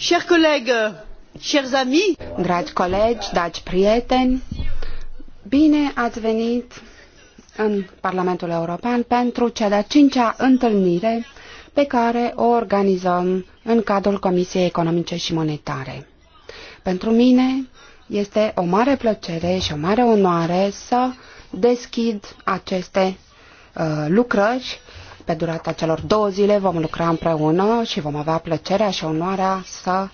Chers collègues, chers amis. Dragi colegi, dragi prieteni, bine ați venit în Parlamentul European pentru cea de-a cincea întâlnire pe care o organizăm în cadrul Comisiei Economice și Monetare. Pentru mine este o mare plăcere și o mare onoare să deschid aceste uh, lucrări pe durata celor două zile vom lucra împreună și vom avea plăcerea și onoarea să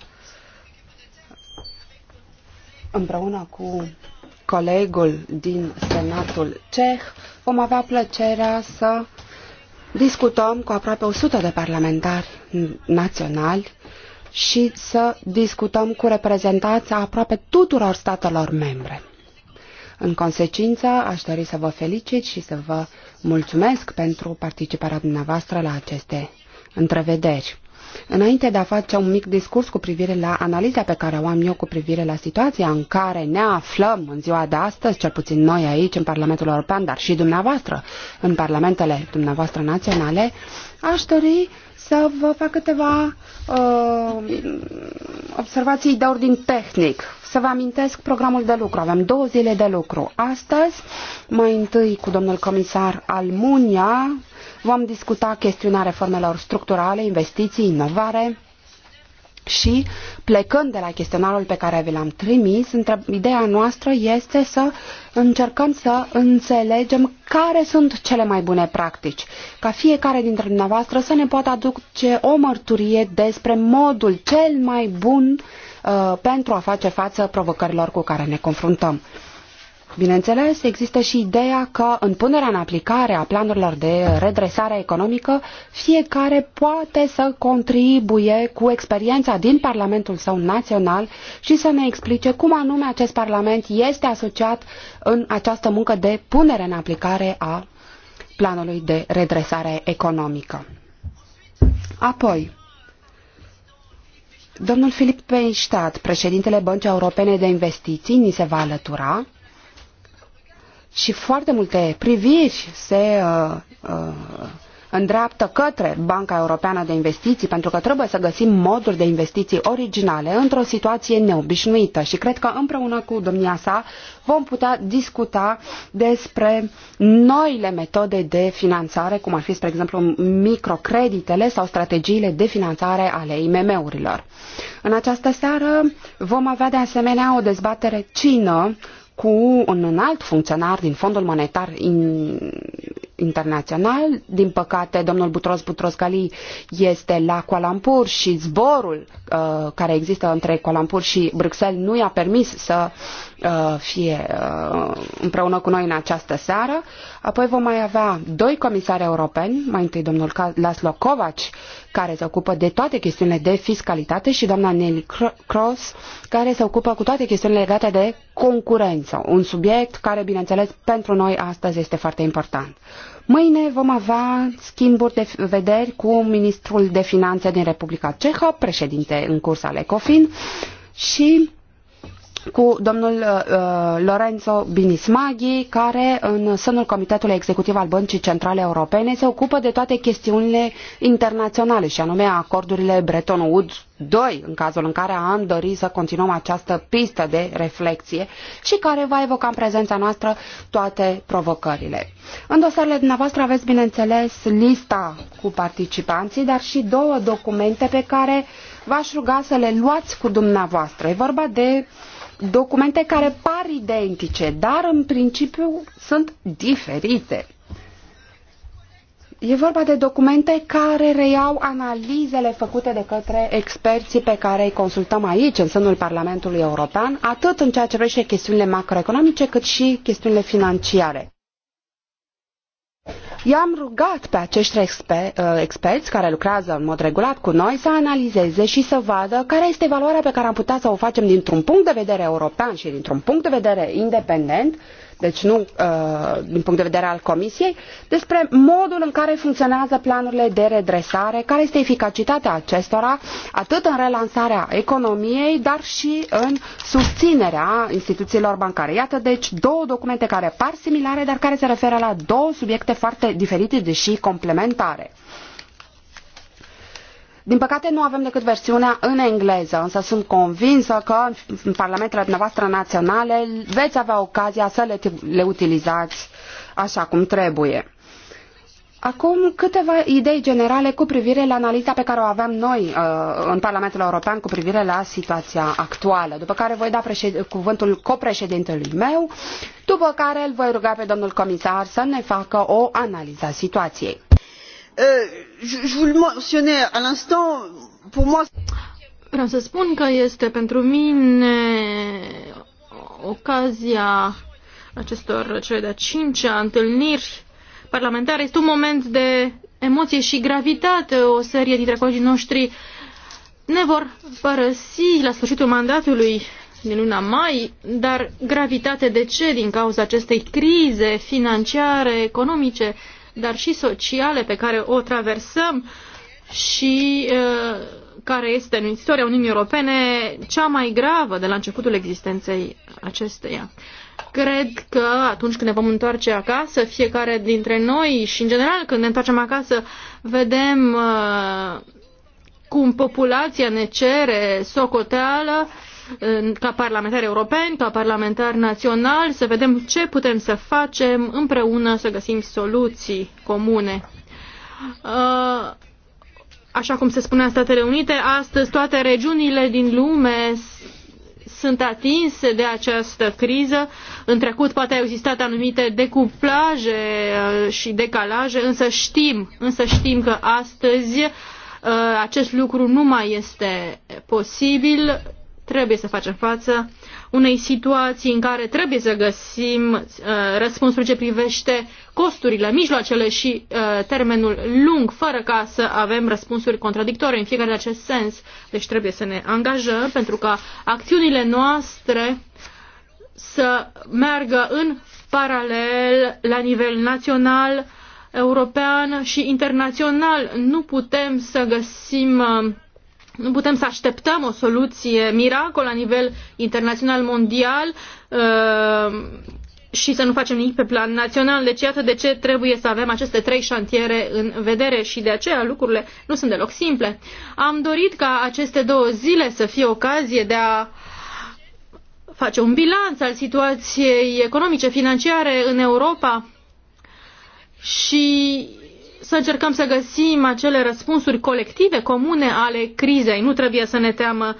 împreună cu colegul din Senatul Ceh vom avea plăcerea să discutăm cu aproape 100 de parlamentari naționali și să discutăm cu reprezentanța aproape tuturor statelor membre. În consecință, aș dori să vă felicit și să vă Mulțumesc pentru participarea dumneavoastră la aceste întrevederi. Înainte de a face un mic discurs cu privire la analiza pe care o am eu cu privire la situația în care ne aflăm în ziua de astăzi, cel puțin noi aici în Parlamentul European, dar și dumneavoastră în parlamentele dumneavoastră naționale, aș dori să vă fac câteva uh, observații de ordin tehnic să vă amintesc programul de lucru. Avem două zile de lucru. Astăzi, mai întâi cu domnul comisar Almunia, vom discuta chestiunea reformelor structurale, investiții, inovare și plecând de la chestionarul pe care vi l-am trimis, ideea noastră este să încercăm să înțelegem care sunt cele mai bune practici, ca fiecare dintre dumneavoastră să ne poată aduce o mărturie despre modul cel mai bun uh, Uh, pentru a face față provocărilor cu care ne confruntăm. Bineînțeles, există și ideea că în punerea în aplicare a planurilor de redresare economică, fiecare poate să contribuie cu experiența din Parlamentul său național și să ne explice cum anume acest Parlament este asociat în această muncă de punere în aplicare a planului de redresare economică. Apoi, Domnul Filip Penștat, președintele Băncii Europene de Investiții, ni se va alătura și foarte multe priviri se uh, uh, îndreaptă către Banca Europeană de Investiții, pentru că trebuie să găsim moduri de investiții originale într-o situație neobișnuită și cred că împreună cu domnia sa vom putea discuta despre noile metode de finanțare, cum ar fi, spre exemplu, microcreditele sau strategiile de finanțare ale IMM-urilor. În această seară vom avea de asemenea o dezbatere cină cu un înalt funcționar din Fondul Monetar internațional. Din păcate, domnul Butros Butros Gali este la Kuala Lumpur și zborul uh, care există între Kuala Lumpur și Bruxelles nu i-a permis să uh, fie uh, împreună cu noi în această seară. Apoi vom mai avea doi comisari europeni, mai întâi domnul Laszlo Kovac, care se ocupă de toate chestiunile de fiscalitate și doamna Nelly Cross, care se ocupă cu toate chestiunile legate de concurență, un subiect care, bineînțeles, pentru noi astăzi este foarte important. Mâine vom avea schimburi de vederi cu ministrul de finanțe din Republica Cehă, președinte în curs al ECOFIN și cu domnul uh, uh, Lorenzo Binismaghi, care în sânul Comitetului Executiv al Băncii Centrale Europene se ocupă de toate chestiunile internaționale și anume acordurile Bretton Woods 2, în cazul în care am dori să continuăm această pistă de reflexie și care va evoca în prezența noastră toate provocările. În dosarele dumneavoastră aveți, bineînțeles, lista cu participanții, dar și două documente pe care v-aș ruga să le luați cu dumneavoastră. E vorba de uh, documente care par identice, dar în principiu sunt diferite. E vorba de documente care reiau analizele făcute de către experții pe care îi consultăm aici, în sânul Parlamentului European, atât în ceea ce privește chestiunile macroeconomice, cât și chestiunile financiare. I-am rugat pe acești exper uh, experți care lucrează în mod regulat cu noi să analizeze și să vadă care este valoarea pe care am putea să o facem dintr-un punct de vedere european și dintr-un punct de vedere independent uh, deci nu uh, din punct de vedere al Comisiei, despre modul în care funcționează planurile de redresare, care este eficacitatea acestora, atât în relansarea economiei, dar și în susținerea instituțiilor bancare. Iată, deci, două documente care par similare, dar care se referă la două subiecte foarte diferite, deși complementare. Din păcate nu avem decât versiunea în engleză, însă sunt convinsă că în parlamentele dumneavoastră naționale veți avea ocazia să le, le utilizați așa cum trebuie. Acum câteva idei generale cu privire la analiza pe care o avem noi uh, în Parlamentul European cu privire la situația actuală, după care voi da cuvântul copreședintelui meu, după care îl voi ruga pe domnul comisar să ne facă o analiză a situației. Euh, je vous le mentionnais à l'instant pour moi Vreau să spun că este pentru mine ocazia acestor cele de-a cincea întâlniri parlamentare. Este un moment de emoție și gravitate. O serie dintre colegii noștri ne vor părăsi la sfârșitul mandatului din luna mai, dar gravitate de ce? Din cauza acestei crize financiare, economice, dar și sociale pe care o traversăm și uh, care este în istoria Uniunii Europene cea mai gravă de la începutul existenței acesteia. Cred că atunci când ne vom întoarce acasă, fiecare dintre noi și în general când ne întoarcem acasă, vedem uh, cum populația ne cere socoteală ca parlamentari europeni, ca parlamentari naționali, să vedem ce putem să facem împreună să găsim soluții comune. Uh, așa cum se spunea Statele Unite, astăzi toate regiunile din lume sunt atinse de această criză. În trecut poate au existat anumite decuplaje uh, și decalaje, însă știm, însă știm că astăzi uh, acest lucru nu mai este posibil trebuie să facem față unei situații în care trebuie să găsim uh, răspunsuri ce privește costurile, mijloacele și uh, termenul lung, fără ca să avem răspunsuri contradictorii în fiecare de acest sens. Deci trebuie să ne angajăm pentru ca acțiunile noastre să meargă în paralel la nivel național, european și internațional. Nu putem să găsim uh, nu putem să așteptăm o soluție miracol la nivel internațional mondial uh, și să nu facem nimic pe plan național. Deci iată de ce trebuie să avem aceste trei șantiere în vedere și de aceea lucrurile nu sunt deloc simple. Am dorit ca aceste două zile să fie ocazie de a face un bilanț al situației economice, financiare în Europa și să încercăm să găsim acele răspunsuri colective, comune ale crizei. Nu trebuie să ne teamă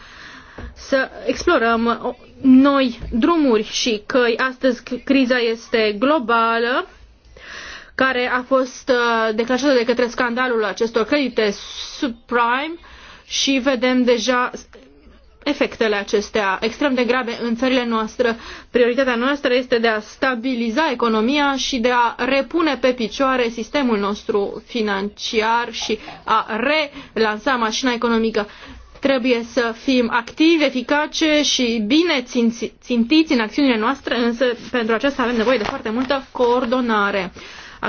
să explorăm noi drumuri și căi. Astăzi criza este globală, care a fost uh, declanșată de către scandalul acestor credite subprime și vedem deja efectele acestea extrem de grave în țările noastre. Prioritatea noastră este de a stabiliza economia și de a repune pe picioare sistemul nostru financiar și a relansa mașina economică. Trebuie să fim activi, eficace și bine țintiți în acțiunile noastre, însă pentru aceasta avem nevoie de foarte multă coordonare.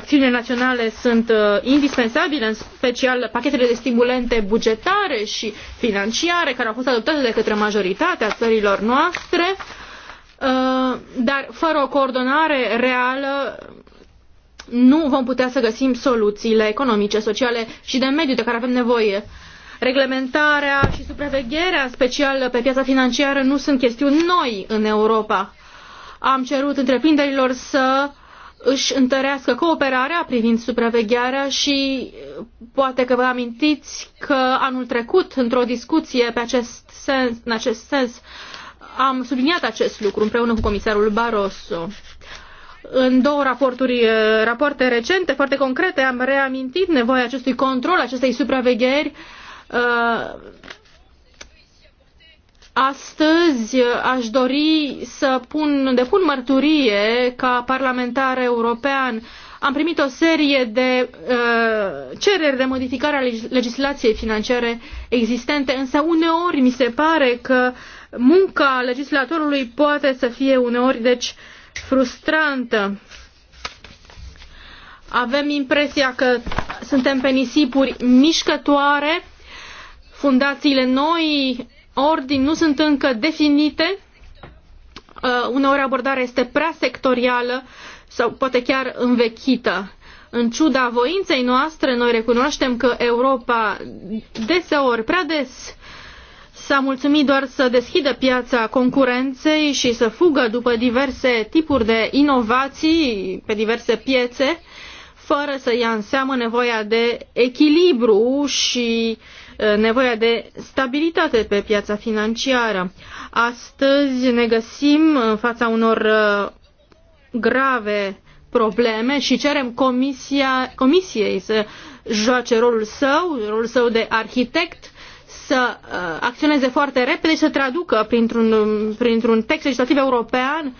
Acțiunile naționale sunt uh, indispensabile, în special pachetele de stimulente bugetare și financiare care au fost adoptate de către majoritatea țărilor noastre, uh, dar fără o coordonare reală nu vom putea să găsim soluțiile economice, sociale și de mediu de care avem nevoie. Reglementarea și supravegherea, special pe piața financiară, nu sunt chestiuni noi în Europa. Am cerut întreprinderilor să uh, își întărească cooperarea privind supravegherea și uh, poate că vă amintiți că anul trecut, într-o discuție pe acest sens, în acest sens, am subliniat acest lucru împreună cu comisarul Barroso. În două raporturi, uh, rapoarte recente, foarte concrete, am reamintit nevoia acestui control, acestei supravegheri uh, Astăzi uh, aș dori să pun, depun mărturie ca parlamentar european. Am primit o serie de uh, cereri de modificare a legislației financiare existente, însă uneori mi se pare că munca legislatorului poate să fie uneori deci frustrantă. Avem impresia că suntem pe nisipuri mișcătoare, fundațiile noi ordini nu sunt încă definite, uh, uneori abordarea este prea sectorială sau poate chiar învechită. În ciuda voinței noastre, noi recunoaștem că Europa deseori, prea des, s-a mulțumit doar să deschidă piața concurenței și să fugă după diverse tipuri de inovații pe diverse piețe, fără să ia în seamă nevoia de echilibru și uh, Uh, nevoia de stabilitate pe piața financiară. Astăzi ne găsim în fața unor uh, grave probleme și cerem comisia, comisiei să joace rolul său, rolul său de arhitect, să uh, acționeze foarte repede și să traducă printr-un, printr-un text legislativ european uh,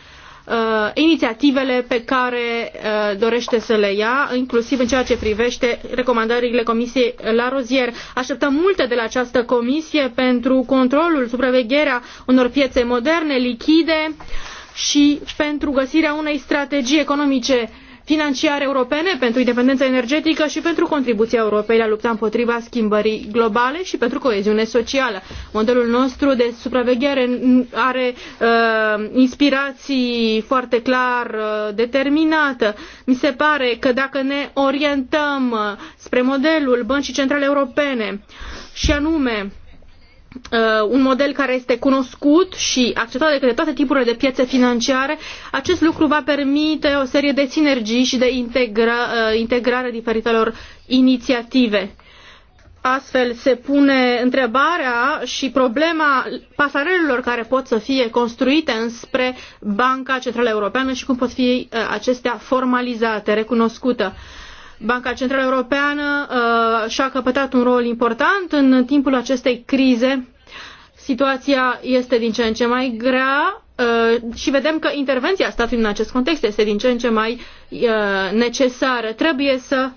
uh, inițiativele pe care uh, dorește să le ia, inclusiv în ceea ce privește recomandările Comisiei la rozier. Așteptăm multe de la această comisie pentru controlul, supravegherea unor piețe moderne, lichide și pentru găsirea unei strategii economice uh, financiare europene pentru independența energetică și pentru contribuția Europei la lupta împotriva schimbării globale și pentru coeziune socială. Modelul nostru de supraveghere are uh, inspirații foarte clar uh, determinată. Mi se pare că dacă ne orientăm spre modelul Băncii Centrale Europene și anume Uh, un model care este cunoscut și acceptat de către toate tipurile de piețe financiare, acest lucru va permite o serie de sinergii și de integra, uh, integrare diferitelor inițiative. Astfel se pune întrebarea și problema pasarelelor care pot să fie construite înspre Banca Centrală Europeană și cum pot fi uh, acestea formalizate, recunoscută. Uh, Banca Centrală Europeană uh, și-a căpătat un rol important în timpul acestei crize. Situația este din ce în ce mai grea uh, și vedem că intervenția statului în acest context este din ce în ce mai uh, necesară. Trebuie să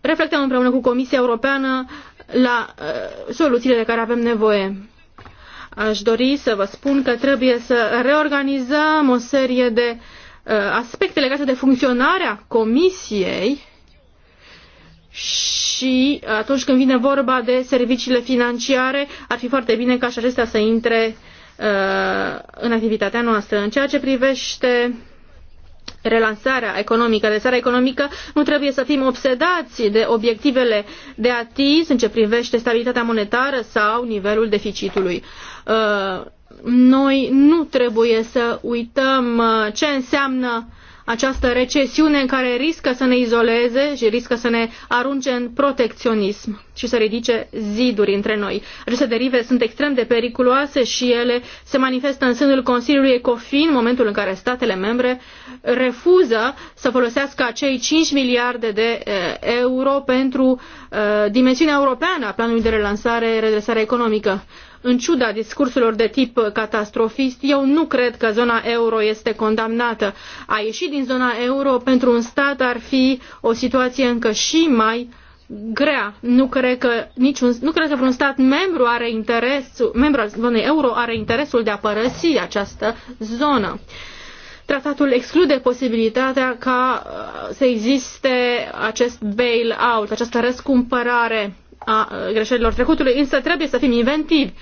reflectăm împreună cu Comisia Europeană la uh, soluțiile de care avem nevoie. Aș dori să vă spun că trebuie să reorganizăm o serie de uh, aspecte legate de funcționarea Comisiei și atunci când vine vorba de serviciile financiare, ar fi foarte bine ca și acestea să intre uh, în activitatea noastră. În ceea ce privește relansarea economică, relansarea economică, nu trebuie să fim obsedați de obiectivele de atins în ce privește stabilitatea monetară sau nivelul deficitului. Uh, noi nu trebuie să uităm uh, ce înseamnă uh, această recesiune în care riscă să ne izoleze și riscă să ne arunce în protecționism și să ridice ziduri între noi. Aceste derive sunt extrem de periculoase și ele se manifestă în sânul Consiliului Ecofin, în momentul în care statele membre refuză să folosească acei 5 miliarde de eh, euro pentru eh, dimensiunea europeană a planului de relansare, redresare economică. În ciuda discursurilor de tip catastrofist, eu nu cred că zona euro este condamnată. A ieși din zona euro pentru un stat ar fi o situație încă și mai grea. Nu cred că, niciun, nu cred că vreun stat membru are interesul, membru al zonei euro are interesul de a părăsi această zonă. Tratatul exclude posibilitatea ca uh, să existe acest bail-out, această răscumpărare a greșelilor trecutului, însă trebuie să fim inventivi.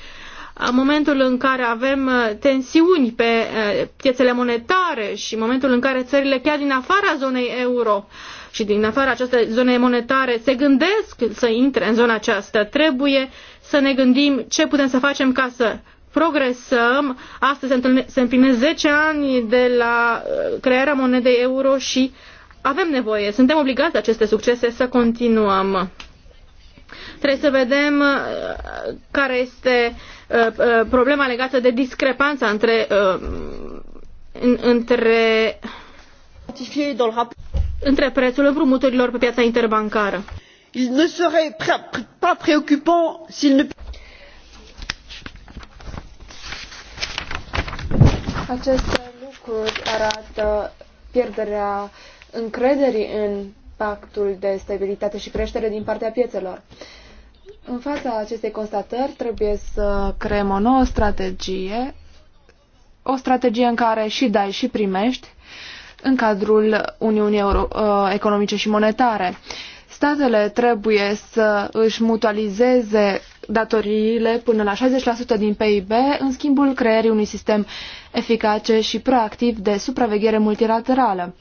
În momentul în care avem uh, tensiuni pe uh, piețele monetare și în momentul în care țările chiar din afara zonei euro și din afara acestei zone monetare se gândesc să intre în zona aceasta, trebuie să ne gândim ce putem să facem ca să progresăm. Astăzi se împlinesc 10 ani de la uh, crearea monedei euro și avem nevoie, suntem obligați de aceste succese să continuăm. Trebuie să vedem uh, care este uh, uh, problema legată de discrepanța între, între, între prețul împrumuturilor pe piața interbancară. Il ne serait pas préoccupant s'il ne Aceste lucruri arată pierderea încrederii în pactul de stabilitate și creștere din partea piețelor. În fața acestei constatări trebuie să creăm o nouă strategie, o strategie în care și dai și primești în cadrul Uniunii Euro uh, Economice și Monetare. Statele trebuie să își mutualizeze datoriile până la 60% din PIB în schimbul creierii unui sistem eficace și proactiv de supraveghere multilaterală.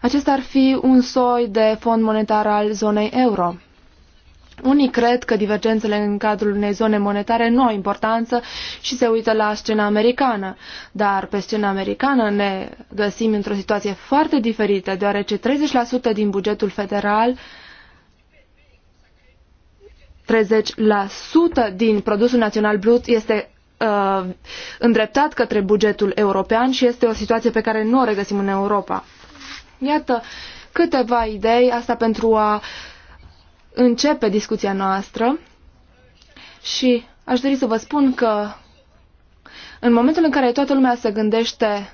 Acesta ar fi un soi de fond monetar al zonei euro. Unii cred că divergențele în cadrul unei zone monetare nu au importanță și se uită la scena americană. Dar pe scena americană ne găsim într-o situație foarte diferită, deoarece 30% din bugetul federal 30% din produsul național brut este uh, îndreptat către bugetul european și este o situație pe care nu o regăsim în Europa. Iată câteva idei, asta pentru a începe discuția noastră și aș dori să vă spun că în momentul în care toată lumea se gândește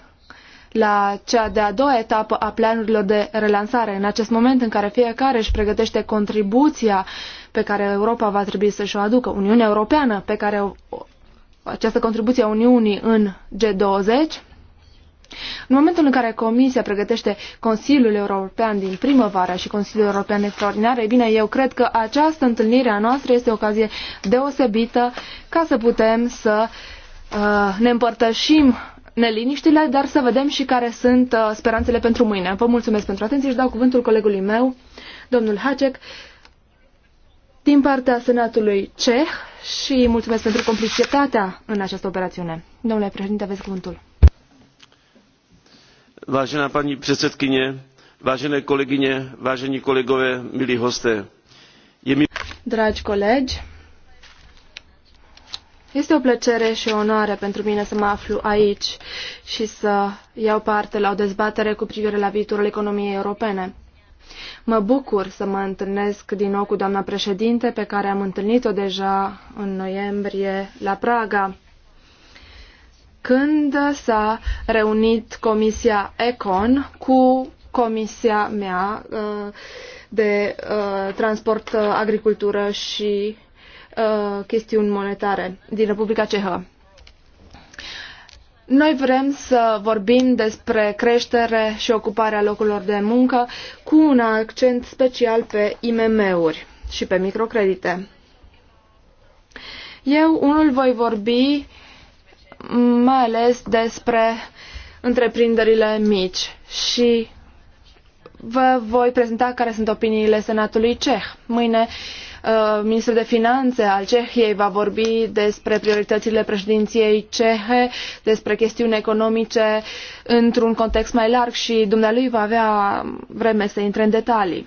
la cea de-a doua etapă a planurilor de relansare, în acest moment în care fiecare își pregătește contribuția pe care Europa va trebui să-și o aducă, Uniunea Europeană, pe care o, această contribuție a Uniunii în G20, în momentul în care Comisia pregătește Consiliul European din primăvară și Consiliul European Extraordinar, e bine, eu cred că această întâlnire a noastră este o ocazie deosebită ca să putem să uh, ne împărtășim neliniștile, dar să vedem și care sunt uh, speranțele pentru mâine. Vă mulțumesc pentru atenție și dau cuvântul colegului meu, domnul Hacek, din partea Senatului Ceh și mulțumesc pentru complicitatea în această operațiune. Domnule președinte, aveți cuvântul vážená paní předsedkyně vážené kolegyně vážení kolegové milí hosté je mi Dragi colegi, este o plăcere și o onoare pentru mine să mă aflu aici și să iau parte la o dezbatere cu privire la viitorul economiei europene. Mă bucur să mă întâlnesc din nou cu doamna președinte, pe care am întâlnit-o deja în noiembrie la Praga când s-a reunit Comisia ECON cu Comisia mea uh, de uh, transport, uh, agricultură și chestiuni monetare din Republica Cehă. Noi vrem să vorbim despre creștere și ocuparea locurilor de muncă cu un accent special pe IMM-uri și pe microcredite. Eu unul voi vorbi uh, mai ales despre întreprinderile mici și vă voi prezenta care sunt opiniile Senatului Ceh. Mâine uh, ministrul de finanțe al Cehiei va vorbi despre prioritățile președinției cehe, despre chestiuni economice într-un context mai larg și dumnealui va avea vreme să intre în detalii.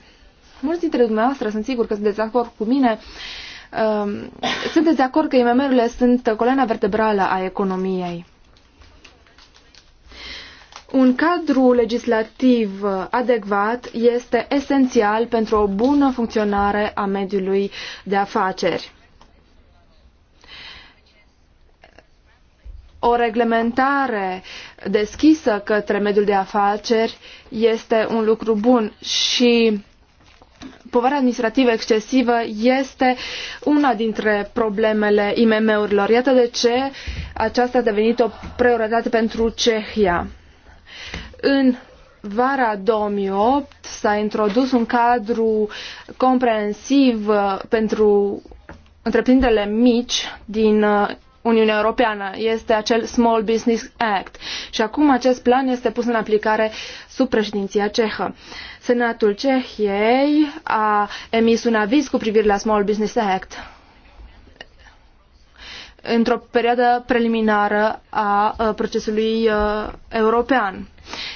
Mulți dintre dumneavoastră sunt sigur că sunt de acord cu mine Um, sunteți de acord că IMM-urile sunt coloana vertebrală a economiei. Un cadru legislativ adecvat este esențial pentru o bună funcționare a mediului de afaceri. O reglementare deschisă către mediul de afaceri este un lucru bun și povara administrativă excesivă este una dintre problemele IMM-urilor. Iată de ce aceasta a devenit o prioritate pentru Cehia. În vara 2008 s-a introdus un cadru comprehensiv uh, pentru întreprinderile mici din uh, Uniunea Europeană. Este acel Small Business Act. Și acum acest plan este pus în aplicare sub președinția cehă. Uh, Senatul Cehiei a emis un aviz cu privire la Small Business Act într-o perioadă preliminară a procesului european.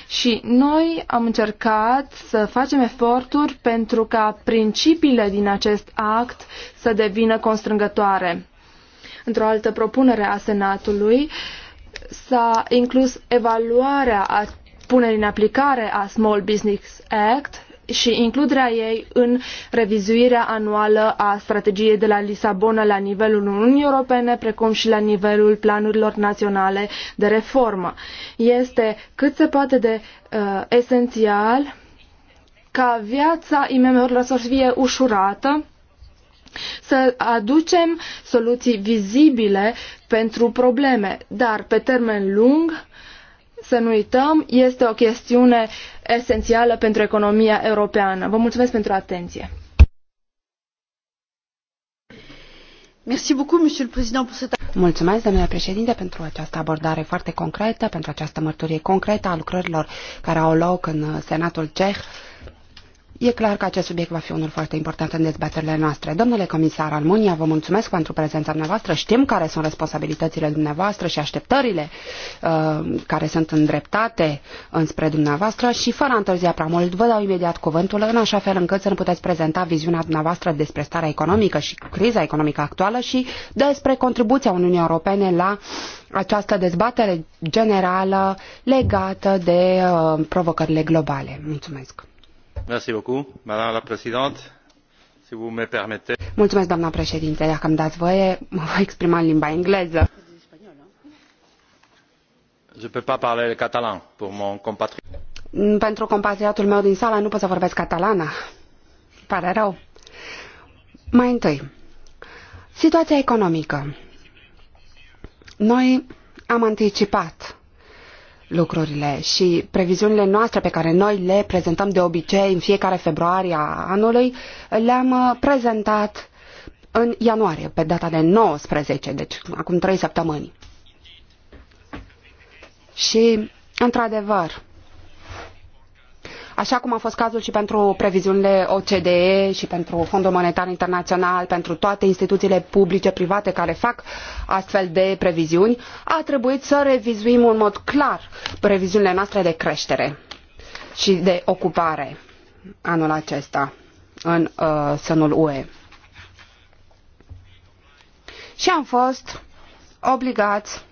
Și noi am încercat să facem eforturi pentru ca principiile din acest act să devină constrângătoare. Într-o altă propunere a Senatului s-a inclus evaluarea a punerii în aplicare a Small Business Act și includerea ei în revizuirea anuală a strategiei de la Lisabona la nivelul Uniunii Europene, precum și la nivelul planurilor naționale de reformă. Este cât se poate de uh, esențial ca viața IMM-urilor să fie ușurată, să aducem soluții vizibile pentru probleme, dar pe termen lung să nu uităm, este o chestiune esențială pentru economia europeană. Vă mulțumesc pentru atenție. Mulțumesc, domnule președinte, pentru această abordare foarte concretă, pentru această mărturie concretă a lucrărilor care au loc în Senatul Ceh. E clar că acest subiect va fi unul foarte important în dezbaterile noastre. Domnule comisar Almunia, vă mulțumesc pentru prezența noastră. Știm care sunt responsabilitățile dumneavoastră și așteptările uh, care sunt îndreptate înspre dumneavoastră și fără a întârzia prea mult, vă dau imediat cuvântul în așa fel încât să ne puteți prezenta viziunea dumneavoastră despre starea economică și criza economică actuală și despre contribuția Uniunii Europene la această dezbatere generală legată de uh, provocările globale. Mulțumesc! Mulțumesc, doamna președinte. Dacă îmi dați voie, mă voi exprima în limba engleză. Je peux pas parler catalan pour mon Pentru compatriotul meu din sală nu pot să vorbesc catalana. Pare rău. Mai întâi, situația economică. Noi am anticipat lucrurile și previziunile noastre pe care noi le prezentăm de obicei în fiecare februarie a anului le-am uh, prezentat în ianuarie, pe data de 19, deci acum 3 săptămâni. Și, într-adevăr, așa cum a fost cazul și pentru previziunile OCDE și pentru Fondul Monetar Internațional, pentru toate instituțiile publice, private care fac astfel de previziuni, a trebuit să revizuim în mod clar previziunile noastre de creștere și de ocupare anul acesta în uh, sânul UE. Și am fost obligați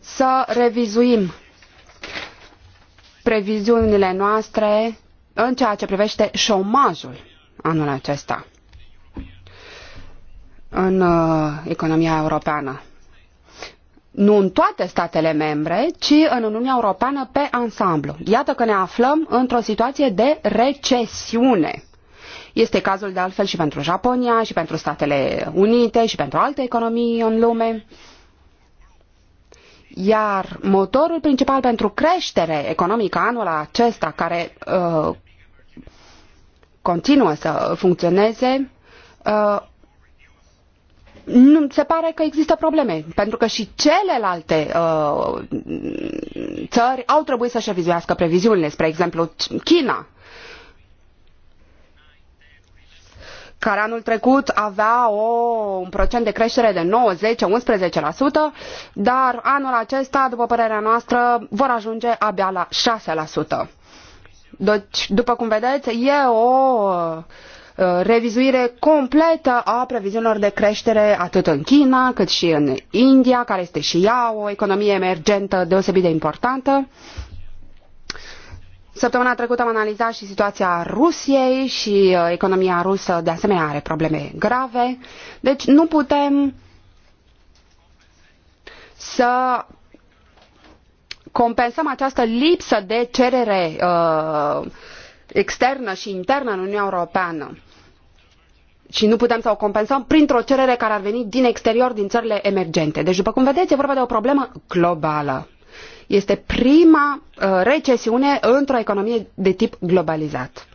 să revizuim previziunile noastre în ceea ce privește șomajul anul acesta în uh, economia europeană. Nu în toate statele membre, ci în Uniunea Europeană pe ansamblu. Iată că ne aflăm într-o situație de recesiune. Este cazul de altfel și pentru Japonia, și pentru Statele Unite, și pentru alte economii în lume. Uh, iar motorul principal pentru creștere economică anul acesta, care uh, continuă să funcționeze, uh, nu, se pare că există probleme, pentru că și celelalte uh, țări au trebuit să-și revizuiască previziunile, spre exemplu China. care anul trecut avea o, un procent de creștere de 9, 10, 11%, dar anul acesta, după părerea noastră, vor ajunge abia la 6%. Deci, după cum vedeți, e o uh, revizuire completă a previziunilor de creștere atât în China cât și în India, care este și ea o economie emergentă deosebit de importantă. Uh, Săptămâna trecută am analizat și situația Rusiei și uh, economia rusă de asemenea are probleme grave. Deci nu putem să compensăm această lipsă de cerere uh, externă și internă în Uniunea Europeană și nu putem să o compensăm printr-o cerere care ar veni din exterior, din țările emergente. Deci, după cum vedeți, e vorba de o problemă globală. Este prima uh, recesiune într-o economie de tip globalizat.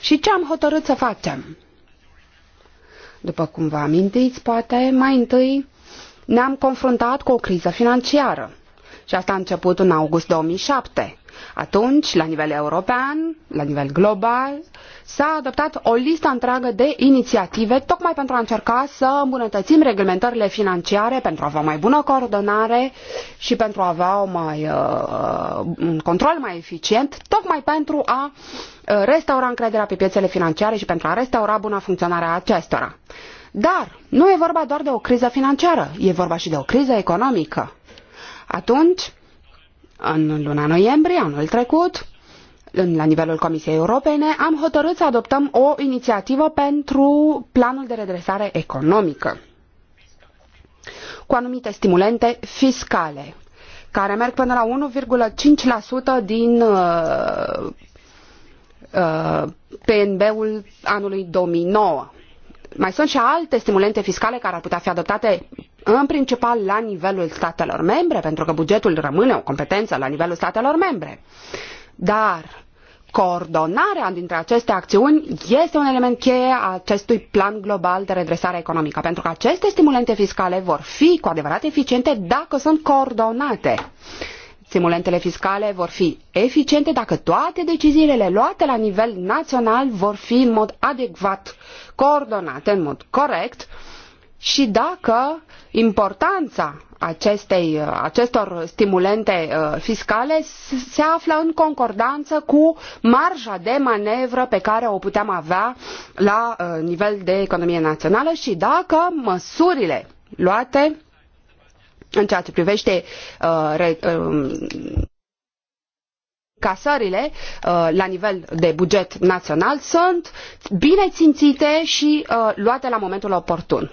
Și ce am hotărât să facem? După cum vă amintiți, poate, mai întâi ne-am confruntat cu o criză financiară. Și asta a început în august 2007. Atunci, la nivel european, la nivel global, s-a adoptat o listă întreagă de inițiative tocmai pentru a încerca să îmbunătățim reglementările financiare, pentru a avea mai bună coordonare și pentru a avea o mai, uh, un control mai eficient, tocmai pentru a uh, restaura încrederea pe piețele financiare și pentru a restaura buna funcționare a acestora. Dar nu e vorba doar de o criză financiară, e vorba și de o criză economică. Atunci, în luna noiembrie, anul trecut, la nivelul Comisiei Europene, am hotărât să adoptăm o inițiativă pentru planul de redresare economică cu anumite stimulente fiscale, care merg până la 1,5% din uh, uh, PNB-ul anului 2009. Mai sunt și alte stimulente fiscale care ar putea fi adoptate în principal la nivelul statelor membre, pentru că bugetul rămâne o competență la nivelul statelor membre. Dar coordonarea dintre aceste acțiuni este un element cheie a acestui plan global de redresare economică, pentru că aceste stimulente fiscale vor fi cu adevărat eficiente dacă sunt coordonate. Stimulentele fiscale vor fi eficiente dacă toate deciziile luate la nivel național vor fi în mod adecvat coordonate, în mod corect, uh, și dacă importanța acestei, acestor stimulente uh, fiscale se află în concordanță cu marja de manevră pe care o puteam avea la uh, nivel de economie națională și dacă măsurile luate în ceea ce privește uh, re, uh, um, casările uh, la nivel de buget național sunt bine țințite și uh, luate la momentul oportun.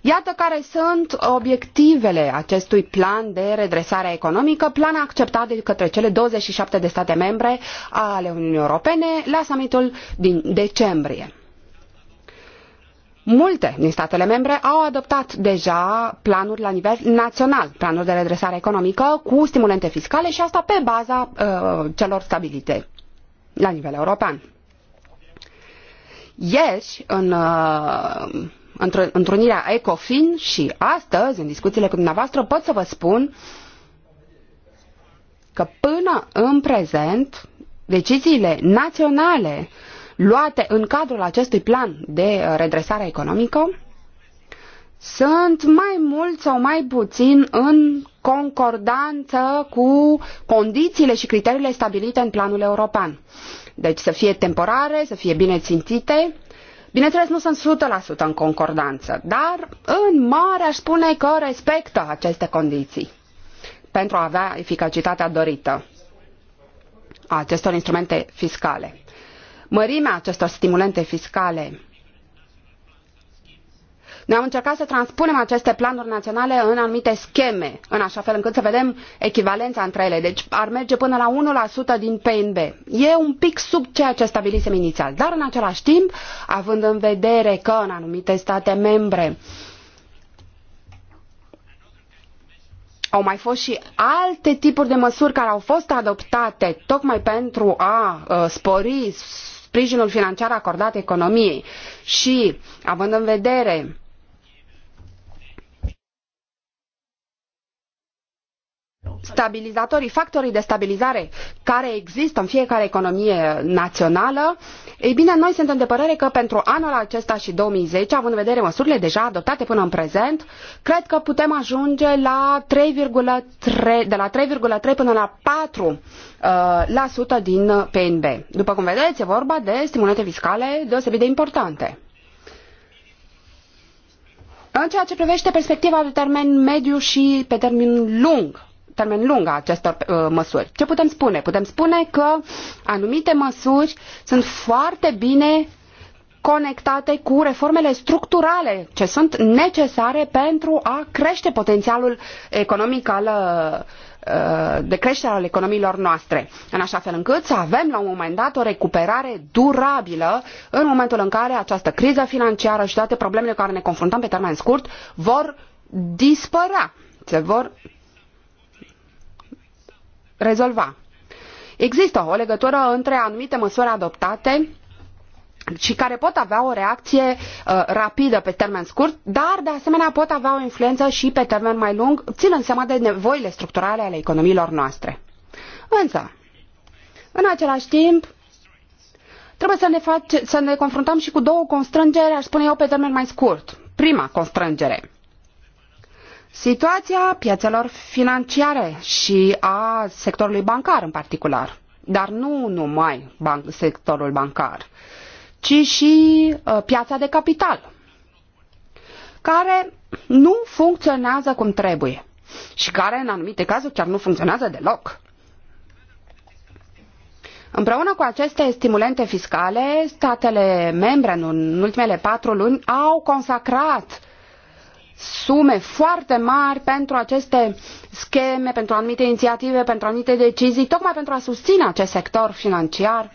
Iată care sunt obiectivele acestui plan de redresare economică, plan acceptat de către cele 27 de state membre ale Uniunii Europene la summitul din decembrie. Multe din statele membre au adoptat deja planuri la nivel național, planuri de redresare economică cu stimulente fiscale și asta pe baza uh, celor stabilite la nivel european. Ieri, în uh, întrunirea ECOFIN și astăzi, în discuțiile cu dumneavoastră, pot să vă spun că până în prezent, deciziile naționale luate în cadrul acestui plan de uh, redresare economică sunt mai mult sau mai puțin în concordanță cu condițiile și criteriile stabilite în planul european. Deci să fie temporare, să fie bine țintite Bineînțeles, nu sunt 100% în concordanță, dar în mare aș spune că respectă aceste condiții pentru a avea eficacitatea dorită a acestor instrumente fiscale. Mărimea acestor stimulente fiscale noi am încercat să transpunem aceste planuri naționale în anumite scheme, în așa fel încât să vedem echivalența între ele. Deci ar merge până la 1% din PNB. E un pic sub ceea ce stabilisem inițial, dar în același timp, având în vedere că în anumite state membre au mai fost și alte tipuri de măsuri care au fost adoptate tocmai pentru a uh, spori sprijinul financiar acordat economiei și având în vedere stabilizatorii, factorii de stabilizare care există în fiecare economie națională, ei bine, noi suntem de părere că pentru anul acesta și 2010, având în vedere măsurile deja adoptate până în prezent, cred că putem ajunge la 3,3, de la 3,3 până la 4 uh, la sută din PNB. După cum vedeți, e vorba de stimulente fiscale deosebit de importante. În ceea ce privește perspectiva pe termen mediu și pe termen lung termen lung a acestor uh, măsuri. Ce putem spune? Putem spune că anumite măsuri sunt foarte bine conectate cu reformele structurale ce sunt necesare pentru a crește potențialul economic al uh, de creștere al economiilor noastre, în așa fel încât să avem la un moment dat o recuperare durabilă în momentul în care această criză financiară și toate problemele cu care ne confruntăm pe termen scurt vor dispărea, se vor rezolva. Există o legătură între anumite măsuri adoptate și care pot avea o reacție uh, rapidă pe termen scurt, dar de asemenea pot avea o influență și pe termen mai lung, ținând seama de nevoile structurale ale economiilor noastre. Însă, în același timp, trebuie să ne, face, să ne confruntăm și cu două constrângeri, aș spune eu, pe termen mai scurt. Prima constrângere situația piețelor financiare și a sectorului bancar în particular, dar nu numai ban- sectorul bancar, ci și uh, piața de capital, care nu funcționează cum trebuie și care în anumite cazuri chiar nu funcționează deloc. Împreună cu aceste stimulente fiscale, statele membre în ultimele patru luni au consacrat sume foarte mari pentru aceste scheme, pentru anumite inițiative, pentru anumite decizii, tocmai pentru a susține acest sector financiar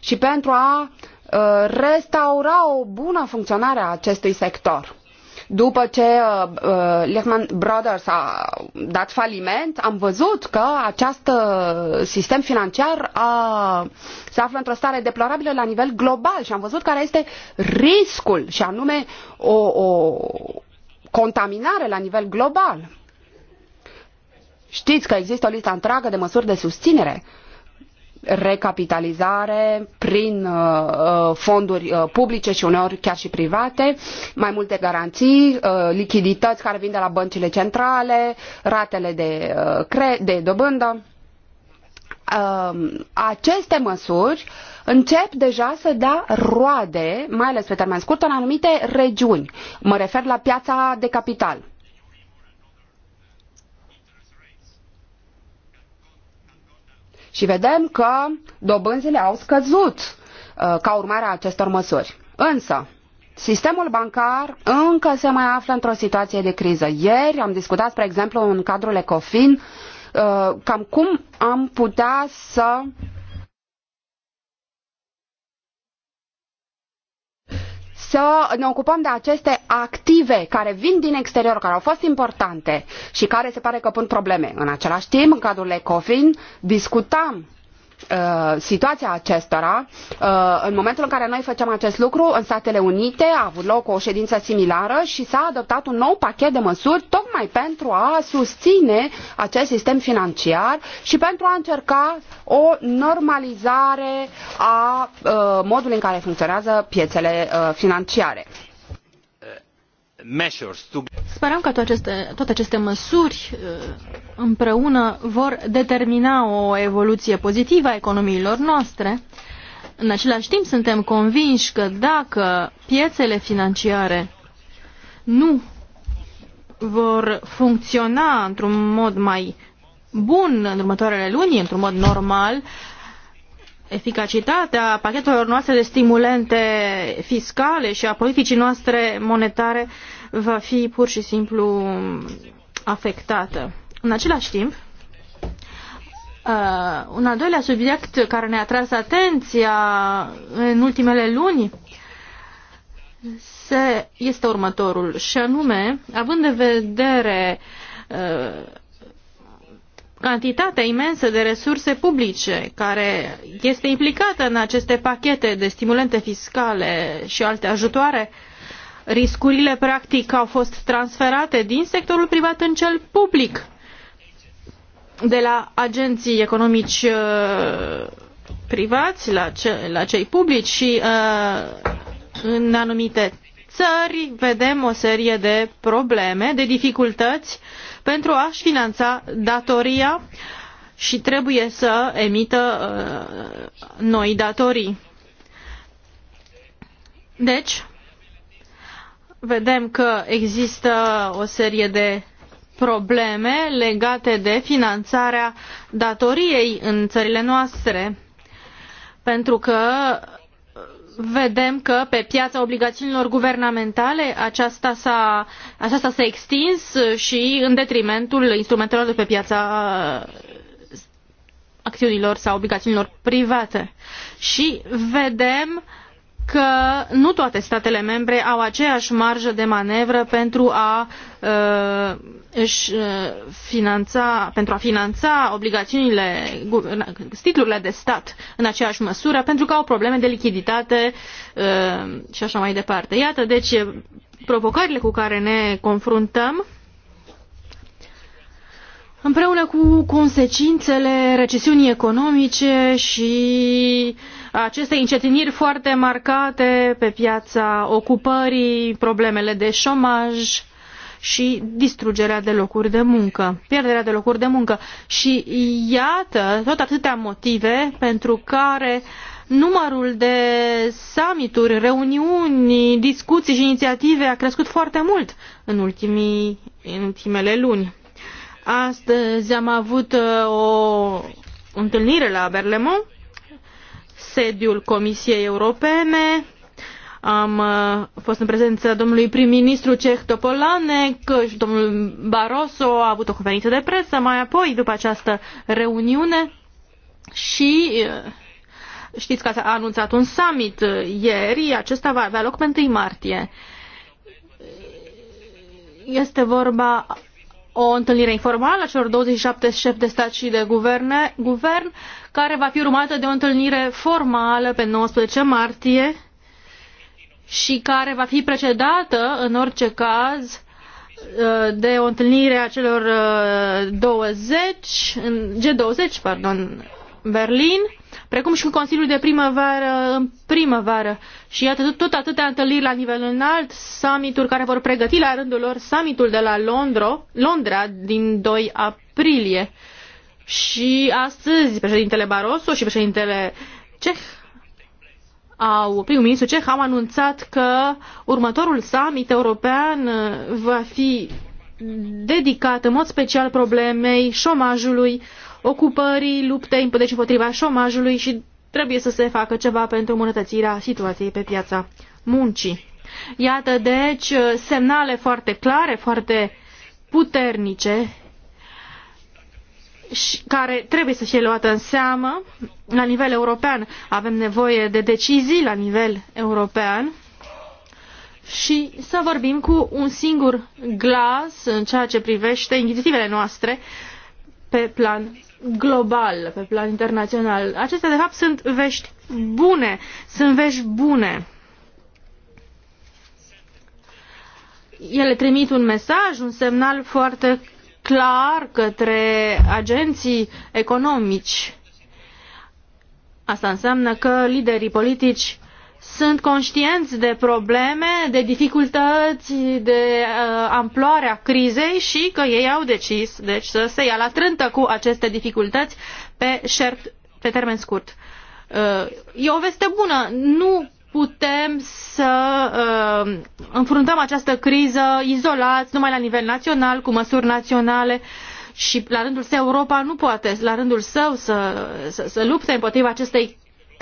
și pentru a uh, restaura o bună funcționare a acestui sector. După ce uh, uh Lehman Brothers a dat faliment, am văzut că acest uh, sistem financiar a, se află într-o stare deplorabilă la nivel global și am văzut care este riscul și anume o, o, contaminare la nivel global. Știți că există o listă întreagă de măsuri de susținere recapitalizare prin uh, uh, fonduri uh, publice și uneori chiar și private, mai multe garanții, uh, lichidități care vin de la băncile centrale, ratele de, uh, de dobândă. Uh, aceste măsuri încep deja să dea roade, mai ales pe termen scurt, în anumite regiuni. Mă refer la piața de capital. Și vedem că dobânzile au scăzut uh, ca urmare a acestor măsuri. Însă, Sistemul bancar încă se mai află într-o situație de criză. Ieri am discutat, spre exemplu, în cadrul ECOFIN, uh, cam cum am putea să să ne ocupăm de aceste active care vin din exterior, care au fost importante și care se pare că pun probleme. În același timp, în cadrul ECOFIN, discutam Uh, situația acestora, uh, în momentul în care noi făceam acest lucru, în Statele Unite a avut loc o ședință similară și s-a adoptat un nou pachet de măsuri tocmai pentru a susține acest sistem financiar și pentru a încerca o normalizare a uh, modului în care funcționează piețele financiare. Sperăm că toate aceste, măsuri uh, împreună vor determina o evoluție pozitivă a economiilor noastre. În același timp, suntem convinși că dacă piețele financiare nu vor funcționa într-un mod mai bun în următoarele luni, într-un mod normal, eficacitatea pachetelor noastre de stimulente fiscale și a politicii noastre monetare va fi pur și simplu afectată. În același timp, Uh, un al doilea subiect care ne-a tras atenția în ultimele luni se, este următorul, și anume, având în vedere uh, cantitatea imensă de resurse publice care este implicată în aceste pachete de stimulente fiscale și alte ajutoare, riscurile practic au fost transferate din sectorul privat în cel public de la agenții economici uh, privați la, ce, la cei publici și uh, în anumite țări vedem o serie de probleme, de dificultăți uh, pentru a-și finanța datoria și trebuie să emită uh, noi datorii. Deci, vedem că există o serie de probleme legate de finanțarea datoriei în țările noastre, pentru că vedem că pe piața obligațiunilor guvernamentale aceasta, s-a, aceasta s-a extins și în detrimentul instrumentelor de pe piața uh, acțiunilor sau obligațiunilor private. Și vedem că nu toate statele membre au aceeași marjă de manevră pentru a uh, își uh, finanța, pentru a finanța obligațiunile, titlurile de stat în aceeași măsură, pentru că au probleme de lichiditate uh, și așa mai departe. Iată, deci, provocările cu care ne confruntăm împreună cu consecințele recesiunii economice și aceste încetiniri foarte marcate pe piața ocupării, problemele de șomaj și distrugerea de locuri de muncă, pierderea de locuri de muncă. Și iată tot atâtea motive pentru care numărul de summituri, reuniuni, discuții și inițiative a crescut foarte mult în, ultimii, în ultimele luni. Astăzi am avut uh, o întâlnire la Berlemont, sediul Comisiei Europene. Am uh, fost în prezența domnului prim-ministru ceh Topolanec și domnul Barroso a avut o conferință de presă mai apoi după această reuniune și uh, știți că a anunțat un summit ieri, acesta va avea loc pe 1 martie. Este vorba o întâlnire informală a celor 27 șefi de stat și de guverne, guvern, care va fi urmată de o întâlnire formală pe 19 martie și care va fi precedată, în orice caz, uh, de o întâlnire a celor 20, uh, G20, pardon, Berlin, precum și cu Consiliul de primăvară în primăvară. Și iată tot, tot atâtea întâlniri la nivel înalt, summituri care vor pregăti la rândul lor summitul de la Londro, Londra din 2 aprilie. Și astăzi președintele Barroso și președintele Ceh au, primul ministru ceh au anunțat că următorul summit european uh, va fi dedicat în mod special problemei șomajului, ocupării, luptei deci împotriva șomajului și trebuie să se facă ceva pentru îmbunătățirea situației pe piața muncii. Iată, deci, semnale foarte clare, foarte puternice care trebuie să fie luată în seamă la nivel european. Avem nevoie de decizii la nivel european și să vorbim cu un singur glas în ceea ce privește inițiativele noastre pe plan global, pe plan internațional. Acestea, de fapt, sunt vești bune. Sunt vești bune. Ele trimit un mesaj, un semnal foarte clar către agenții economici. Asta înseamnă că liderii politici sunt conștienți de probleme, de dificultăți, de uh, amploarea crizei și că ei au decis deci, să se ia la trântă cu aceste dificultăți pe, șert, pe termen scurt. Uh, e o veste bună. Nu putem să uh, înfruntăm această criză izolați, numai la nivel național, cu măsuri naționale și la rândul său Europa nu poate la rândul său să, să, să lupte împotriva acestei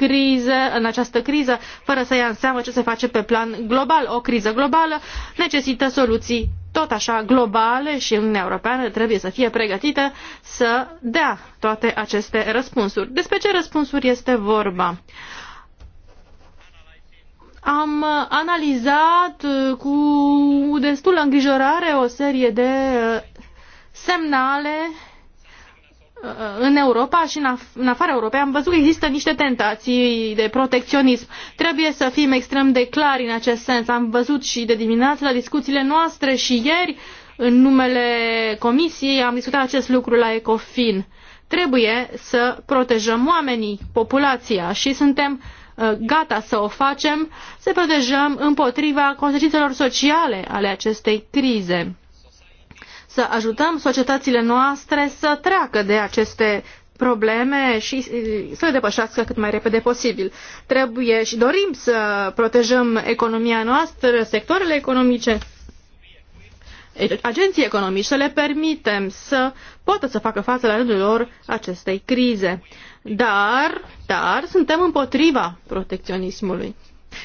crize, în această criză, fără să ia în seamă ce se face pe plan global. O criză globală necesită soluții tot așa globale și Uniunea Europeană trebuie să fie pregătită să dea toate aceste răspunsuri. Despre ce răspunsuri este vorba? Am analizat cu destulă îngrijorare o serie de semnale Uh, în Europa și în afara Europei am văzut că există niște tentații de protecționism. Trebuie să fim extrem de clari în acest sens. Am văzut și de dimineață la discuțiile noastre și ieri în numele Comisiei am discutat acest lucru la Ecofin. Trebuie să protejăm oamenii, populația și suntem uh, gata să o facem, să protejăm împotriva consecințelor sociale ale acestei crize să ajutăm societățile noastre să treacă de aceste probleme și să le depășească cât mai repede posibil. Trebuie și dorim să protejăm economia noastră, sectoarele economice, agenții economici, să le permitem să poată să facă față la rândul lor acestei crize. Dar, dar, suntem împotriva protecționismului.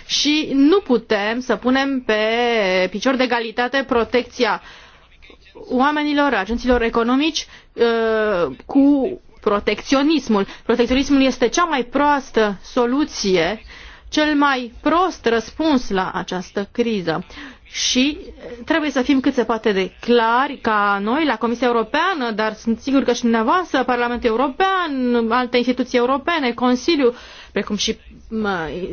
Și nu putem să punem pe picior de egalitate protecția uh, oamenilor, agenților economici uh, cu protecționismul. Protecționismul este cea mai proastă soluție, cel mai prost răspuns la această criză. Și trebuie să fim cât se poate de clari ca noi la Comisia Europeană, dar sunt sigur că și dumneavoastră, Parlamentul European, alte instituții europene, Consiliu, precum și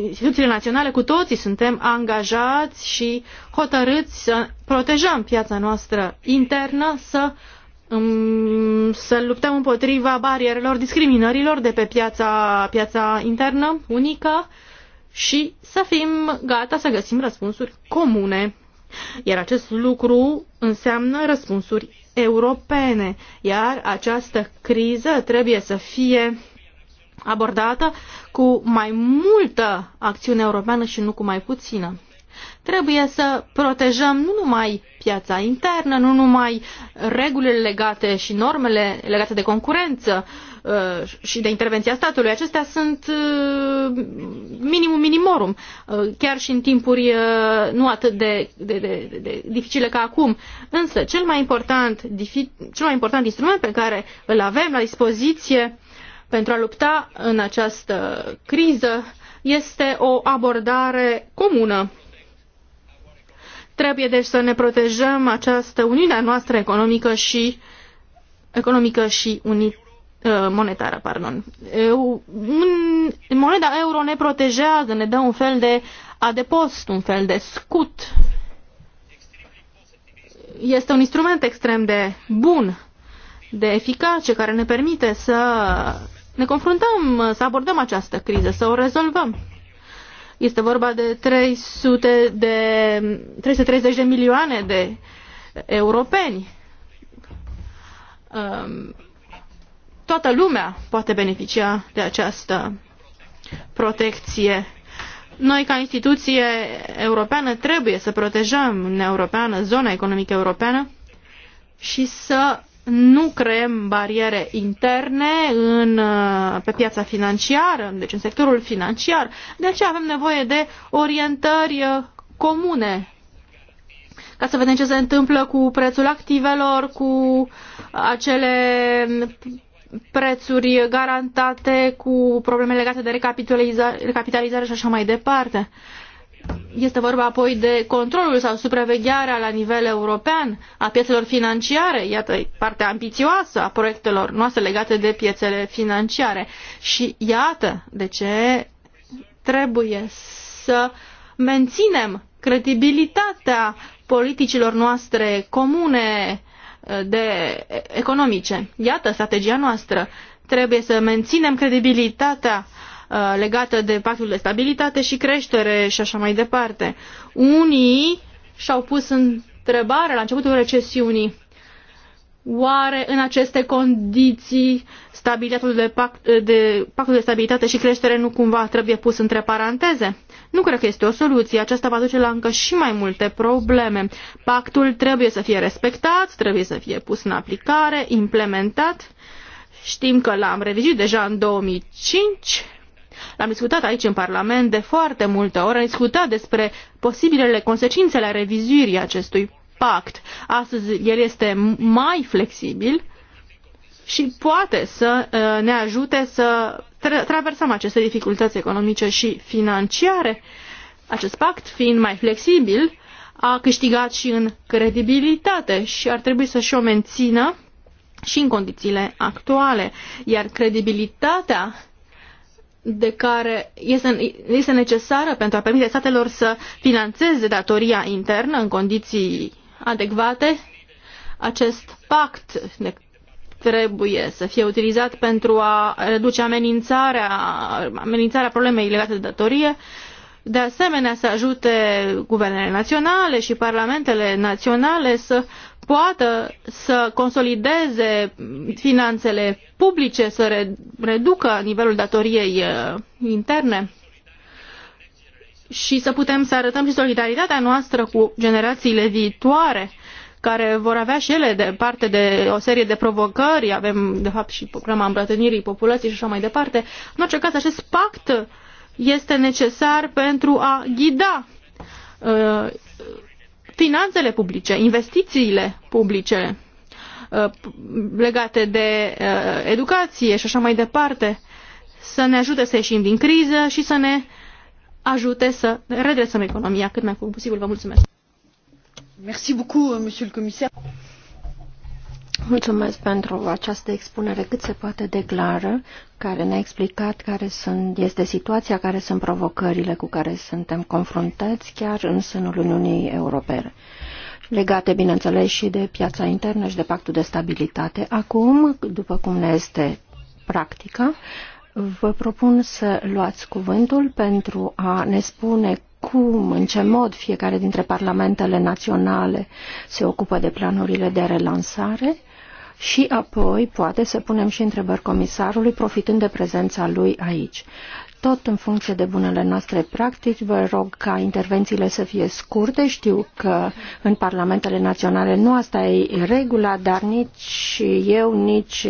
instituțiile naționale, cu toții suntem angajați și hotărâți să protejăm piața noastră internă, să um, să luptăm împotriva barierelor, discriminărilor de pe piața, piața internă unică și să fim gata să găsim răspunsuri comune. Iar acest lucru înseamnă răspunsuri europene, iar această criză trebuie să fie abordată cu mai multă acțiune europeană și nu cu mai puțină. Trebuie să protejăm nu numai piața internă, nu numai regulile legate și normele legate de concurență uh, și de intervenția statului. Acestea sunt uh, minimum minimorum, uh, chiar și în timpuri nu atât de, de, de, de dificile ca acum. Însă, cel mai, important, cel mai important instrument pe care îl avem la dispoziție pentru a lupta în această criză este o abordare comună. Trebuie deci să ne protejăm această uniune noastră economică și economică și unit, uh, monetară, pardon. moneda euro ne protejează, ne dă un fel de adepost, un fel de scut. Este un instrument extrem de bun, de eficace, care ne permite să ne confruntăm, să abordăm această criză, să o rezolvăm. Este vorba de 300 de 330 de milioane de europeni. Um, toată lumea poate beneficia de această protecție. Noi, ca instituție europeană, trebuie să protejăm Uniunea Europeană, zona economică europeană și să nu creăm bariere interne în, uh, pe piața financiară, deci în sectorul financiar. De aceea avem nevoie de orientări uh, comune ca să vedem ce se întâmplă cu prețul activelor, cu acele prețuri garantate, cu probleme legate de recapitalizare, recapitalizare și așa mai departe. Este vorba apoi de controlul sau supravegherea la nivel european a piețelor financiare, iată partea ambițioasă a proiectelor noastre legate de piețele financiare. Și iată de ce trebuie să menținem credibilitatea politicilor noastre comune eh, de eh, economice. Iată strategia noastră. Trebuie să menținem credibilitatea uh, Uh, legată de pactul de stabilitate și creștere și așa mai departe. Unii și-au pus întrebarea la începutul recesiunii Oare în aceste condiții stabilitatul de pact, de, pactul de stabilitate și creștere nu cumva trebuie pus între paranteze? Nu cred că este o soluție. Aceasta va duce la încă și mai multe probleme. Pactul trebuie să fie respectat, trebuie să fie pus în aplicare, implementat. Știm că l-am revizit deja în 2005 L-am discutat aici în Parlament de foarte multe ori, am discutat despre posibilele consecințe ale revizuirii acestui pact. Astăzi el este mai flexibil și poate să uh, ne ajute să tra traversăm aceste dificultăți economice și financiare. Acest pact fiind mai flexibil, a câștigat și în credibilitate și ar trebui să și o mențină și în condițiile actuale. Iar credibilitatea de care este, este necesară pentru a permite statelor să financeze datoria internă în condiții adecvate. Acest pact trebuie să fie utilizat pentru a reduce amenințarea, amenințarea problemei legate de datorie, de asemenea să ajute guvernele naționale și parlamentele naționale să poată să consolideze finanțele publice, să reducă nivelul datoriei uh, interne și să putem să arătăm și solidaritatea noastră cu generațiile viitoare care vor avea și ele de parte de o serie de provocări, avem de fapt și programa îmbrătânirii populației și așa mai departe. În orice caz, acest pact este necesar pentru a ghida uh, finanțele publice, investițiile publice uh, legate de uh, educație și așa mai departe, să ne ajute să ieșim din criză și să ne ajute să redresăm economia cât mai cu posibil. Vă mulțumesc! Merci beaucoup, monsieur le commissaire. Mulțumesc pentru această expunere cât se poate de clară, care ne-a explicat care sunt, este situația, care sunt provocările cu care suntem confruntați chiar în sânul Uniunii Europene legate, bineînțeles, și de piața internă și de pactul de stabilitate. Acum, după cum ne este practica, vă propun să luați cuvântul pentru a ne spune cum, în ce mod fiecare dintre parlamentele naționale se ocupă de planurile de relansare și apoi poate să punem și întrebări comisarului profitând de prezența lui aici. Tot în funcție de bunele noastre practici, vă rog ca intervențiile să fie scurte. Știu că în parlamentele naționale nu asta e regula, dar nici eu, nici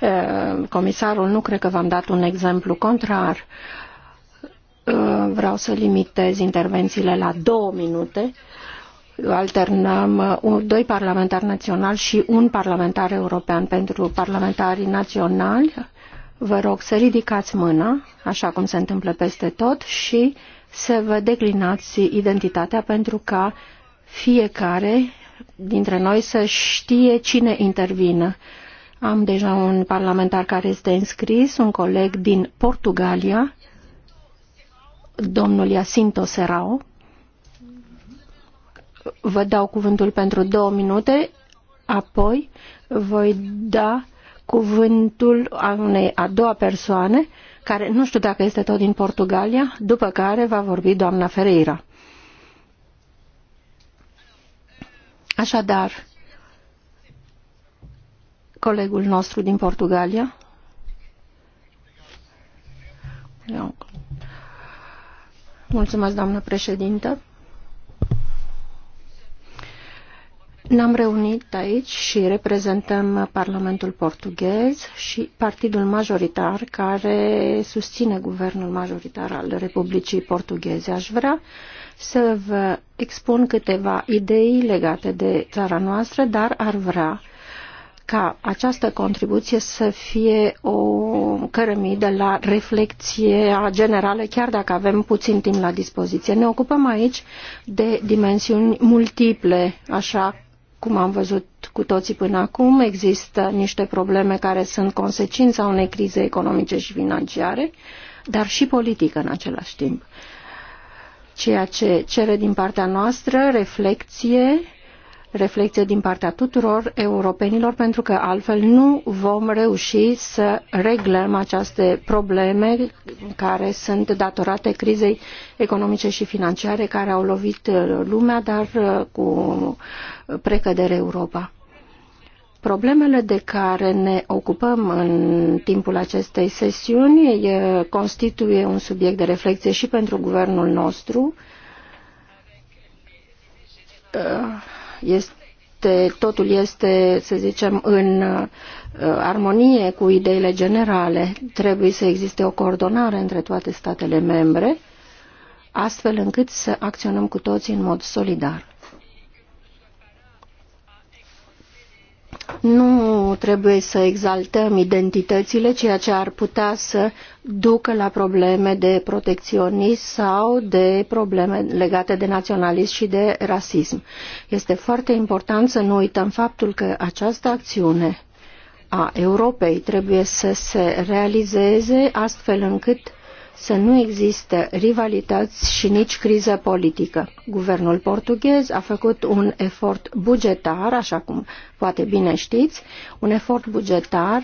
uh, comisarul nu cred că v-am dat un exemplu contrar. Uh, vreau să limitez intervențiile la două minute. Uh, alternăm uh, doi parlamentari naționali și un parlamentar european pentru parlamentarii naționali. Vă rog să ridicați mâna, așa cum se întâmplă peste tot, și să vă declinați identitatea pentru ca fiecare dintre noi să știe cine intervine. Am deja un parlamentar care este înscris, un coleg din Portugalia, domnul Jacinto Serao vă dau cuvântul pentru două minute, apoi voi da cuvântul a unei a doua persoane, care nu știu dacă este tot din Portugalia, după care va vorbi doamna Ferreira. Așadar, colegul nostru din Portugalia. Mulțumesc, doamnă președintă. Ne-am reunit aici și reprezentăm Parlamentul portughez și partidul majoritar care susține guvernul majoritar al Republicii Portugheze. Aș vrea să vă expun câteva idei legate de țara noastră, dar ar vrea ca această contribuție să fie o cărămidă la reflexie generală, chiar dacă avem puțin timp la dispoziție. Ne ocupăm aici de dimensiuni multiple, așa cum am văzut cu toții până acum, există niște probleme care sunt consecința unei crize economice și financiare, dar și politică în același timp. Ceea ce cere din partea noastră reflexie reflecție din partea tuturor europenilor, pentru că altfel nu vom reuși să reglăm aceste probleme care sunt datorate crizei economice și financiare care au lovit lumea, dar uh, cu precădere Europa. Problemele de care ne ocupăm în timpul acestei sesiuni uh, constituie un subiect de reflexie și pentru guvernul nostru uh, este, totul este, să zicem, în uh, armonie cu ideile generale. Trebuie să existe o coordonare între toate statele membre, astfel încât să acționăm cu toții în mod solidar. Nu trebuie să exaltăm identitățile, ceea ce ar putea să ducă la probleme de protecționism sau de probleme legate de naționalism și de rasism. Este foarte important să nu uităm faptul că această acțiune a Europei trebuie să se realizeze astfel încât să nu există rivalități și nici criză politică. Guvernul portughez a făcut un efort bugetar, așa cum poate bine știți, un efort bugetar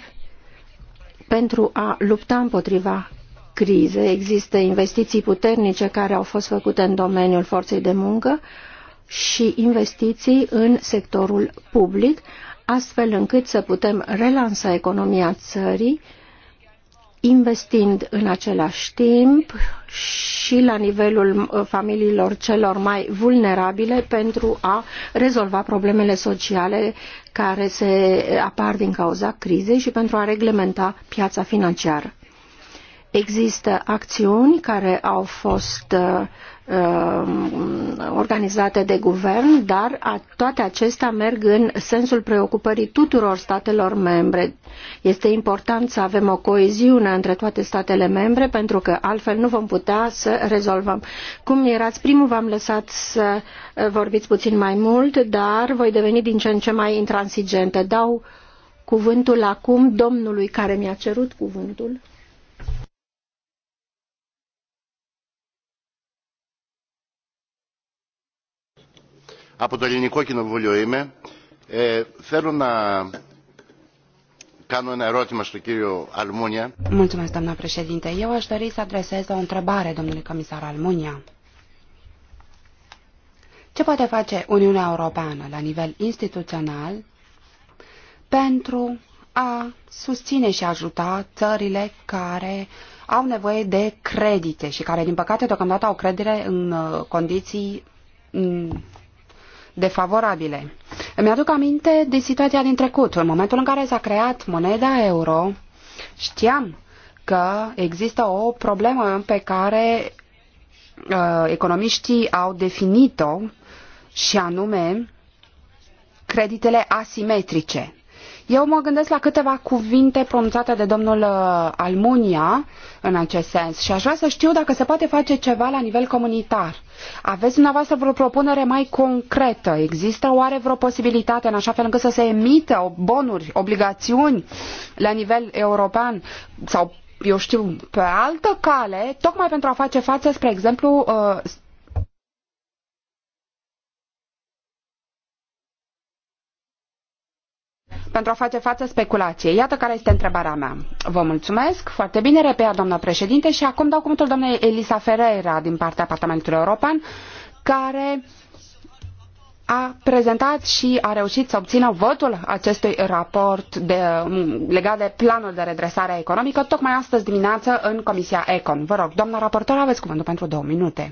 pentru a lupta împotriva crizei. Există investiții puternice care au fost făcute în domeniul forței de muncă și investiții în sectorul public, astfel încât să putem relansa economia țării investind în același timp și la nivelul uh, familiilor celor mai vulnerabile pentru a rezolva problemele sociale care se apar din cauza crizei și pentru a reglementa piața financiară. Există acțiuni care au fost uh, um, organizate de guvern, dar a, toate acestea merg în sensul preocupării tuturor statelor membre. Este important să avem o coeziune între toate statele membre, pentru că altfel nu vom putea să rezolvăm. Cum erați primul, v-am lăsat să uh, vorbiți puțin mai mult, dar voi deveni din ce în ce mai intransigentă. Dau cuvântul acum domnului care mi-a cerut cuvântul. από το ελληνικό κοινοβούλιο είμαι. Ε, θέλω να κάνω ένα ερώτημα στον κύριο Αλμούνια. Mulțumesc, doamna președinte. Eu aș dori să adresez o întrebare, domnule comisar Ce poate face Uniunea Europeană la nivel instituțional pentru a susține și ajuta țările care au nevoie de credite și care, din păcate, deocamdată au credere în uh, condiții defavorabile. Îmi aduc aminte de situația din trecut. În momentul în care s-a creat moneda euro, știam că există o problemă pe care uh, economiștii au definit-o și anume creditele asimetrice. Eu mă gândesc la câteva cuvinte pronunțate de domnul uh, Almunia în acest sens și aș vrea să știu dacă se poate face ceva la nivel comunitar. Aveți dumneavoastră vreo propunere mai concretă? Există oare vreo posibilitate în așa fel încât să se emită bonuri, obligațiuni la nivel european sau eu știu, pe altă cale, tocmai pentru a face față, spre exemplu, uh, pentru a face față speculației. Iată care este întrebarea mea. Vă mulțumesc. Foarte bine, repea doamna președinte și acum dau cuvântul doamnei Elisa Ferreira din partea Parlamentului European, care a prezentat și a reușit să obțină votul acestui raport de, legat de planul de redresare economică tocmai astăzi dimineață în Comisia Econ. Vă rog, doamna raportor, aveți cuvântul pentru două minute.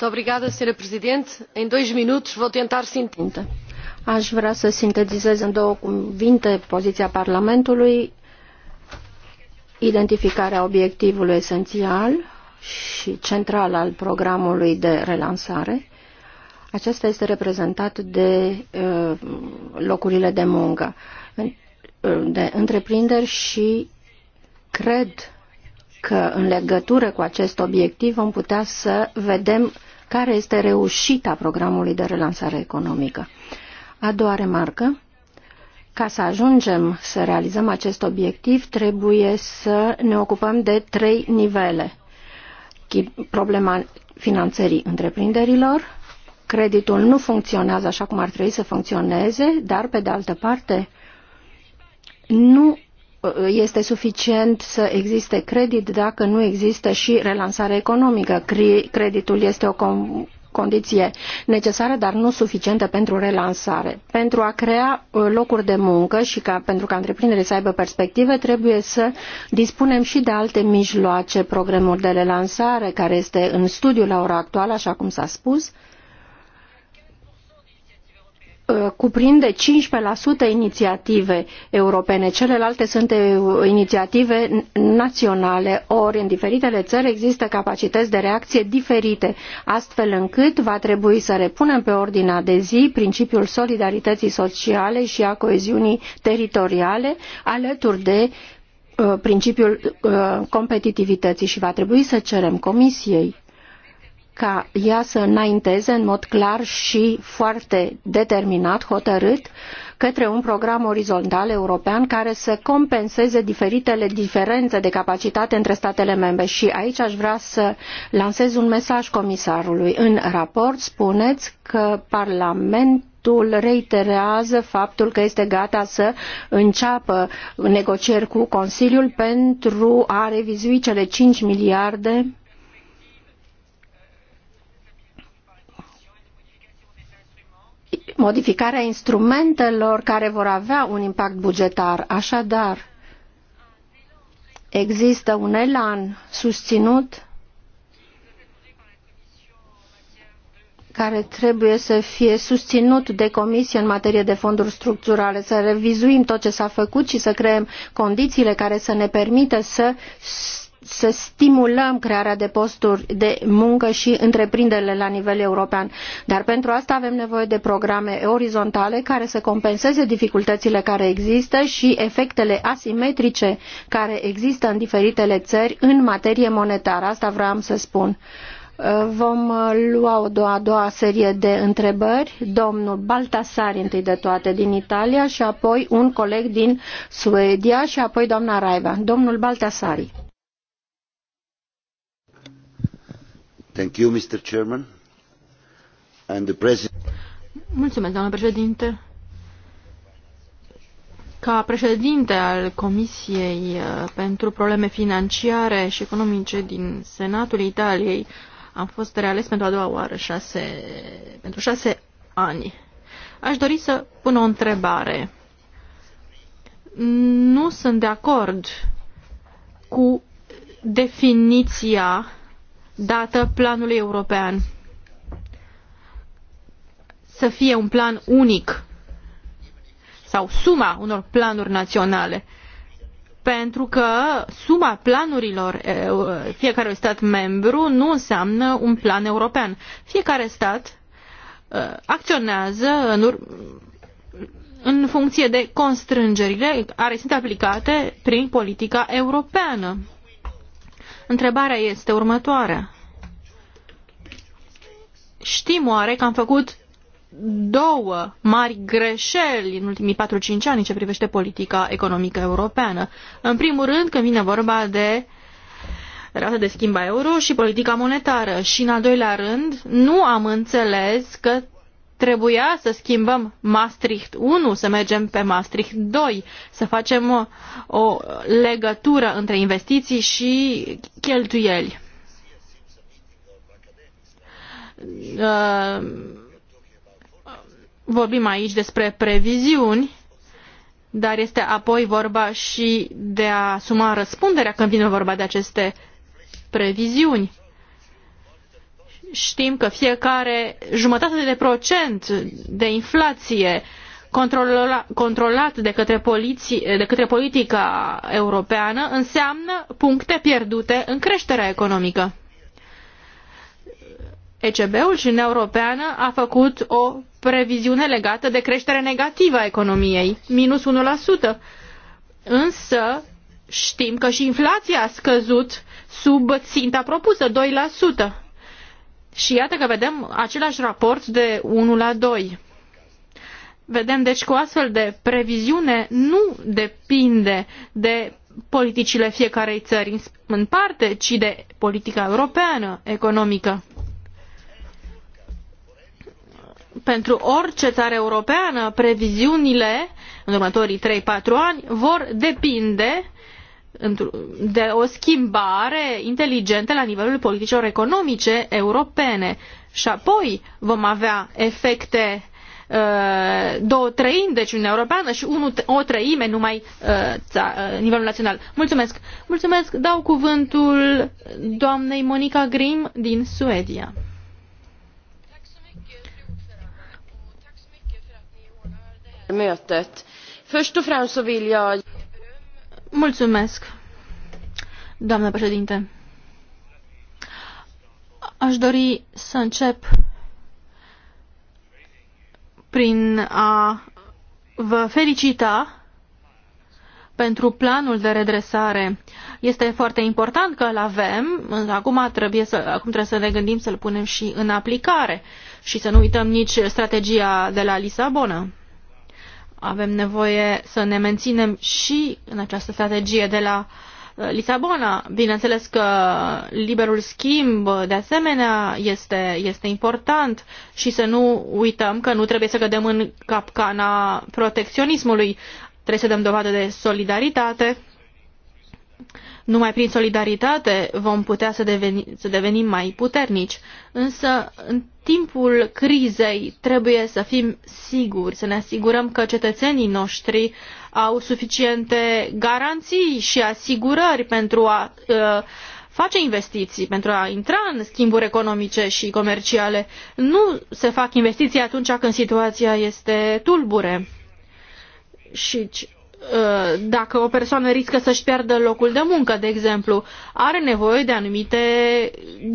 Obrigada, Sra. Presidente. Em dois minutos vou tentar sintetizar Aș vrea să sintetizez în două cuvinte poziția Parlamentului, identificarea obiectivului esențial și central al programului de relansare. Acesta este reprezentat de uh, locurile de muncă, uh, de întreprinderi și cred că în legătură cu acest obiectiv vom putea să vedem care este reușita programului de relansare economică. A doua remarcă. Ca să ajungem să realizăm acest obiectiv, trebuie să ne ocupăm de trei nivele. Problema finanțării întreprinderilor, creditul nu funcționează așa cum ar trebui să funcționeze, dar, pe de altă parte, nu uh, este suficient să existe credit dacă nu există și relansare economică. Creditul este o condiție necesară, dar nu suficientă pentru relansare. Pentru a crea uh, locuri de muncă și ca, pentru ca întreprinderile să aibă perspective, trebuie să dispunem și de alte mijloace, programul de relansare care este în studiu la ora actuală, așa cum s-a spus, Uh, cuprinde 15% inițiative europene, celelalte sunt uh, inițiative naționale, ori în diferitele țări există capacități de reacție diferite, astfel încât va trebui să repunem pe ordinea de zi principiul solidarității sociale și a coeziunii teritoriale, alături de uh, principiul competitivității și va trebui să cerem Comisiei ca ea să înainteze în mod clar și foarte determinat, hotărât, către un program orizontal european care să compenseze diferitele diferențe de capacitate între statele membre. Și aici aș vrea să lansez un mesaj comisarului. În raport spuneți că Parlamentul reiterează faptul că este gata să înceapă negocieri cu Consiliul pentru a revizui cele 5 miliarde modificarea instrumentelor care vor avea un impact bugetar. Așadar, există un elan susținut care trebuie să fie susținut de comisie în materie de fonduri structurale, să revizuim tot ce s-a făcut și să creăm condițiile care să ne permită să să stimulăm crearea de posturi de muncă și întreprinderile la nivel european. Dar pentru asta avem nevoie de programe orizontale care să compenseze dificultățile care există și efectele asimetrice care există în diferitele țări în materie monetară. Asta vreau să spun. Vom lua o doua, a doua serie de întrebări. Domnul Baltasar, întâi de toate, din Italia și apoi un coleg din Suedia și apoi doamna Raiva. Domnul Baltasari. Mulțumesc, președinte. Ca președinte al Comisiei uh, pentru Probleme Financiare și Economice din Senatul Italiei, am fost reales pentru a doua oară, șase, pentru șase ani. Aș dori să pun o întrebare. Nu sunt de acord cu definiția dată planului european. Să fie un plan unic sau suma unor planuri naționale. Pentru că suma planurilor fiecărui stat membru nu înseamnă un plan european. Fiecare stat acționează în, ur- în funcție de constrângerile care sunt aplicate prin politica europeană. Întrebarea este următoarea. Știm oare că am făcut două mari greșeli în ultimii 4-5 ani ce privește politica economică europeană. În primul rând, când vine vorba de rata de schimb a euro și politica monetară. Și în al doilea rând, nu am înțeles că trebuia să schimbăm Maastricht 1, să mergem pe Maastricht 2, să facem uh, o legătură între investiții și cheltuieli. Uh, vorbim aici despre previziuni, dar este apoi vorba și de a suma răspunderea când vine vorba de aceste previziuni știm că fiecare jumătate de procent de inflație controla, controlat de către, poliție, de către politica europeană înseamnă puncte pierdute în creșterea economică. ECB-ul și Uniunea Europeană a făcut o previziune legată de creștere negativă a economiei, minus 1%. Însă știm că și inflația a scăzut sub ținta propusă, și iată că vedem același raport de 1 la 2. Vedem deci că o astfel de previziune nu depinde de politicile fiecarei țări în parte, ci de politica europeană economică. Pentru orice țară europeană, previziunile în următorii 3-4 ani vor depinde de o schimbare inteligentă la nivelul politicilor economice europene. Și apoi vom avea efecte uh, două treimi, deci Uniunea Europeană și unu, o treime numai uh, ța, uh, nivelul național. Mulțumesc! Mulțumesc! Dau cuvântul doamnei Monica Grim din Suedia. Mötet. Först och främst så vill jag Mulțumesc, doamnă președinte. Aș dori să încep prin a vă felicita pentru planul de redresare. Este foarte important că îl avem, acum trebuie să, acum trebuie să ne gândim să-l punem și în aplicare și să nu uităm nici strategia de la Lisabona avem nevoie să ne menținem și în această strategie de la uh, Lisabona. Bineînțeles că liberul schimb, uh, de asemenea, este, este important și să nu uităm că nu trebuie să cădem în capcana protecționismului. Trebuie să dăm dovadă de solidaritate numai prin solidaritate vom putea să, deveni, să devenim mai puternici, însă în timpul crizei trebuie să fim siguri, să ne asigurăm că cetățenii noștri au suficiente garanții și asigurări pentru a uh, face investiții, pentru a intra în schimburi economice și comerciale. Nu se fac investiții atunci când situația este tulbure. Și Uh, dacă o persoană riscă să-și piardă locul de muncă, de exemplu, are nevoie de anumite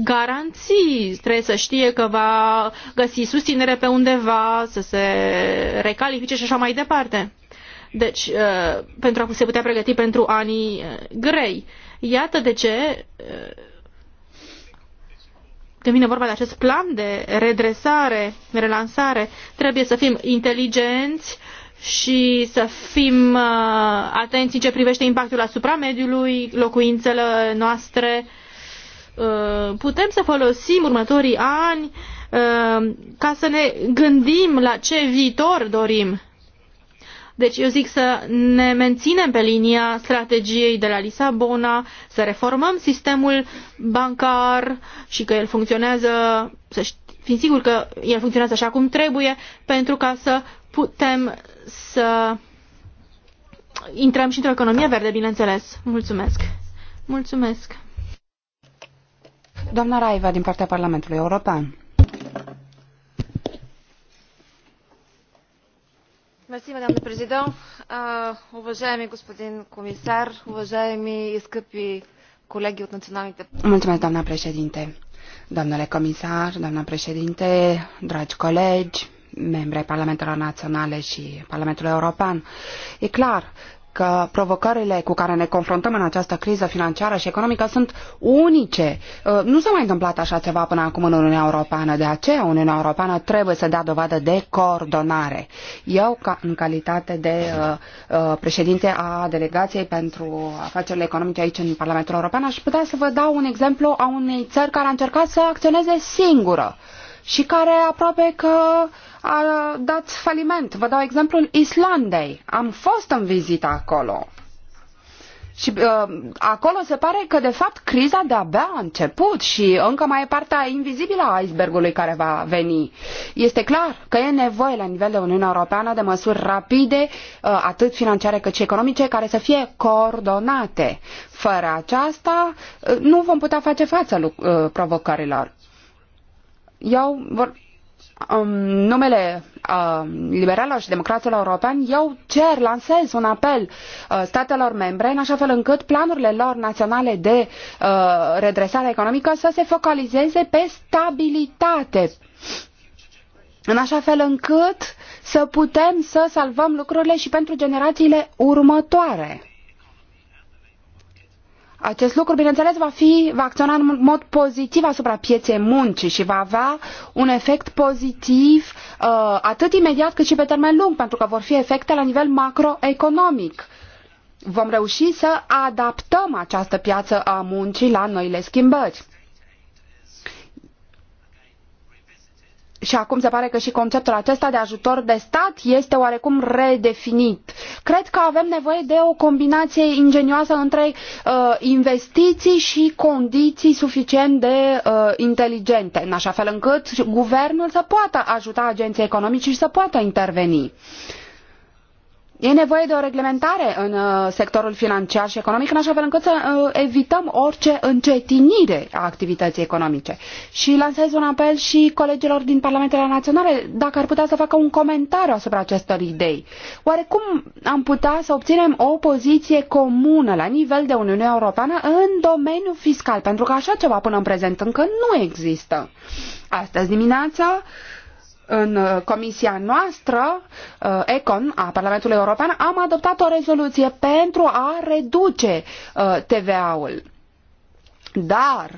garanții. Trebuie să știe că va găsi susținere pe undeva, să se recalifice și așa mai departe. Deci, uh, pentru a se putea pregăti pentru anii uh, grei. Iată de ce, când vine vorba de acest plan de redresare, relansare, trebuie să fim inteligenți, și să fim uh, atenți în ce privește impactul asupra mediului, locuințele noastre. Uh, putem să folosim următorii ani uh, ca să ne gândim la ce viitor dorim. Deci eu zic să ne menținem pe linia strategiei de la Lisabona, să reformăm sistemul bancar și că el funcționează, să fiind sigur că el funcționează așa cum trebuie, pentru ca să putem să intrăm și într-o economie verde, bineînțeles. Mulțumesc. Mulțumesc. Doamna Raiva, din partea Parlamentului European. madame président уважаеми господин комисар уважаеми и скъпи колеги от националните Mulțumesc, doamna președinte. Domnule comisar, doamna președinte, dragi colegi, membre ai Parlamentelor Naționale și Parlamentul European. E clar că provocările cu care ne confruntăm în această criză financiară și economică sunt unice. Uh, nu s-a mai întâmplat așa ceva până acum în Uniunea Europeană, de aceea Uniunea Europeană trebuie să dea dovadă de coordonare. Eu, ca, în calitate de uh, uh, președinte a delegației pentru afacerile economice aici în Parlamentul European, aș putea să vă dau un exemplu a unei țări care a încercat să acționeze singură și care aproape că uh, a dat faliment. Vă dau exemplul Islandei. Am fost în vizită acolo. Și uh, acolo se pare că, de fapt, criza de-abia a început și încă mai e partea invizibilă a icebergului care va veni. Este clar că e nevoie, la nivel de Uniunea Europeană, de măsuri rapide, uh, atât financiare cât și economice, care să fie coordonate. Fără aceasta, uh, nu vom putea face față uh, provocărilor. Eu vor um, numele uh, liberalilor și democraților europeni, eu cer, lansez un apel uh, statelor membre în așa fel încât planurile lor naționale de uh, redresare economică să se focalizeze pe stabilitate. În așa fel încât să putem să salvăm lucrurile și pentru generațiile următoare. Acest lucru, bineînțeles, va, fi, va acționa în mod pozitiv asupra pieței muncii și va avea un efect pozitiv uh, atât imediat cât și pe termen lung, pentru că vor fi efecte la nivel macroeconomic. Vom reuși să adaptăm această piață a muncii la noile schimbări. și acum se pare că și conceptul acesta de ajutor de stat este oarecum redefinit. Cred că avem nevoie de o combinație ingenioasă între uh, investiții și condiții suficient de uh, inteligente, în așa fel încât guvernul să poată ajuta agenții economici și să poată interveni. Uh, E nevoie de o reglementare în uh, sectorul financiar și economic, în așa fel încât să uh, evităm orice încetinire a activității economice. Și lansez un apel și colegilor din Parlamentele Naționale, dacă ar putea să facă un comentariu asupra acestor idei. Oare cum am putea să obținem o poziție comună la nivel de Uniunea Europeană în domeniul fiscal? Pentru că așa ceva până în prezent încă nu există. Astăzi dimineața, în uh, comisia noastră, uh, ECON, a Parlamentului European, am adoptat o rezoluție pentru a reduce uh, TVA-ul. Dar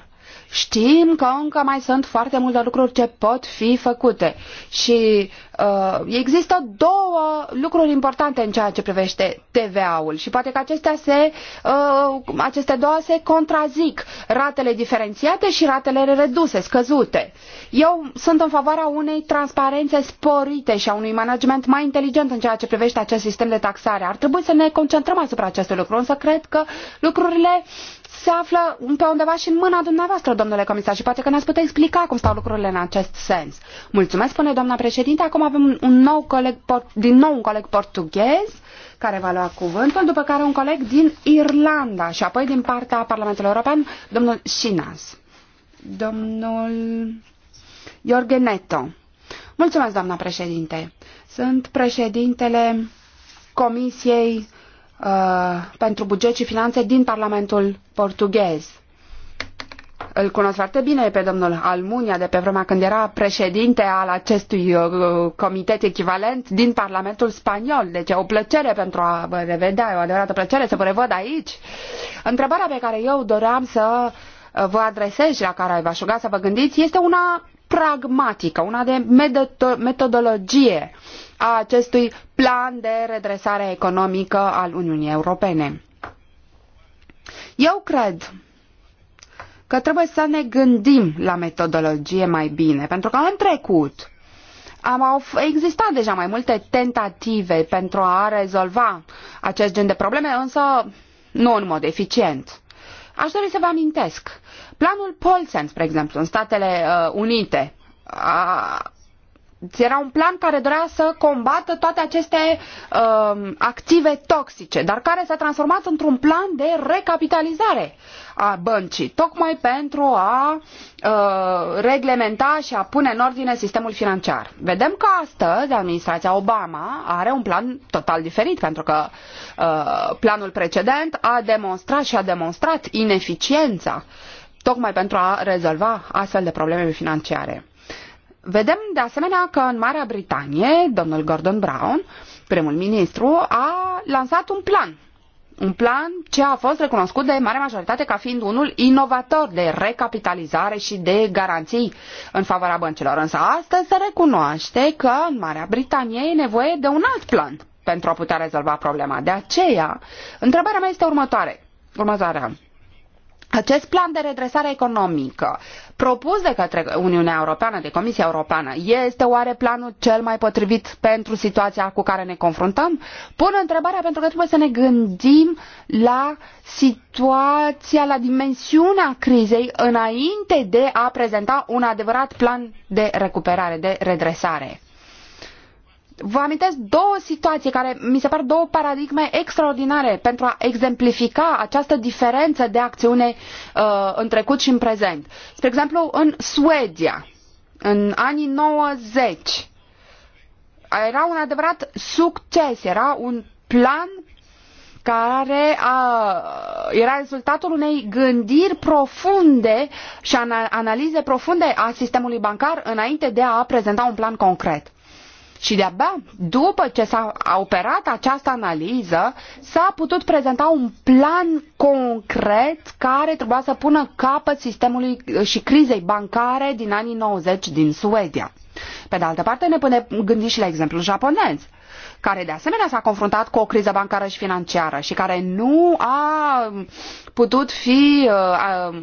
Știm că încă mai sunt foarte multe lucruri ce pot fi făcute și uh, există două lucruri importante în ceea ce privește TVA-ul și poate că acestea se, uh, aceste două se contrazic, ratele diferențiate și ratele reduse, scăzute. Eu sunt în favoarea unei transparențe sporite și a unui management mai inteligent în ceea ce privește acest sistem de taxare. Ar trebui să ne concentrăm asupra acestui lucru, însă cred că lucrurile uh, se află pe undeva și în mâna dumneavoastră, domnule comisar, și poate că ne-ați putea explica cum stau lucrurile în acest sens. Mulțumesc, spune doamna președinte. Acum avem un, nou coleg, din nou un coleg portughez care va lua cuvântul, după care un coleg din Irlanda și apoi din partea Parlamentului European, domnul Șinas. Domnul Iorghe Neto. Mulțumesc, doamna președinte. Sunt președintele Comisiei Uh, pentru buget și finanțe din Parlamentul portughez. Îl cunosc foarte bine pe domnul Almunia de pe vremea când era președinte al acestui uh, comitet echivalent din Parlamentul spaniol. Deci e o plăcere pentru a vă revedea, e o adevărată plăcere să vă revăd aici. Întrebarea pe care eu doream să uh, vă adresez și la care v-aș ruga să vă gândiți este una pragmatică, una de metodologie. Uh, a acestui plan de redresare economică al Uniunii Europene. Eu cred că trebuie să ne gândim la metodologie mai bine, pentru că în trecut am existat deja mai multe tentative pentru a rezolva acest gen de probleme, însă nu în mod eficient. Aș dori să vă amintesc. Planul Paulsen, spre exemplu, în Statele uh, Unite, a era un plan care dorea să combată toate aceste uh, active toxice, dar care s-a transformat într-un plan de recapitalizare a băncii, tocmai pentru a uh, reglementa și a pune în ordine sistemul financiar. Vedem că astăzi administrația Obama are un plan total diferit, pentru că uh, planul precedent a demonstrat și a demonstrat ineficiența tocmai pentru a rezolva astfel de probleme financiare. Vedem de asemenea că în Marea Britanie, domnul Gordon Brown, primul ministru, a lansat un plan. Un plan ce a fost recunoscut de mare majoritate ca fiind unul inovator de recapitalizare și de garanții în favoarea băncilor. Însă astăzi se recunoaște că în Marea Britanie e nevoie de un alt plan pentru a putea rezolva problema. De aceea, întrebarea mea este următoare. următoarea acest plan de redresare economică propus de către Uniunea Europeană, de Comisia Europeană, este oare planul cel mai potrivit pentru situația cu care ne confruntăm? Pun întrebarea pentru că trebuie să ne gândim la situația, la dimensiunea crizei înainte de a prezenta un adevărat plan de recuperare, de redresare. Vă amintesc două situații care mi se par două paradigme extraordinare pentru a exemplifica această diferență de acțiune uh, în trecut și în prezent. Spre exemplu, în Suedia, în anii 90, era un adevărat succes, era un plan care a, era rezultatul unei gândiri profunde și analize profunde a sistemului bancar înainte de a prezenta un plan concret. Și de-abia după ce s-a operat această analiză, s-a putut prezenta un plan concret care trebuia să pună capăt sistemului uh, și crizei bancare din anii 90 din Suedia. Pe de altă parte, ne putem gândi și la exemplul japonez care de asemenea s-a confruntat cu o criză bancară și financiară și care nu a putut fi uh,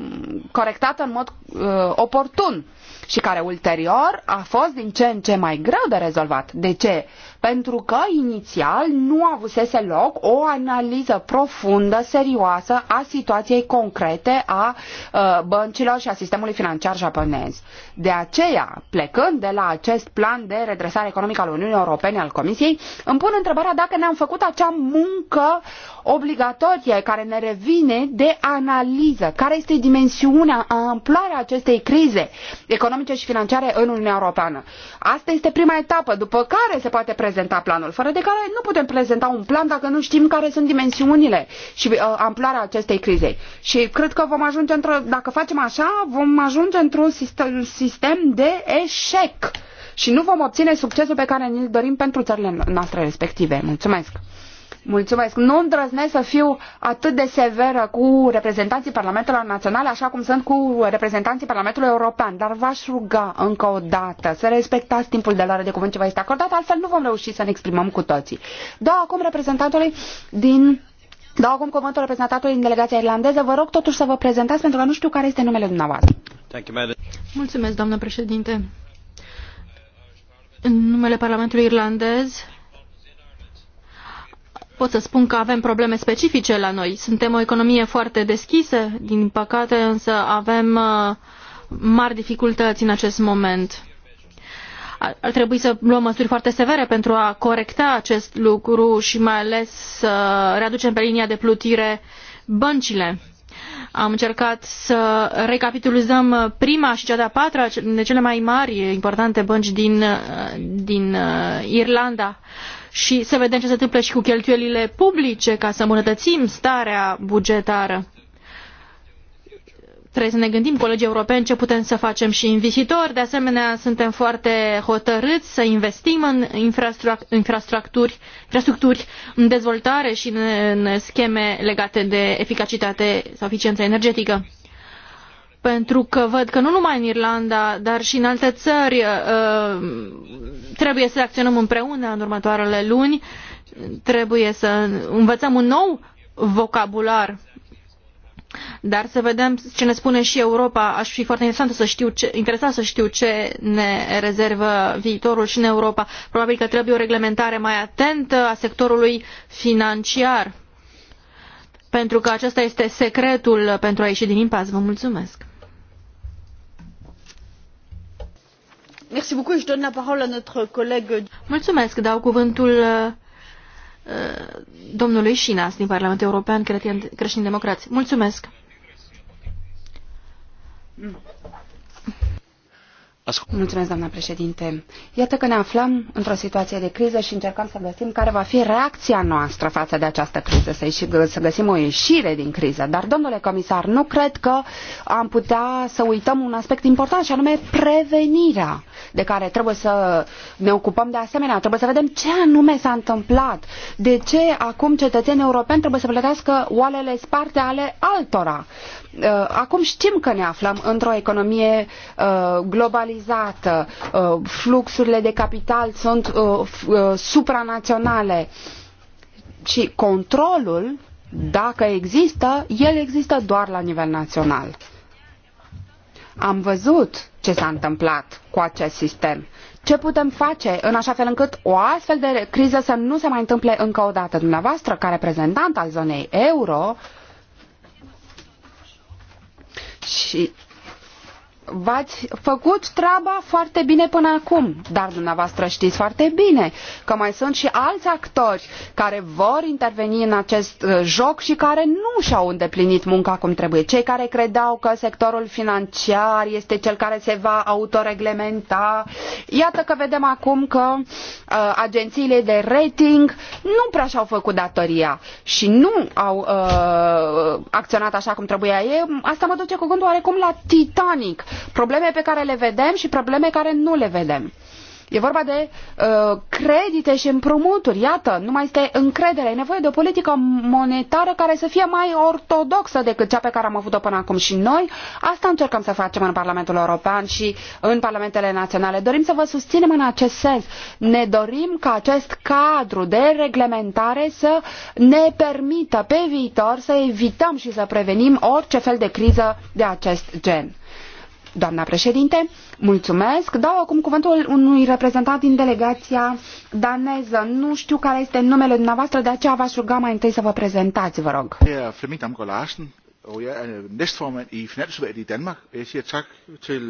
corectată în mod uh, oportun și care ulterior a fost din ce în ce mai greu de rezolvat. De ce? Pentru că inițial nu avusese loc o analiză profundă, serioasă a situației concrete a uh, băncilor și a sistemului financiar japonez. De aceea, plecând de la acest plan de redresare economică al Uniunii Europene al Comisiei, îmi pun întrebarea dacă ne-am făcut acea muncă obligatorie care ne revine de analiză. Care este dimensiunea, amploarea acestei crize economice și financiare în Uniunea Europeană? Asta este prima etapă, după care se poate prezenta planul, fără de care nu putem prezenta un plan dacă nu știm care sunt dimensiunile și uh, amploarea acestei crize. Și cred că vom ajunge într-o, dacă facem așa, vom ajunge într-un sistem, sistem de eșec și nu vom obține succesul pe care ni-l dorim pentru țările noastre respective. Mulțumesc! Mulțumesc. Nu îndrăznesc să fiu atât de severă cu reprezentanții Parlamentelor Naționale, așa cum sunt cu reprezentanții Parlamentului European, dar v-aș ruga încă o dată să respectați timpul de luare de cuvânt ce vă este acordat, altfel nu vom reuși să ne exprimăm cu toții. Da, acum reprezentantului din... Dau acum cuvântul reprezentantului din delegația irlandeză. Vă rog totuși să vă prezentați pentru că nu știu care este numele dumneavoastră. Mulțumesc, doamnă președinte. În numele Parlamentului irlandez, pot să spun că avem probleme specifice la noi. Suntem o economie foarte deschisă, din păcate însă avem uh, mari dificultăți în acest moment. Ar trebui să luăm măsuri foarte severe pentru a corecta acest lucru și mai ales să readucem pe linia de plutire băncile. Am încercat să recapitulizăm prima și cea de-a patra cele mai mari importante bănci din, uh, din uh, Irlanda și să vedem ce se întâmplă și cu cheltuielile publice ca să îmbunătățim starea bugetară. Trebuie să ne gândim, colegii europeni, ce putem să facem și în viitor. De asemenea, suntem foarte hotărâți să investim în infrastructuri, infrastructuri în dezvoltare și în scheme legate de eficacitate sau eficiență energetică pentru că văd că nu numai în Irlanda, dar și în alte țări uh, trebuie să acționăm împreună în următoarele luni, trebuie să învățăm un nou vocabular dar să vedem ce ne spune și Europa. Aș fi foarte interesant să știu ce, interesat să știu ce ne rezervă viitorul și în Europa. Probabil că trebuie o reglementare mai atentă a sectorului financiar. Pentru că acesta este secretul pentru a ieși din impas. Vă mulțumesc. Mulțumesc, dau cuvântul uh, uh, domnului Șinas din Parlamentul European Creștin Democrați. Mulțumesc. Mm. Mulțumesc, doamna președinte. Iată că ne aflăm într-o situație de criză și încercăm să găsim care va fi reacția noastră față de această criză, să, ieși, să găsim o ieșire din criză. Dar, domnule comisar, nu cred că am putea să uităm un aspect important și anume prevenirea de care trebuie să ne ocupăm de asemenea. Trebuie să vedem ce anume s-a întâmplat, de ce acum cetățenii europeni trebuie să plătească oalele sparte ale altora. Uh, acum știm că ne aflăm într-o economie uh, globalizată, uh, fluxurile de capital sunt supranaționale și controlul, dacă există, el există doar la nivel național. Am văzut ce s-a întâmplat cu acest sistem. Ce putem face în așa fel încât o astfel de criză să nu se mai întâmple încă o dată? Dumneavoastră, ca reprezentant al zonei euro, uh, și v-ați făcut treaba foarte bine până acum, dar dumneavoastră știți foarte bine că mai sunt și alți actori care vor interveni în acest uh, joc și care nu și-au îndeplinit munca cum trebuie. Cei care credeau că sectorul financiar este cel care se va autoreglementa. Iată că vedem acum că uh, agențiile de rating nu prea și-au făcut datoria și nu au uh, acționat așa cum trebuia ei. Asta mă duce cu gândul oarecum la Titanic probleme pe care le vedem și probleme care nu le vedem. E vorba de uh, credite și împrumuturi. Iată, nu mai este încredere. E nevoie de o politică monetară care să fie mai ortodoxă decât cea pe care am avut-o până acum. Și noi asta încercăm să facem în Parlamentul European și în Parlamentele Naționale. Dorim să vă susținem în acest sens. Ne dorim ca acest cadru de reglementare să ne permită pe viitor să evităm și să prevenim orice fel de criză de acest gen. Doamna președinte, mulțumesc. Dau acum cuvântul unui reprezentant din delegația daneză. Nu știu care este numele dumneavoastră, de aceea v-aș ruga mai întâi să vă prezentați, vă rog. Er er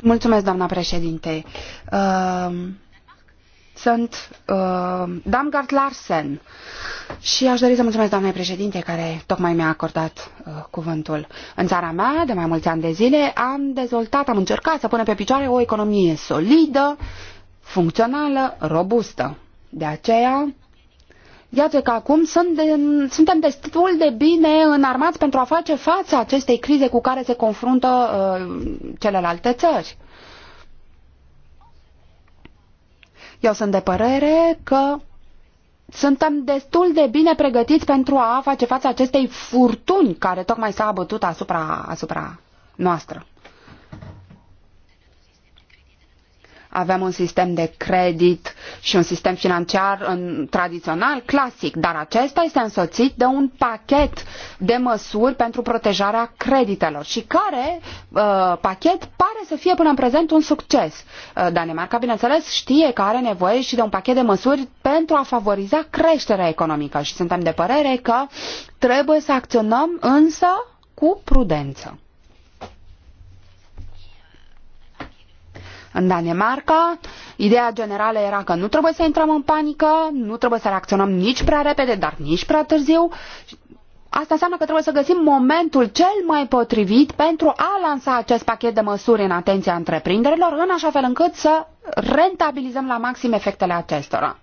mulțumesc, doamna președinte. Uh sunt uh, Damgard Larsen și aș dori să mulțumesc doamnei președinte care tocmai mi-a acordat uh, cuvântul. În țara mea, de mai mulți ani de zile, am dezvoltat, am încercat să punem pe picioare o economie solidă, funcțională, robustă. De aceea, iată că acum sunt de, suntem destul de bine înarmați pentru a face față acestei crize cu care se confruntă uh, celelalte țări. Eu sunt de părere că suntem destul de bine pregătiți pentru a face față acestei furtuni care tocmai s-a abătut asupra, asupra noastră. Avem un sistem de credit și un sistem financiar în, tradițional, clasic, dar acesta este însoțit de un pachet de măsuri pentru protejarea creditelor și care uh, pachet pare să fie până în prezent un succes. Uh, Danemarca, bineînțeles, știe că are nevoie și de un pachet de măsuri pentru a favoriza creșterea economică și suntem de părere că trebuie să acționăm însă cu prudență. În Danemarca, ideea generală era că nu trebuie să intrăm în panică, nu trebuie să reacționăm nici prea repede, dar nici prea târziu. Asta înseamnă că trebuie să găsim momentul cel mai potrivit pentru a lansa acest pachet de măsuri în atenția întreprinderilor, în așa fel încât să rentabilizăm la maxim efectele acestora.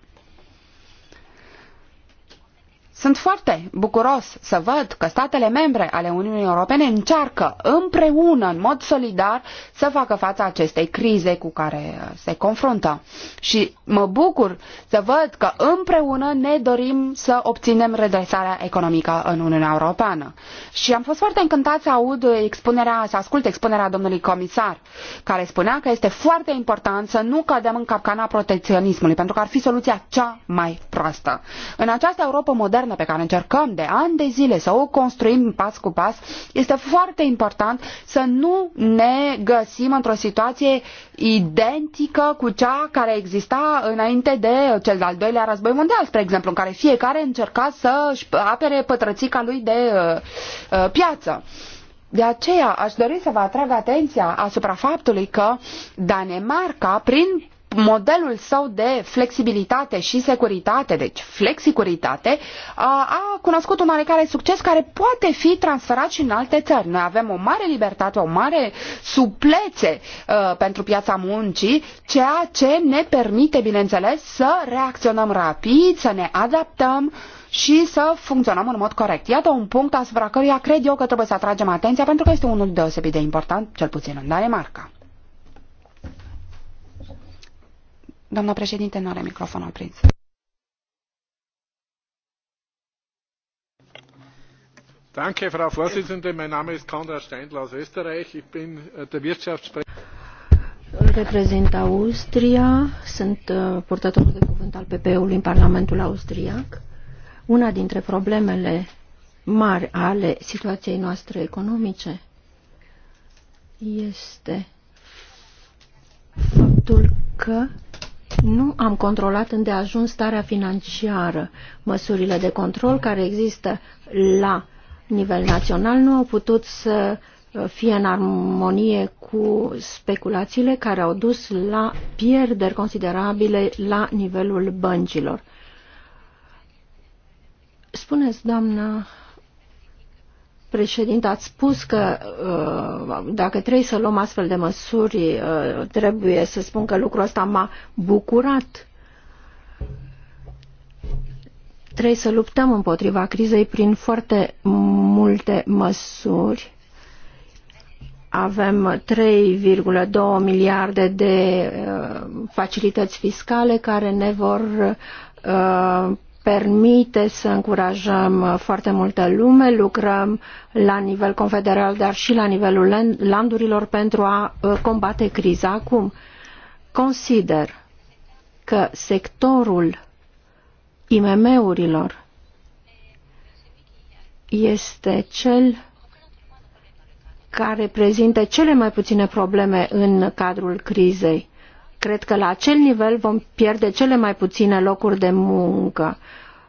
Sunt foarte bucuros să văd că statele membre ale Uniunii Europene încearcă împreună, în mod solidar, să facă față acestei crize cu care uh, se confruntă. Și mă bucur să văd că împreună ne dorim să obținem redresarea economică în Uniunea Europeană. Și am fost foarte încântat să aud expunerea, să ascult expunerea domnului comisar, care spunea că este foarte important să nu cădem în capcana protecționismului, pentru că ar fi soluția cea mai proastă. În această Europa modernă, internă pe care încercăm de ani de zile să o construim pas cu pas, este foarte important să nu ne găsim într-o situație identică cu cea care exista înainte de cel de-al doilea război mondial, spre exemplu, în care fiecare încerca să apere pătrățica lui de uh, uh, piață. De aceea aș dori să vă atrag atenția asupra faptului că Danemarca, prin modelul său de flexibilitate și securitate, deci flexicuritate, a cunoscut un oarecare succes care poate fi transferat și în alte țări. Noi avem o mare libertate, o mare suplețe pentru piața muncii, ceea ce ne permite, bineînțeles, să reacționăm rapid, să ne adaptăm și să funcționăm în mod corect. Iată un punct asupra căruia cred eu că trebuie să atragem atenția pentru că este unul deosebit de important, cel puțin în Danemarca. Doamna președinte, nu are microfonul prins. Danke, Frau Vorsitzende. Mein Name ist Konrad Steindl aus Österreich. Ich bin äh, der Wirtschaftssprecher. Reprezint Austria, sunt uh, purtătorul de cuvânt al PP-ului în Parlamentul Austriac. Una dintre problemele mari ale situației noastre economice este faptul că nu am controlat îndeajuns starea financiară. Măsurile de control care există la nivel național nu au putut să uh, fie în armonie cu speculațiile care au dus la pierderi considerabile la nivelul băncilor. Spuneți, doamna președinte, ați spus că uh, dacă trebuie să luăm astfel de măsuri, uh, trebuie să spun că lucrul ăsta m-a bucurat. Trebuie să luptăm împotriva crizei prin foarte multe măsuri. Avem 3,2 miliarde de uh, facilități fiscale care ne vor permite să încurajăm foarte multă lume, lucrăm la nivel confederal, dar și la nivelul landurilor pentru a uh, combate criza acum. Consider că sectorul IMM-urilor este cel care prezintă cele mai puține probleme în cadrul crizei cred că la acel nivel vom pierde cele mai puține locuri de muncă.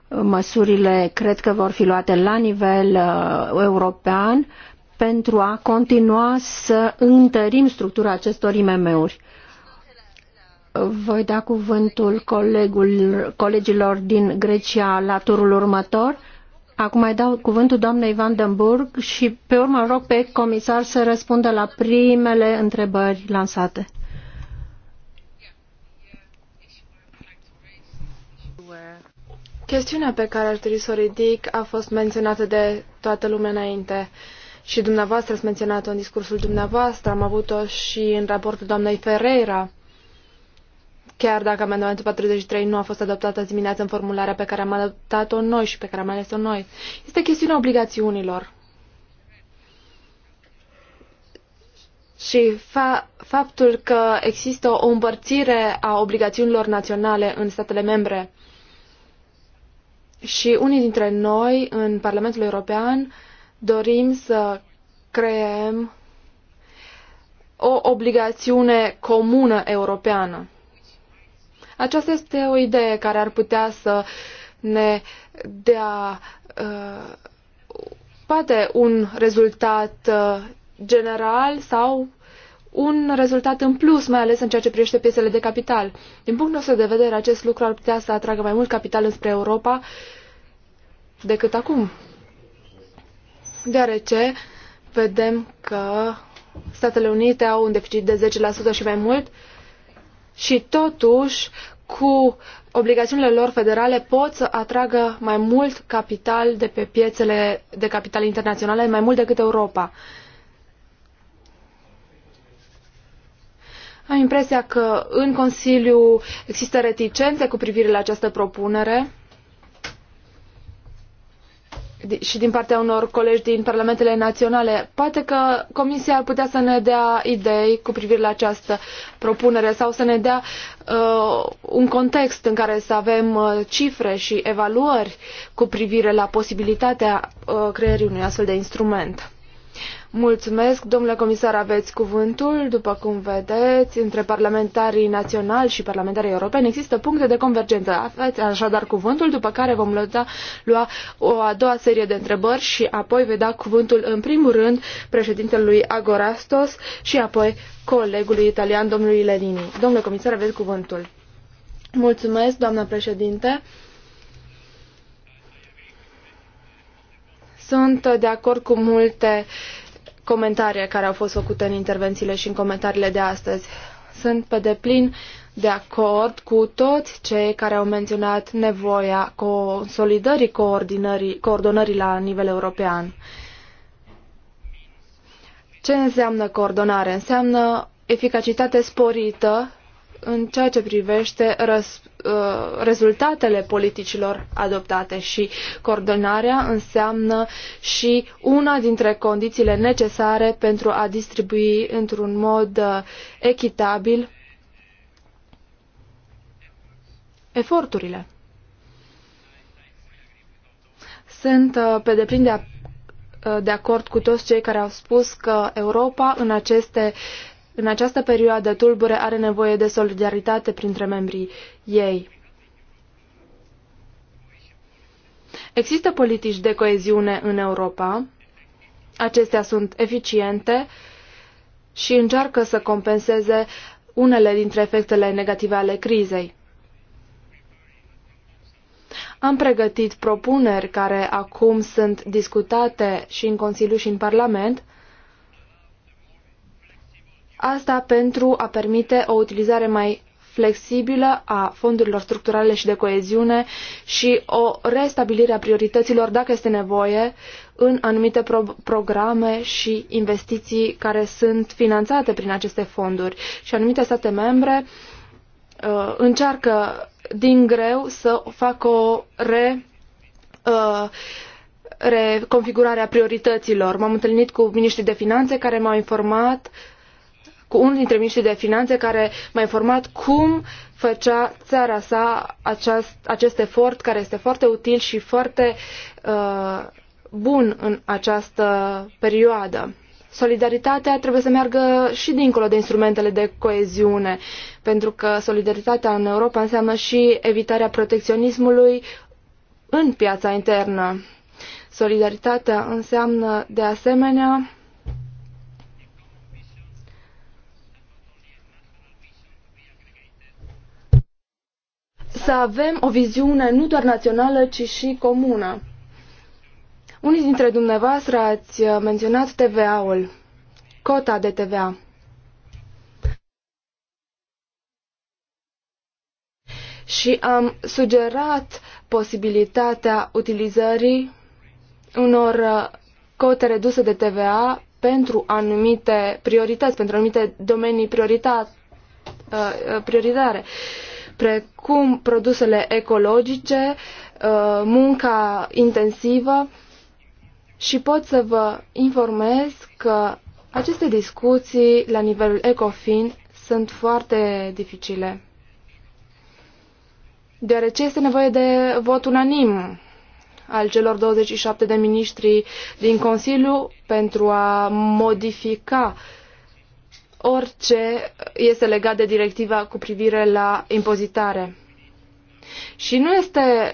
Măsurile cred că vor fi luate la nivel uh, european pentru a continua să întărim structura acestor IMM-uri. Voi da cuvântul colegul, colegilor din Grecia la turul următor. Acum mai dau cuvântul doamnei Van Denburg și pe urmă rog pe comisar să răspundă la primele întrebări lansate. Chestiunea pe care ar trebui să o ridic a fost menționată de toată lumea înainte și dumneavoastră ați menționat-o în discursul dumneavoastră, am avut-o și în raportul doamnei Ferreira, chiar dacă amendamentul 43 nu a fost adoptat azi dimineață în formularea pe care am adoptat-o noi și pe care am ales-o noi. Este chestiunea obligațiunilor. Și fa- faptul că există o împărțire a obligațiunilor naționale în statele membre și unii dintre noi în Parlamentul European dorim să creăm o obligațiune comună europeană. Aceasta este o idee care ar putea să ne dea uh, poate un rezultat uh, general sau un rezultat în plus, mai ales în ceea ce privește piesele de capital. Din punctul nostru de vedere, acest lucru ar putea să atragă mai mult capital înspre Europa decât acum. Deoarece vedem că Statele Unite au un deficit de 10% și mai mult și totuși cu obligațiunile lor federale pot să atragă mai mult capital de pe piețele de capital internaționale, mai mult decât Europa. Am impresia că în Consiliu există reticențe cu privire la această propunere și din partea unor colegi din parlamentele naționale. Poate că Comisia ar putea să ne dea idei cu privire la această propunere sau să ne dea uh, un context în care să avem uh, cifre și evaluări cu privire la posibilitatea uh, creării unui astfel de instrument. Mulțumesc, domnule comisar, aveți cuvântul. După cum vedeți, între parlamentarii naționali și parlamentarii europeni există puncte de convergență. Aveți așadar cuvântul, după care vom lua, lua o a doua serie de întrebări și apoi vei da cuvântul în primul rând președintelui Agorastos și apoi colegului italian, domnului Lenini. Domnule comisar, aveți cuvântul. Mulțumesc, doamnă președinte. Sunt de acord cu multe comentarii care au fost făcute în intervențiile și în comentariile de astăzi. Sunt pe deplin de acord cu toți cei care au menționat nevoia consolidării coordonării, la nivel european. Ce înseamnă coordonare? Înseamnă eficacitate sporită în ceea ce privește răs, uh, rezultatele politicilor adoptate și coordonarea înseamnă și una dintre condițiile necesare pentru a distribui într-un mod uh, echitabil eforturile. Sunt uh, pe deplin de acord cu toți cei care au spus că Europa în aceste în această perioadă tulbure are nevoie de solidaritate printre membrii ei. Există politici de coeziune în Europa, acestea sunt eficiente și încearcă să compenseze unele dintre efectele negative ale crizei. Am pregătit propuneri care acum sunt discutate și în Consiliu și în Parlament, Asta pentru a permite o utilizare mai flexibilă a fondurilor structurale și de coeziune și o restabilire a priorităților, dacă este nevoie, în anumite pro programe și investiții care sunt finanțate prin aceste fonduri. Și anumite state membre uh, încearcă din greu să facă o re... Uh, a priorităților. M-am întâlnit cu miniștrii de finanțe care m-au informat uh, cu unul dintre miniștrii de finanțe care m-a informat cum făcea țara sa aceast, acest efort care este foarte util și foarte uh, bun în această perioadă. Solidaritatea trebuie să meargă și dincolo de instrumentele de coeziune, pentru că solidaritatea în Europa înseamnă și evitarea protecționismului în piața internă. Solidaritatea înseamnă, de asemenea, să avem o viziune nu doar națională, ci și comună. Unii dintre dumneavoastră ați uh, menționat TVA-ul, cota de TVA. Și am sugerat posibilitatea utilizării unor uh, cote reduse de TVA pentru anumite priorități, pentru anumite domenii prioritate, uh, prioritare. Uh, precum produsele ecologice, uh, munca intensivă și pot să vă informez că aceste discuții la nivelul ECOFIN sunt foarte dificile, deoarece este nevoie de vot unanim al celor 27 de miniștri din Consiliu pentru a modifica uh, orice este legat de directiva cu privire la impozitare. Și nu este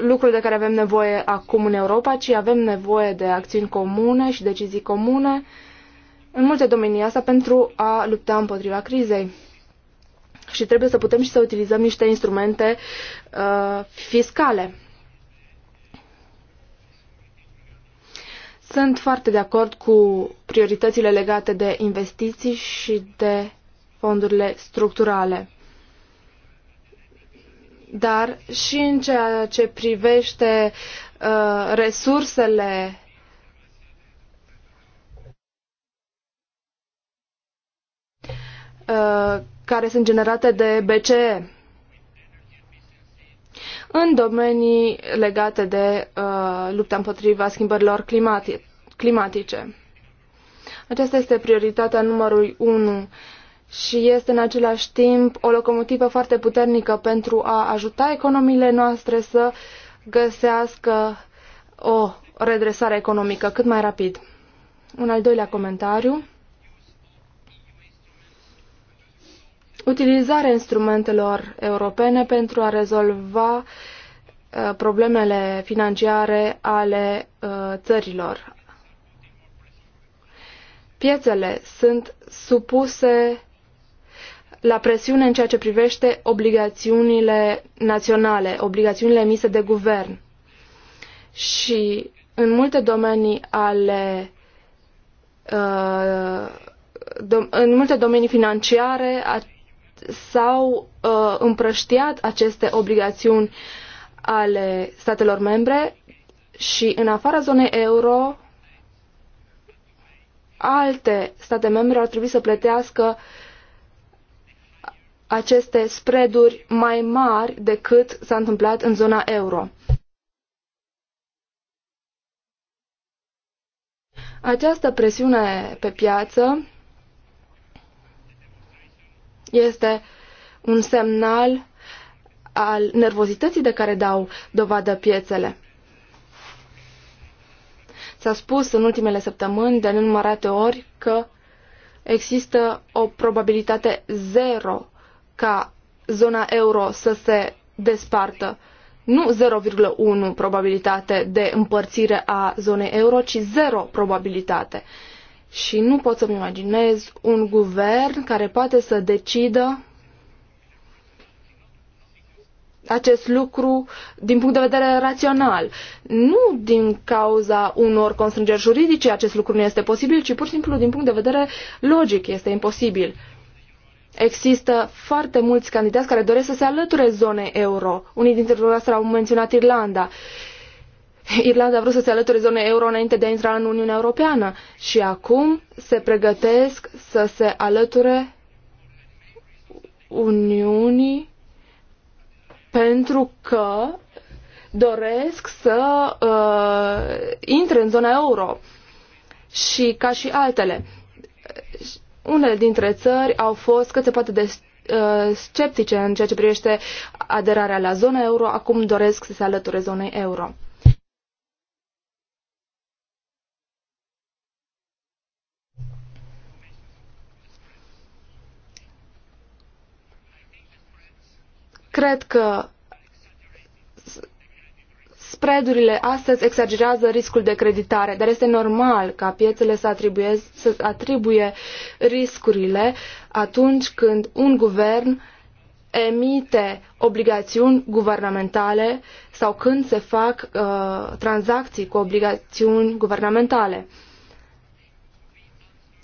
lucrul de care avem nevoie acum în Europa, ci avem nevoie de acțiuni comune și decizii comune în multe domenii asta pentru a lupta împotriva crizei. Și trebuie să putem și să utilizăm niște instrumente uh, fiscale. Sunt foarte de acord cu prioritățile legate de investiții și de fondurile structurale. Dar și în ceea ce privește uh, resursele uh, care sunt generate de BCE în domenii legate de uh, lupta împotriva schimbărilor climati climatice. Aceasta este prioritatea numărul 1 și este în același timp o locomotivă foarte puternică pentru a ajuta economiile noastre să găsească o redresare economică cât mai rapid. Un al doilea comentariu utilizarea instrumentelor europene pentru a rezolva uh, problemele financiare ale uh, țărilor. Piețele sunt supuse la presiune în ceea ce privește obligațiunile naționale, obligațiunile emise de guvern. Și în multe domenii ale uh, în multe domenii financiare s-au uh, împrăștiat aceste obligațiuni ale statelor membre și în afara zonei euro alte state membre ar trebui să plătească aceste spreaduri mai mari decât s-a întâmplat în zona euro. Această presiune pe piață este un semnal al nervozității de care dau dovadă piețele. S-a spus în ultimele săptămâni de nenumărate ori că există o probabilitate zero ca zona euro să se despartă. Nu 0,1 probabilitate de împărțire a zonei euro, ci zero probabilitate. Și nu pot să-mi imaginez un guvern care poate să decidă acest lucru din punct de vedere rațional. Nu din cauza unor constrângeri juridice acest lucru nu este posibil, ci pur și simplu din punct de vedere logic este imposibil. Există foarte mulți candidați care doresc să se alăture zonei euro. Unii dintre dumneavoastră au menționat Irlanda. Uh, Irlanda a vrut să se alăture zonei euro înainte de a intra în Uniunea Europeană și acum se pregătesc să se alăture Uniunii pentru că doresc să uh, intre în zona euro și ca și altele. Unele dintre țări au fost cât se poate de uh, sceptice în ceea ce privește aderarea la zona euro, acum doresc să se alăture zonei euro. Cred că spreadurile astăzi exagerează riscul de creditare, dar este normal ca piețele să, atribuie, să atribuie riscurile atunci când un guvern emite obligațiuni guvernamentale sau când se fac uh, tranzacții cu obligațiuni guvernamentale.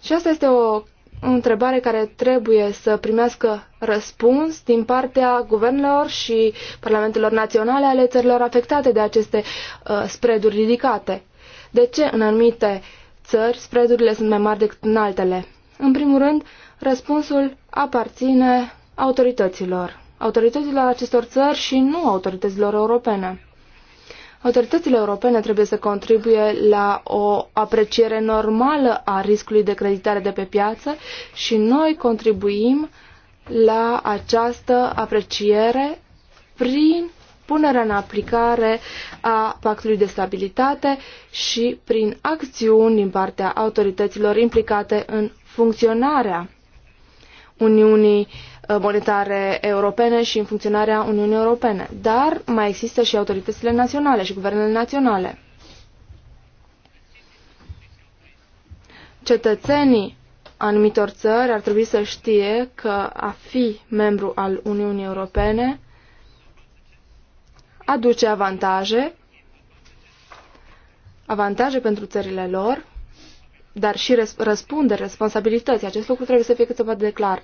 Și asta este o o întrebare care trebuie să primească răspuns din partea guvernelor și parlamentelor naționale ale țărilor afectate de aceste uh, spreaduri ridicate. De ce în anumite țări spreadurile sunt mai mari decât în altele? În primul rând, răspunsul aparține autorităților. Autorităților acestor țări și nu autorităților europene. Autoritățile europene trebuie să contribuie la o apreciere normală a riscului de creditare de pe piață și noi contribuim la această apreciere prin punerea în aplicare a pactului de stabilitate și prin acțiuni din partea autorităților implicate în funcționarea Uniunii uh, Monetare Europene și în funcționarea Uniunii Europene. Dar mai există și autoritățile naționale și guvernele naționale. Cetățenii anumitor țări ar trebui să știe că a fi membru al Uniunii Europene aduce avantaje, avantaje pentru țările lor, dar și răspunde răspundere, responsabilități. Acest lucru trebuie să fie cât se poate de clar.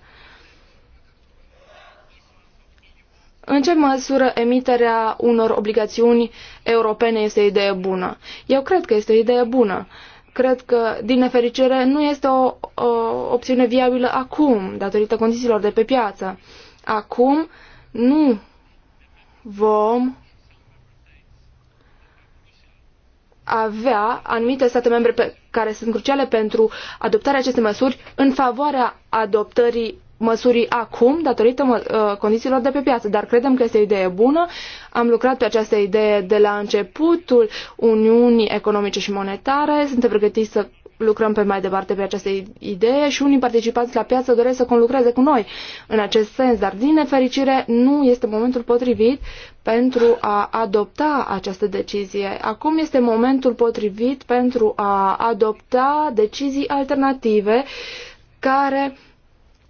În ce măsură emiterea unor obligațiuni europene este o idee bună? Eu cred că este o idee bună. Cred că, din nefericire, nu este o, o opțiune viabilă acum, datorită condițiilor de pe piață. Acum nu vom avea anumite state membre pe care sunt cruciale pentru adoptarea acestei măsuri în favoarea adoptării măsurii acum datorită uh, condițiilor de pe piață, dar credem că este o idee bună. Am lucrat pe această idee de la începutul Uniunii Economice și Monetare, suntem pregătiți să lucrăm pe mai departe pe această idee și unii participanți la piață doresc să conlucreze cu noi în acest sens, dar din nefericire nu este momentul potrivit pentru a adopta această decizie. Acum este momentul potrivit pentru a adopta decizii alternative care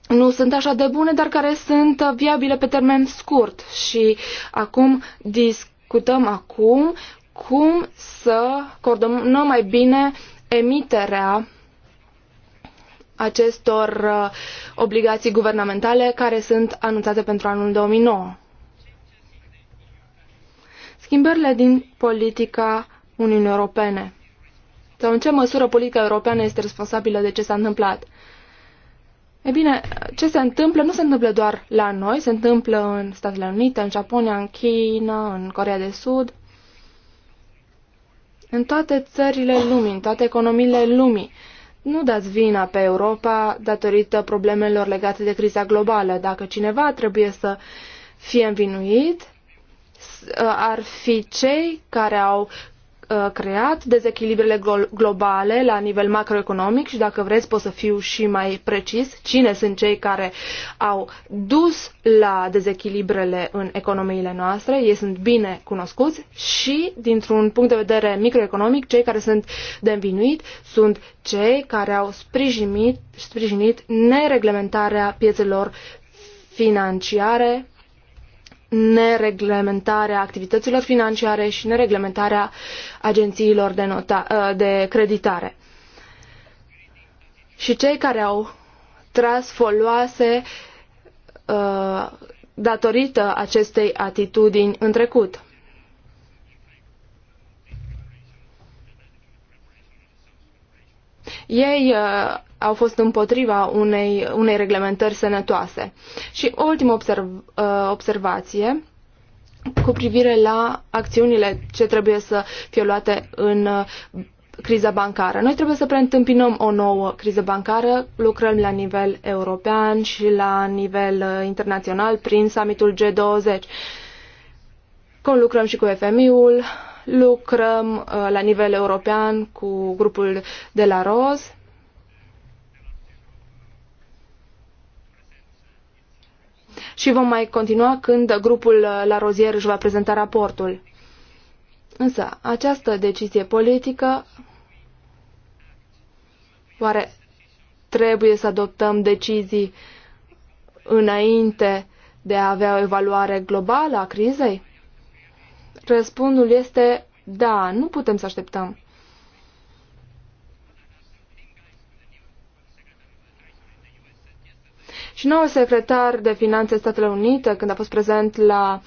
nu sunt așa de bune, dar care sunt viabile pe termen scurt. Și acum discutăm acum cum să coordonăm mai bine uh, emiterea acestor uh, obligații guvernamentale care sunt anunțate pentru anul 2009. Schimbările din politica Uniunii Europene. Sau în ce măsură politica europeană este responsabilă de ce s-a întâmplat? E bine, ce se întâmplă nu se întâmplă doar la noi, se întâmplă în Statele Unite, în Japonia, în China, în Corea de Sud în toate țările lumii, în toate economiile lumii. Nu dați vina pe Europa datorită problemelor legate de criza globală. Dacă cineva trebuie să fie învinuit, ar fi cei care au Uh, creat, dezechilibrele globale la nivel macroeconomic și dacă vreți pot să fiu și mai precis cine sunt cei care au dus la dezechilibrele în economiile noastre, ei sunt bine cunoscuți și dintr-un punct de vedere microeconomic cei care sunt de învinuit sunt cei care au sprijinit, sprijinit nereglementarea piețelor financiare nereglementarea activităților financiare și nereglementarea agențiilor de, nota, ă, de creditare. Și cei care au tras foloase uh, datorită acestei atitudini în trecut. Ei uh, au fost împotriva unei, unei reglementări sănătoase. Și o ultimă observ, uh, observație cu privire la acțiunile ce trebuie să fie luate în uh, criza bancară. Noi trebuie să preîntâmpinăm o nouă criză bancară, lucrăm la nivel european și la nivel uh, internațional prin summitul G20. lucrăm și cu FMI-ul, lucrăm la nivel european cu grupul de la ROS și vom mai continua când grupul uh, la rozier își va prezenta raportul. Însă, această decizie politică, oare trebuie să adoptăm decizii înainte de a avea o evaluare globală a crizei? Răspundul este da, nu putem să așteptăm. Și noul secretar de finanțe Statele Unite, când a fost prezent la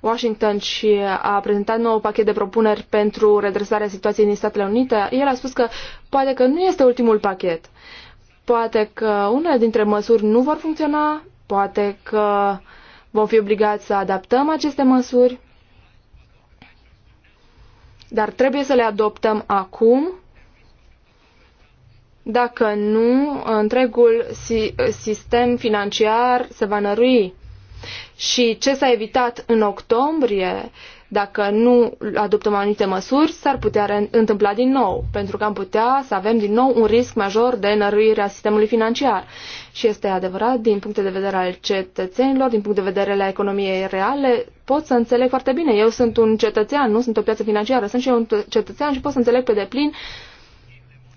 Washington și a prezentat nou pachet de propuneri pentru redresarea situației din Statele Unite, el a spus că poate că nu este ultimul pachet. Poate că unele dintre măsuri nu vor funcționa, poate că vom fi obligați să adaptăm aceste măsuri, dar trebuie să le adoptăm acum dacă nu, întregul sistem financiar se va nărui. Și ce s-a evitat în octombrie, dacă nu adoptăm anumite măsuri, s-ar putea întâmpla din nou, pentru că am putea să avem din nou un risc major de năruire a sistemului financiar. Și este adevărat, din punct de vedere al cetățenilor, din punct de vedere al economiei reale, pot să înțeleg foarte bine. Eu sunt un cetățean, nu sunt o piață financiară, sunt și eu un cetățean și pot să înțeleg pe deplin uh,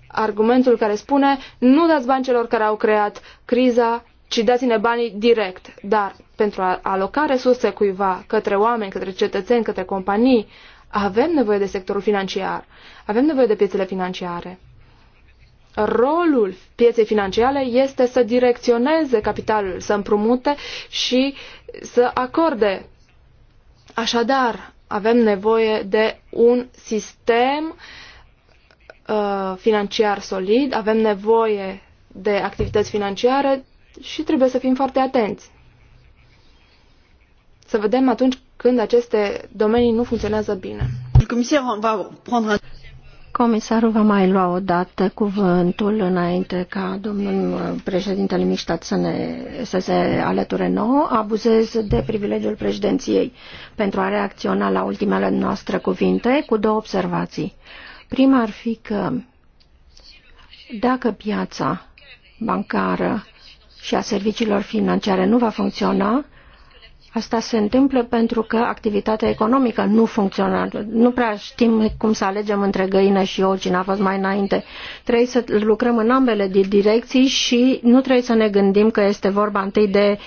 argumentul care spune nu dați bani celor care au creat criza, ci dați-ne banii direct. Dar pentru a aloca resurse cuiva către oameni, către cetățeni, către companii, avem nevoie de sectorul financiar, avem nevoie de piețele financiare. Rolul pieței financiare este să direcționeze capitalul, să împrumute și să acorde. Așadar, avem nevoie de un sistem uh, Uh, financiar solid, avem nevoie de activități financiare și trebuie să fim foarte atenți. Să vedem atunci când aceste domenii nu funcționează bine. Comisarul va mai lua o dată cuvântul înainte ca domnul președintele Miștat să, ne, să se alăture nouă. Abuzez de privilegiul președinției pentru a reacționa la ultimele noastre cuvinte cu două observații. Prima ar fi că dacă piața bancară și a serviciilor financiare nu va funcționa, Asta se întâmplă pentru că activitatea economică nu funcționează. Nu prea știm cum să alegem între găină și ou, cine a fost mai înainte. Trebuie să lucrăm în ambele direcții și nu trebuie să ne gândim că este vorba întâi de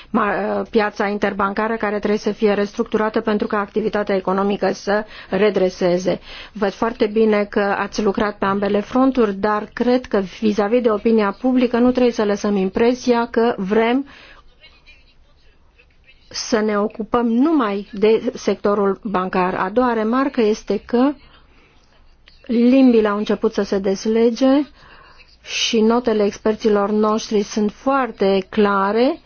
piața interbancară care trebuie să fie restructurată pentru ca activitatea economică să redreseze. Văd foarte bine că ați lucrat pe ambele fronturi, dar cred că vis-a-vis -vis de opinia publică nu trebuie să lăsăm impresia că vrem să ne ocupăm numai de sectorul bancar. A doua remarcă este că limbile au început să se deslege și notele experților noștri sunt foarte clare.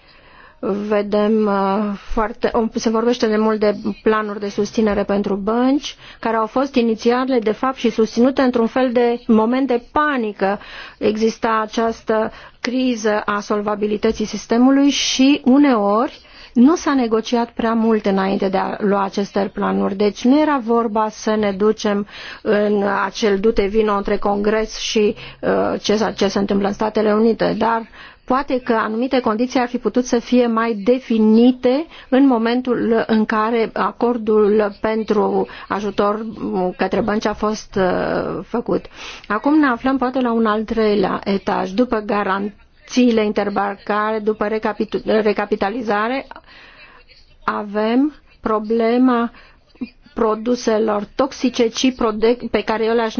Vedem uh, foarte, se vorbește de mult de planuri de susținere pentru bănci, care au fost inițiale, de fapt, și susținute într-un fel de moment de panică. Exista această criză a solvabilității sistemului și uneori nu s-a negociat prea mult înainte de a lua aceste planuri, deci nu era vorba să ne ducem în acel dute vino între Congres și uh, ce, ce se întâmplă în Statele Unite, dar poate că anumite condiții ar fi putut să fie mai definite în momentul în care acordul pentru ajutor către bănci a fost uh, făcut. Acum ne aflăm poate la un al treilea etaj, după garant tranzacțiile interbancare după recapitalizare, avem problema produselor toxice, ci pe care eu le-aș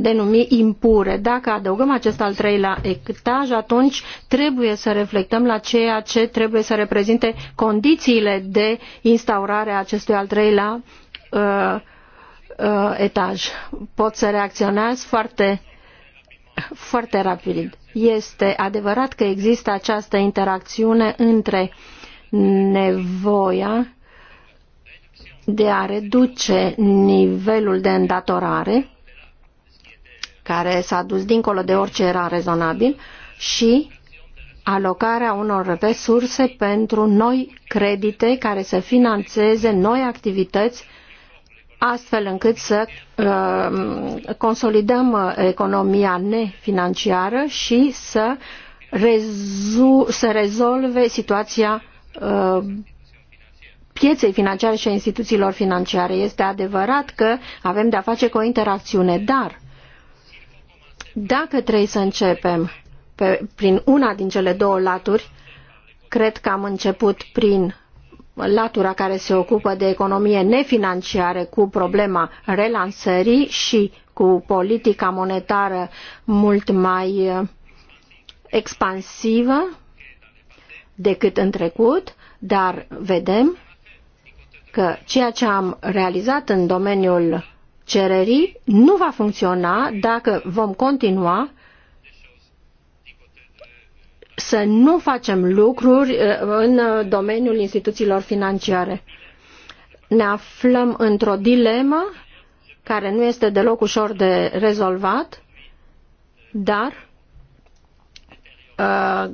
denumi impure. Dacă adăugăm acest al treilea etaj, atunci trebuie să reflectăm la ceea ce trebuie să reprezinte condițiile de instaurare a acestui al treilea uh, uh, etaj. Pot să reacționez foarte, foarte rapid. Este adevărat că există această interacțiune între nevoia de a reduce nivelul de îndatorare, care s-a dus dincolo de orice era rezonabil, și alocarea unor resurse pentru noi credite care să financeze noi activități astfel încât să uh, consolidăm uh, economia nefinanciară și să, rezu- să rezolve situația uh, pieței financiare și a instituțiilor financiare. Este adevărat că avem de-a face cu o interacțiune, dar dacă trebuie să începem pe, prin una din cele două laturi, cred că am început prin latura care se ocupă de economie nefinanciare cu problema relansării și cu politica monetară mult mai eh, expansivă decât în trecut, dar vedem că ceea ce am realizat în domeniul cererii nu va funcționa dacă vom continua să nu facem lucruri uh, în uh, domeniul instituțiilor financiare. Ne aflăm într-o dilemă care nu este deloc ușor de rezolvat, dar uh,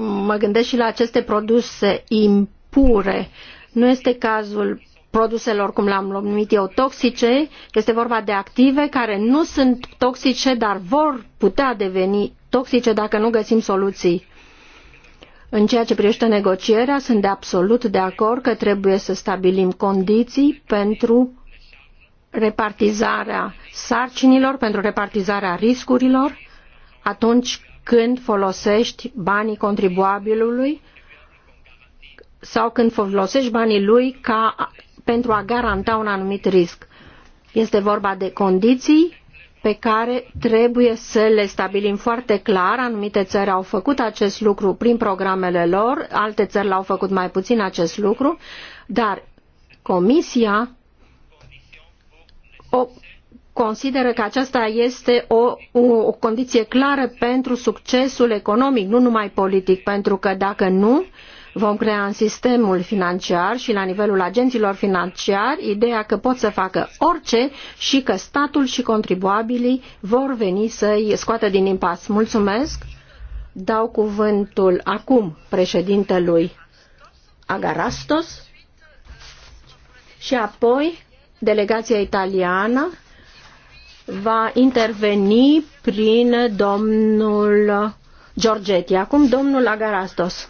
mă gândesc și la aceste produse impure. Nu este cazul produselor, cum le-am numit eu, toxice. Este vorba de active care nu sunt toxice, dar vor putea deveni toxice dacă nu găsim soluții. În ceea ce privește negocierea, sunt de absolut de acord că trebuie să stabilim condiții pentru repartizarea sarcinilor, pentru repartizarea riscurilor atunci când folosești banii contribuabilului sau când folosești banii lui ca pentru a garanta un anumit risc. Este vorba de condiții pe care trebuie să le stabilim foarte clar. Anumite țări au făcut acest lucru prin programele lor, alte țări l-au făcut mai puțin acest lucru, dar Comisia o consideră că aceasta este o, o, o condiție clară pentru succesul economic, nu numai politic, pentru că dacă nu, uh, vom crea în sistemul financiar și la nivelul agenților financiari ideea că pot să facă orice și că statul și contribuabilii vor veni să-i scoată din impas. Mulțumesc! Dau cuvântul acum președintelui Agarastos și apoi delegația italiană va interveni prin domnul Giorgetti. Acum domnul Agarastos.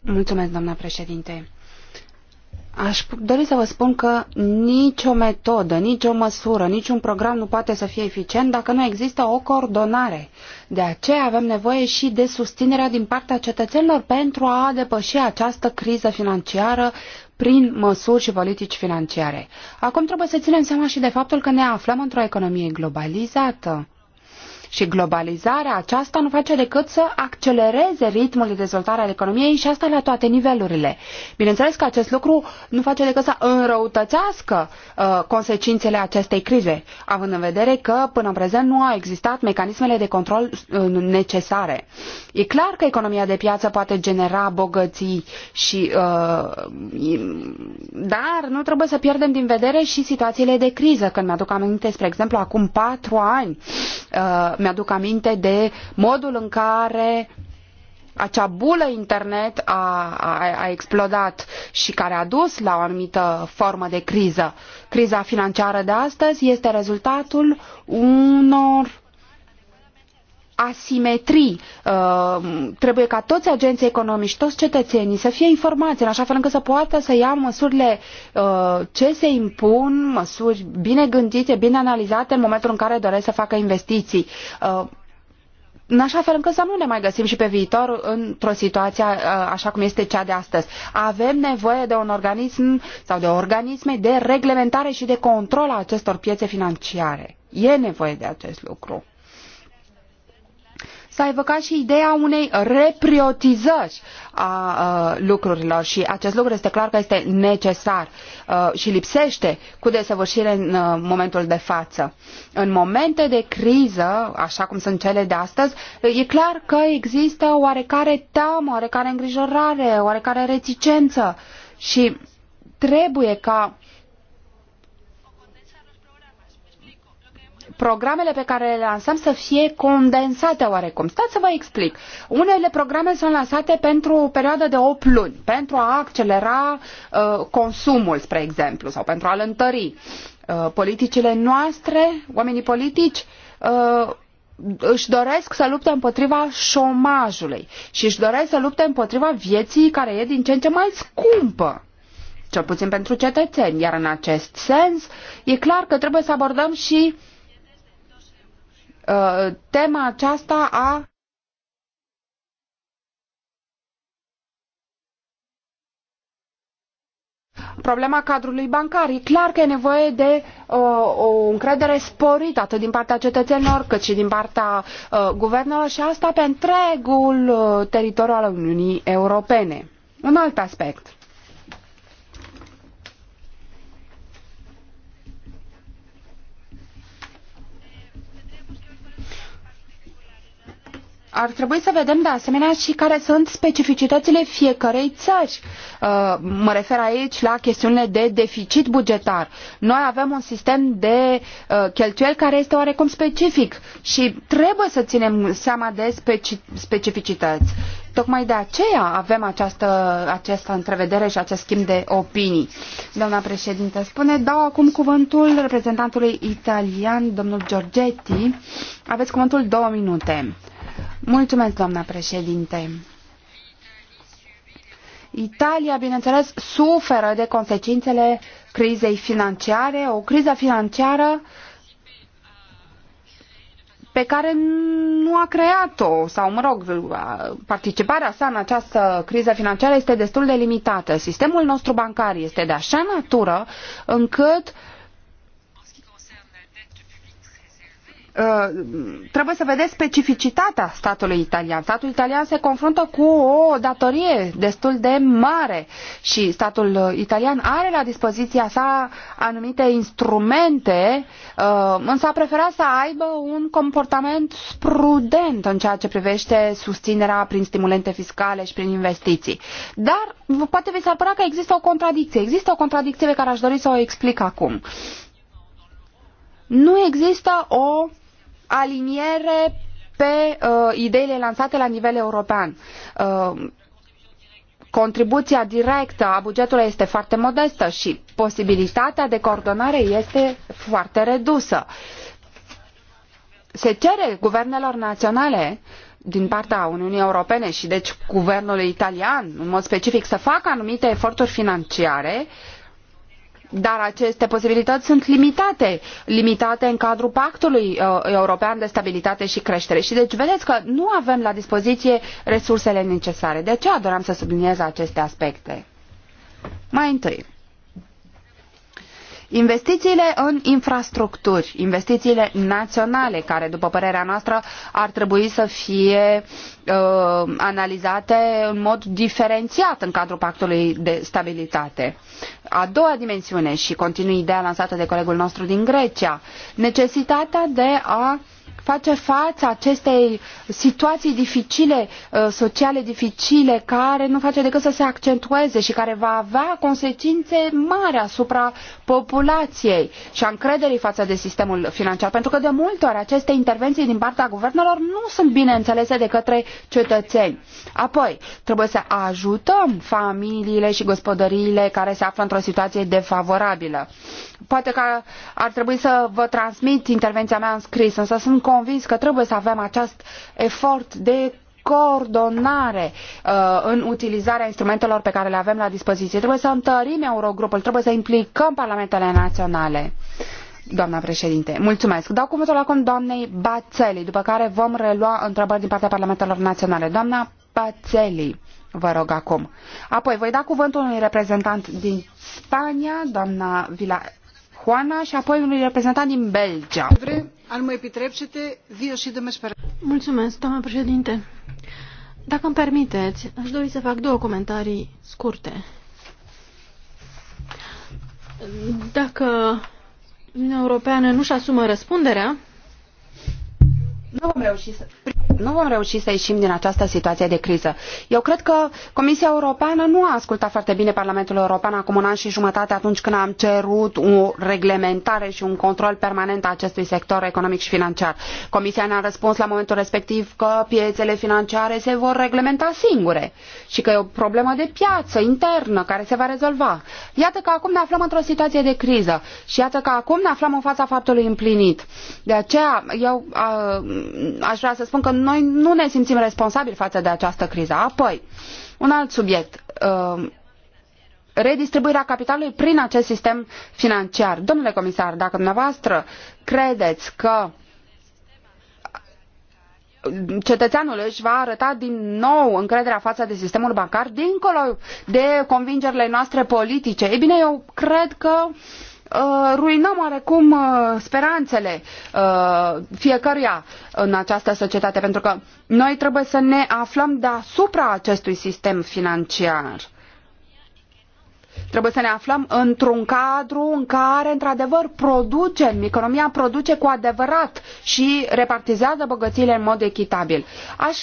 Mulțumesc, doamna președinte. Aș dori să vă spun că nicio metodă, nicio măsură, niciun program nu poate să fie eficient dacă nu există o coordonare. De aceea avem nevoie și de susținerea din partea cetățenilor pentru a depăși această criză financiară prin măsuri și politici financiare. Acum trebuie să ținem seama și de faptul că ne aflăm într-o economie globalizată și globalizarea aceasta nu face decât să accelereze ritmul de dezvoltare al economiei și asta la toate nivelurile. Bineînțeles că acest lucru nu face decât să înrăutățească uh, consecințele acestei crize, având în vedere că până în prezent nu au existat mecanismele de control uh, necesare. E clar că economia de piață poate genera bogății și uh, dar nu trebuie să pierdem din vedere și situațiile de criză. Când mi-aduc aminte, spre exemplu, acum patru ani, uh, mi-aduc aminte de modul în care acea bulă internet a, a, a explodat și care a dus la o anumită formă de criză. Criza financiară de astăzi este rezultatul unor asimetrii. Uh, trebuie ca toți agenții economici, toți cetățenii să fie informați în așa fel încât să poată să ia măsurile uh, ce se impun, măsuri bine gândite, bine analizate în momentul în care doresc să facă investiții. Uh, în așa fel încât să nu ne mai găsim și pe viitor într-o situație așa cum este cea de astăzi. Avem nevoie de un organism sau de organisme de reglementare și de control a acestor piețe financiare. E nevoie de acest lucru să a evocat și ideea unei repriotizări a uh, lucrurilor și acest lucru este clar că este necesar uh, și lipsește cu desăvârșire în uh, momentul de față. În momente de criză, așa cum sunt cele de astăzi, e clar că există oarecare teamă, oarecare îngrijorare, oarecare reticență și trebuie ca programele pe care le lansăm să fie condensate oarecum. Stați să vă explic. Unele programe sunt lansate pentru o perioadă de 8 luni, pentru a accelera uh, consumul, spre exemplu, sau pentru a-l întări. Uh, politicile noastre, oamenii politici, uh, își doresc să lupte împotriva șomajului și își doresc să lupte împotriva vieții care e din ce în ce mai scumpă cel puțin pentru cetățeni. Iar în acest sens, e clar că trebuie să abordăm și uh, Uh, tema aceasta a problema cadrului bancar. E clar că e nevoie de uh, o încredere sporită atât din partea cetățenilor cât și din partea uh, guvernelor și asta pe întregul uh, teritoriu al Uniunii Europene. Un alt aspect ar trebui să vedem de asemenea și care sunt specificitățile fiecărei țări. Uh, mă refer aici la chestiunile de deficit bugetar. Noi avem un sistem de uh, cheltuieli care este oarecum specific și trebuie să ținem seama de specificități. Tocmai de aceea avem această, această întrevedere și acest schimb de opinii. Doamna președintă spune, dau acum cuvântul reprezentantului italian, domnul Giorgetti. Aveți cuvântul două minute. Mulțumesc, doamna președinte. Italia, bineînțeles, suferă de consecințele crizei financiare, o criză financiară pe care nu a creat-o, sau mă rog, participarea sa în această criză financiară este destul de limitată. Sistemul nostru bancar este de așa natură încât uh, Uh, trebuie să vedeți specificitatea statului italian. Statul italian se confruntă cu o datorie destul de mare și statul italian are la dispoziția sa anumite instrumente, uh, însă a preferat să aibă un comportament prudent în ceea ce privește susținerea prin stimulente fiscale și prin investiții. Dar poate vi s-ar părea că există o contradicție. Există o contradicție pe care aș dori să o explic acum. Nu există o aliniere pe uh, ideile lansate la nivel european. Uh, contribuția directă a bugetului este foarte modestă și posibilitatea de coordonare este foarte redusă. Se cere guvernelor naționale din partea Uniunii Europene și deci guvernului italian, în mod specific, să facă anumite eforturi financiare uh, dar aceste posibilități sunt limitate, limitate în cadrul Pactului uh, European de Stabilitate și Creștere. Și deci vedeți că nu avem la dispoziție resursele necesare. De aceea doream să subliniez aceste aspecte. Mai întâi, Investițiile în infrastructuri, investițiile naționale, care, după părerea noastră, ar trebui să fie uh, analizate în mod diferențiat în cadrul pactului de stabilitate. A doua dimensiune, și continui ideea lansată de colegul nostru din Grecia, necesitatea de a uh, face față acestei situații dificile, uh, sociale dificile, care nu face decât să se accentueze și care va avea consecințe mari asupra populației și a încrederii față de sistemul financiar. Pentru că de multe ori aceste intervenții din partea guvernelor nu sunt bine înțelese de către cetățeni. Apoi, trebuie să ajutăm familiile și gospodăriile care se află într-o situație defavorabilă. Poate că ar trebui să vă transmit intervenția mea în scris, însă sunt convins că trebuie să avem acest efort de coordonare uh, în utilizarea instrumentelor pe care le avem la dispoziție. Trebuie să întărim Eurogrupul, trebuie să implicăm parlamentele naționale. Doamna președinte, mulțumesc. Dau cuvântul acum doamnei Bațeli, după care vom relua întrebări din partea parlamentelor naționale. Doamna Bațeli, vă rog acum. Apoi voi da cuvântul unui reprezentant din Spania, doamna Vila Juana și apoi unui reprezentant din Belgia. Mulțumesc, doamnă președinte. Dacă îmi permiteți, aș dori să fac două comentarii scurte. Dacă Uniunea Europeană nu-și asumă răspunderea, nu vom reuși să nu vom reuși să ieșim din această situație de criză. Eu cred că Comisia Europeană nu a ascultat foarte bine Parlamentul European acum un an și jumătate atunci când am cerut o reglementare și un control permanent a acestui sector economic și financiar. Comisia ne-a răspuns la momentul respectiv că piețele financiare se vor reglementa singure și că e o problemă de piață internă care se va rezolva. Iată că acum ne aflăm într-o situație de criză și iată că acum ne aflăm în fața faptului împlinit. De aceea eu a, aș vrea să spun că noi noi nu ne simțim responsabili față de această criză. Apoi, un alt subiect, uh, redistribuirea capitalului prin acest sistem financiar. Domnule comisar, dacă dumneavoastră credeți că cetățeanul își va arăta din nou încrederea față de sistemul bancar, dincolo de convingerile noastre politice. E bine, eu cred că uh, uh, ruinăm oarecum uh, speranțele uh, fiecăruia în această societate, pentru că noi trebuie să ne aflăm deasupra acestui sistem financiar. Uh, Trebuie să ne aflăm într-un cadru în care, într-adevăr, producem, economia produce cu adevărat și repartizează bogățiile în mod echitabil. Aș,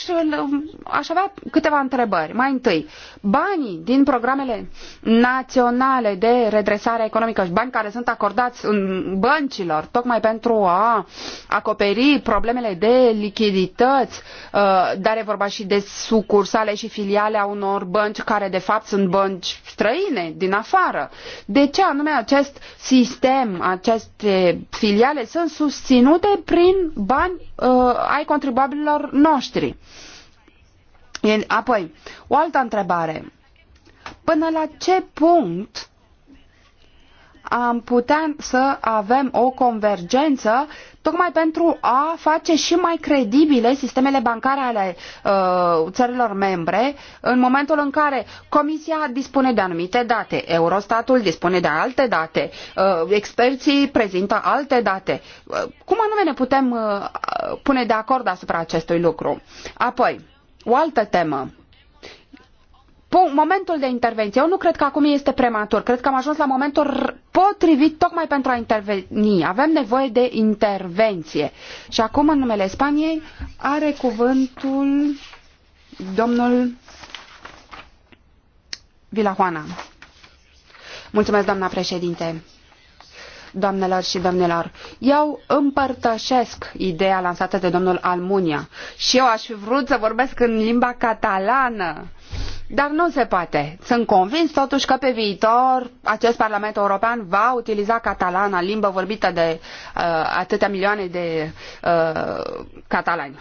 aș avea câteva întrebări. Mai întâi, banii din programele naționale de redresare economică și bani care sunt acordați în băncilor, tocmai pentru a acoperi problemele de lichidități, uh, dar e vorba și de sucursale și filiale a unor bănci care, de fapt, sunt bănci străine din afară. De ce anume acest sistem, aceste filiale sunt susținute prin bani uh, ai contribuabililor noștri? Apoi, o altă întrebare. Până la ce punct am putea să avem o convergență tocmai pentru a face și mai credibile sistemele bancare ale uh, țărilor membre în momentul în care Comisia dispune de anumite date, Eurostatul dispune de alte date, uh, experții prezintă alte date. Uh, cum anume ne putem uh, pune de acord asupra acestui lucru? Apoi, o altă temă momentul de intervenție. Eu nu cred că acum este prematur. Cred că am ajuns la momentul potrivit tocmai pentru a interveni. Avem nevoie de intervenție. Și acum, în numele Spaniei, are cuvântul domnul Vilahoana. Mulțumesc, doamna președinte doamnelor și domnilor, eu împărtășesc ideea lansată de domnul Almunia și eu aș fi vrut să vorbesc în limba catalană, dar nu se poate. Sunt convins totuși că pe viitor acest Parlament European va utiliza catalana, limbă vorbită de uh, atâtea milioane de uh, catalani.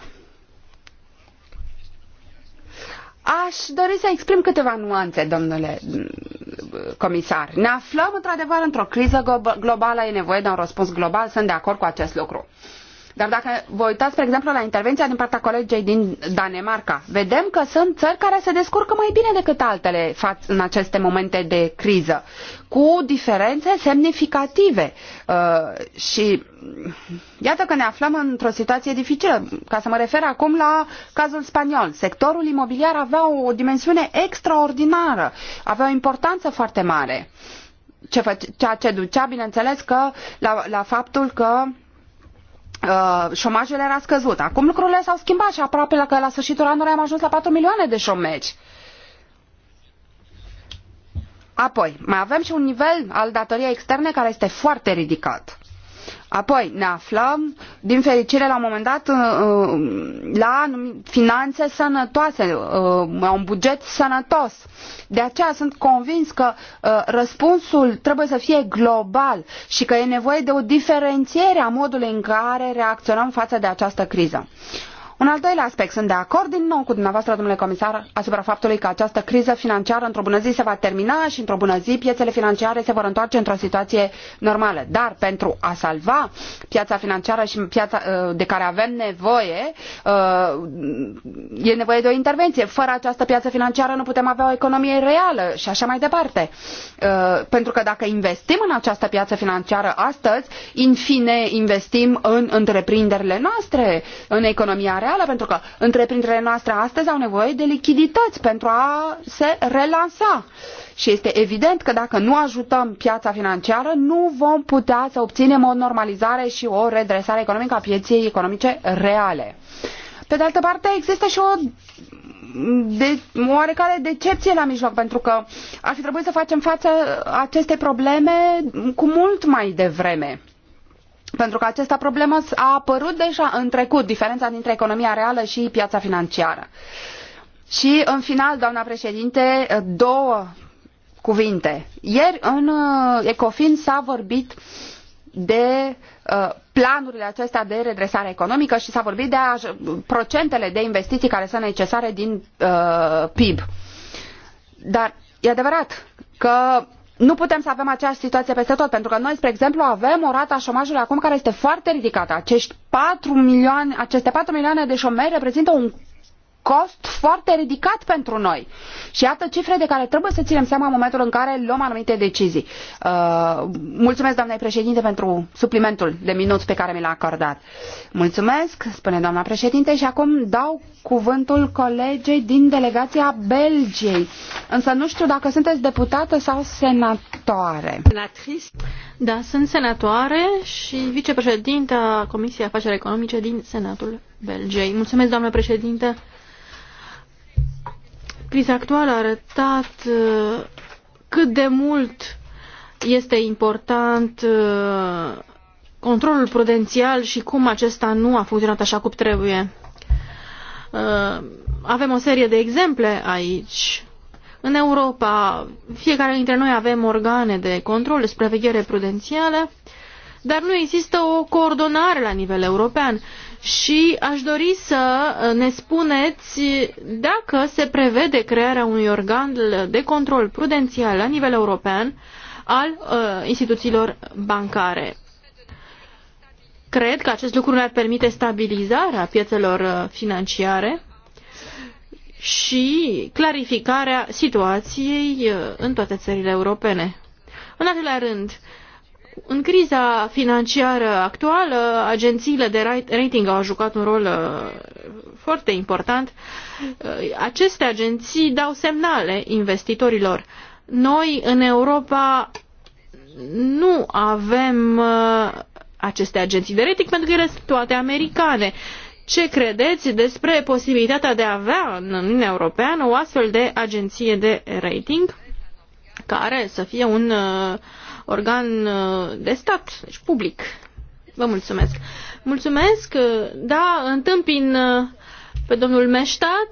Aș dori să exprim câteva nuanțe, domnule mm, comisar. Ne aflăm într-adevăr într-o criză globală, e nevoie de un răspuns global, sunt de acord cu acest lucru. Uh, dar dacă vă uitați, spre exemplu, la intervenția din partea colegei din Danemarca, vedem că sunt țări care se descurcă mai bine decât altele în aceste momente de criză, cu diferențe semnificative. Uh, și iată că ne aflăm într-o situație dificilă. Ca să mă refer acum la cazul spaniol. Sectorul imobiliar avea o dimensiune extraordinară, avea o importanță foarte mare. Ceea ce ducea, bineînțeles, că la, la faptul că Uh, șomajul era scăzut. Acum lucrurile s-au schimbat și aproape la, că la sfârșitul anului am ajuns la 4 milioane de șomeci. Apoi, mai avem și un nivel al datoriei externe care este foarte ridicat. Apoi ne aflăm, din fericire, la un moment dat uh, uh, la finanțe sănătoase, uh, la un buget sănătos. De aceea sunt convins că răspunsul trebuie să fie global și că e nevoie de o diferențiere a modului în care reacționăm față de această criză. Un al doilea aspect. Sunt de acord din nou cu dumneavoastră, domnule comisar, asupra faptului că această criză financiară într-o bună zi se va termina și într-o bună zi piețele financiare se vor întoarce într-o situație normală. Dar pentru a salva piața financiară și piața uh, de care avem nevoie, uh, e nevoie de o intervenție. Fără această piață financiară nu putem avea o economie reală și așa mai departe. Uh, pentru că dacă investim în această piață financiară astăzi, în fine investim în întreprinderile noastre, în economia reală reală, pentru că întreprinderile noastre astăzi au nevoie de lichidități pentru a se relansa. Și este evident că dacă nu ajutăm piața financiară, nu vom putea să obținem o normalizare și o redresare economică a pieței economice reale. Pe de altă parte, există și o de, oarecare decepție la mijloc, pentru că ar fi trebuit să facem față acestei probleme cu mult mai devreme pentru că această problemă a apărut deja în trecut, diferența dintre economia reală și piața financiară. Și în final, doamna președinte, două cuvinte. Ieri în uh, Ecofin s-a vorbit de uh, planurile acestea de redresare economică și s-a vorbit de procentele de investiții care sunt necesare din uh, PIB. Dar e adevărat că nu putem să avem aceeași situație peste tot, pentru că noi, spre exemplu, avem o rată a șomajului acum care este foarte ridicată. Acești 4 milioane, aceste 4 milioane de șomeri reprezintă un cost foarte ridicat pentru noi. Și iată cifre de care trebuie să ținem seama în momentul în care luăm anumite decizii. Uh, mulțumesc, doamnei președinte, pentru suplimentul de minut pe care mi l-a acordat. Mulțumesc, spune doamna președinte, și acum dau cuvântul colegei din delegația Belgiei. Însă nu știu dacă sunteți deputată sau senatoare. Da, sunt senatoare și vicepreședinta Comisiei Afaceri Economice din Senatul Belgiei. Mulțumesc, doamnă președinte. Criza actuală a arătat uh, cât de mult este important uh, controlul prudențial și cum acesta nu a funcționat așa cum trebuie. Uh, avem o serie de exemple aici. În Europa, fiecare dintre noi avem organe de control, de supraveghere prudențială, dar nu există o coordonare la nivel european și aș dori să uh, ne spuneți dacă se prevede crearea unui organ de control prudențial la nivel european al uh, instituțiilor bancare. Cred că acest lucru ne-ar permite stabilizarea piețelor uh, financiare și clarificarea situației uh, în toate țările europene. În al rând, uh, în criza financiară actuală, agențiile de rating au jucat un rol uh, foarte important. Uh, aceste agenții dau semnale investitorilor. Noi, în Europa, nu avem uh, aceste agenții de rating pentru că ele sunt toate americane. Ce credeți despre posibilitatea de a avea în Uniunea Europeană o astfel de agenție de rating care să fie un uh, organ uh, de stat, deci public. Vă mulțumesc. Mulțumesc, uh, da, întâmpin uh, pe domnul Meștat,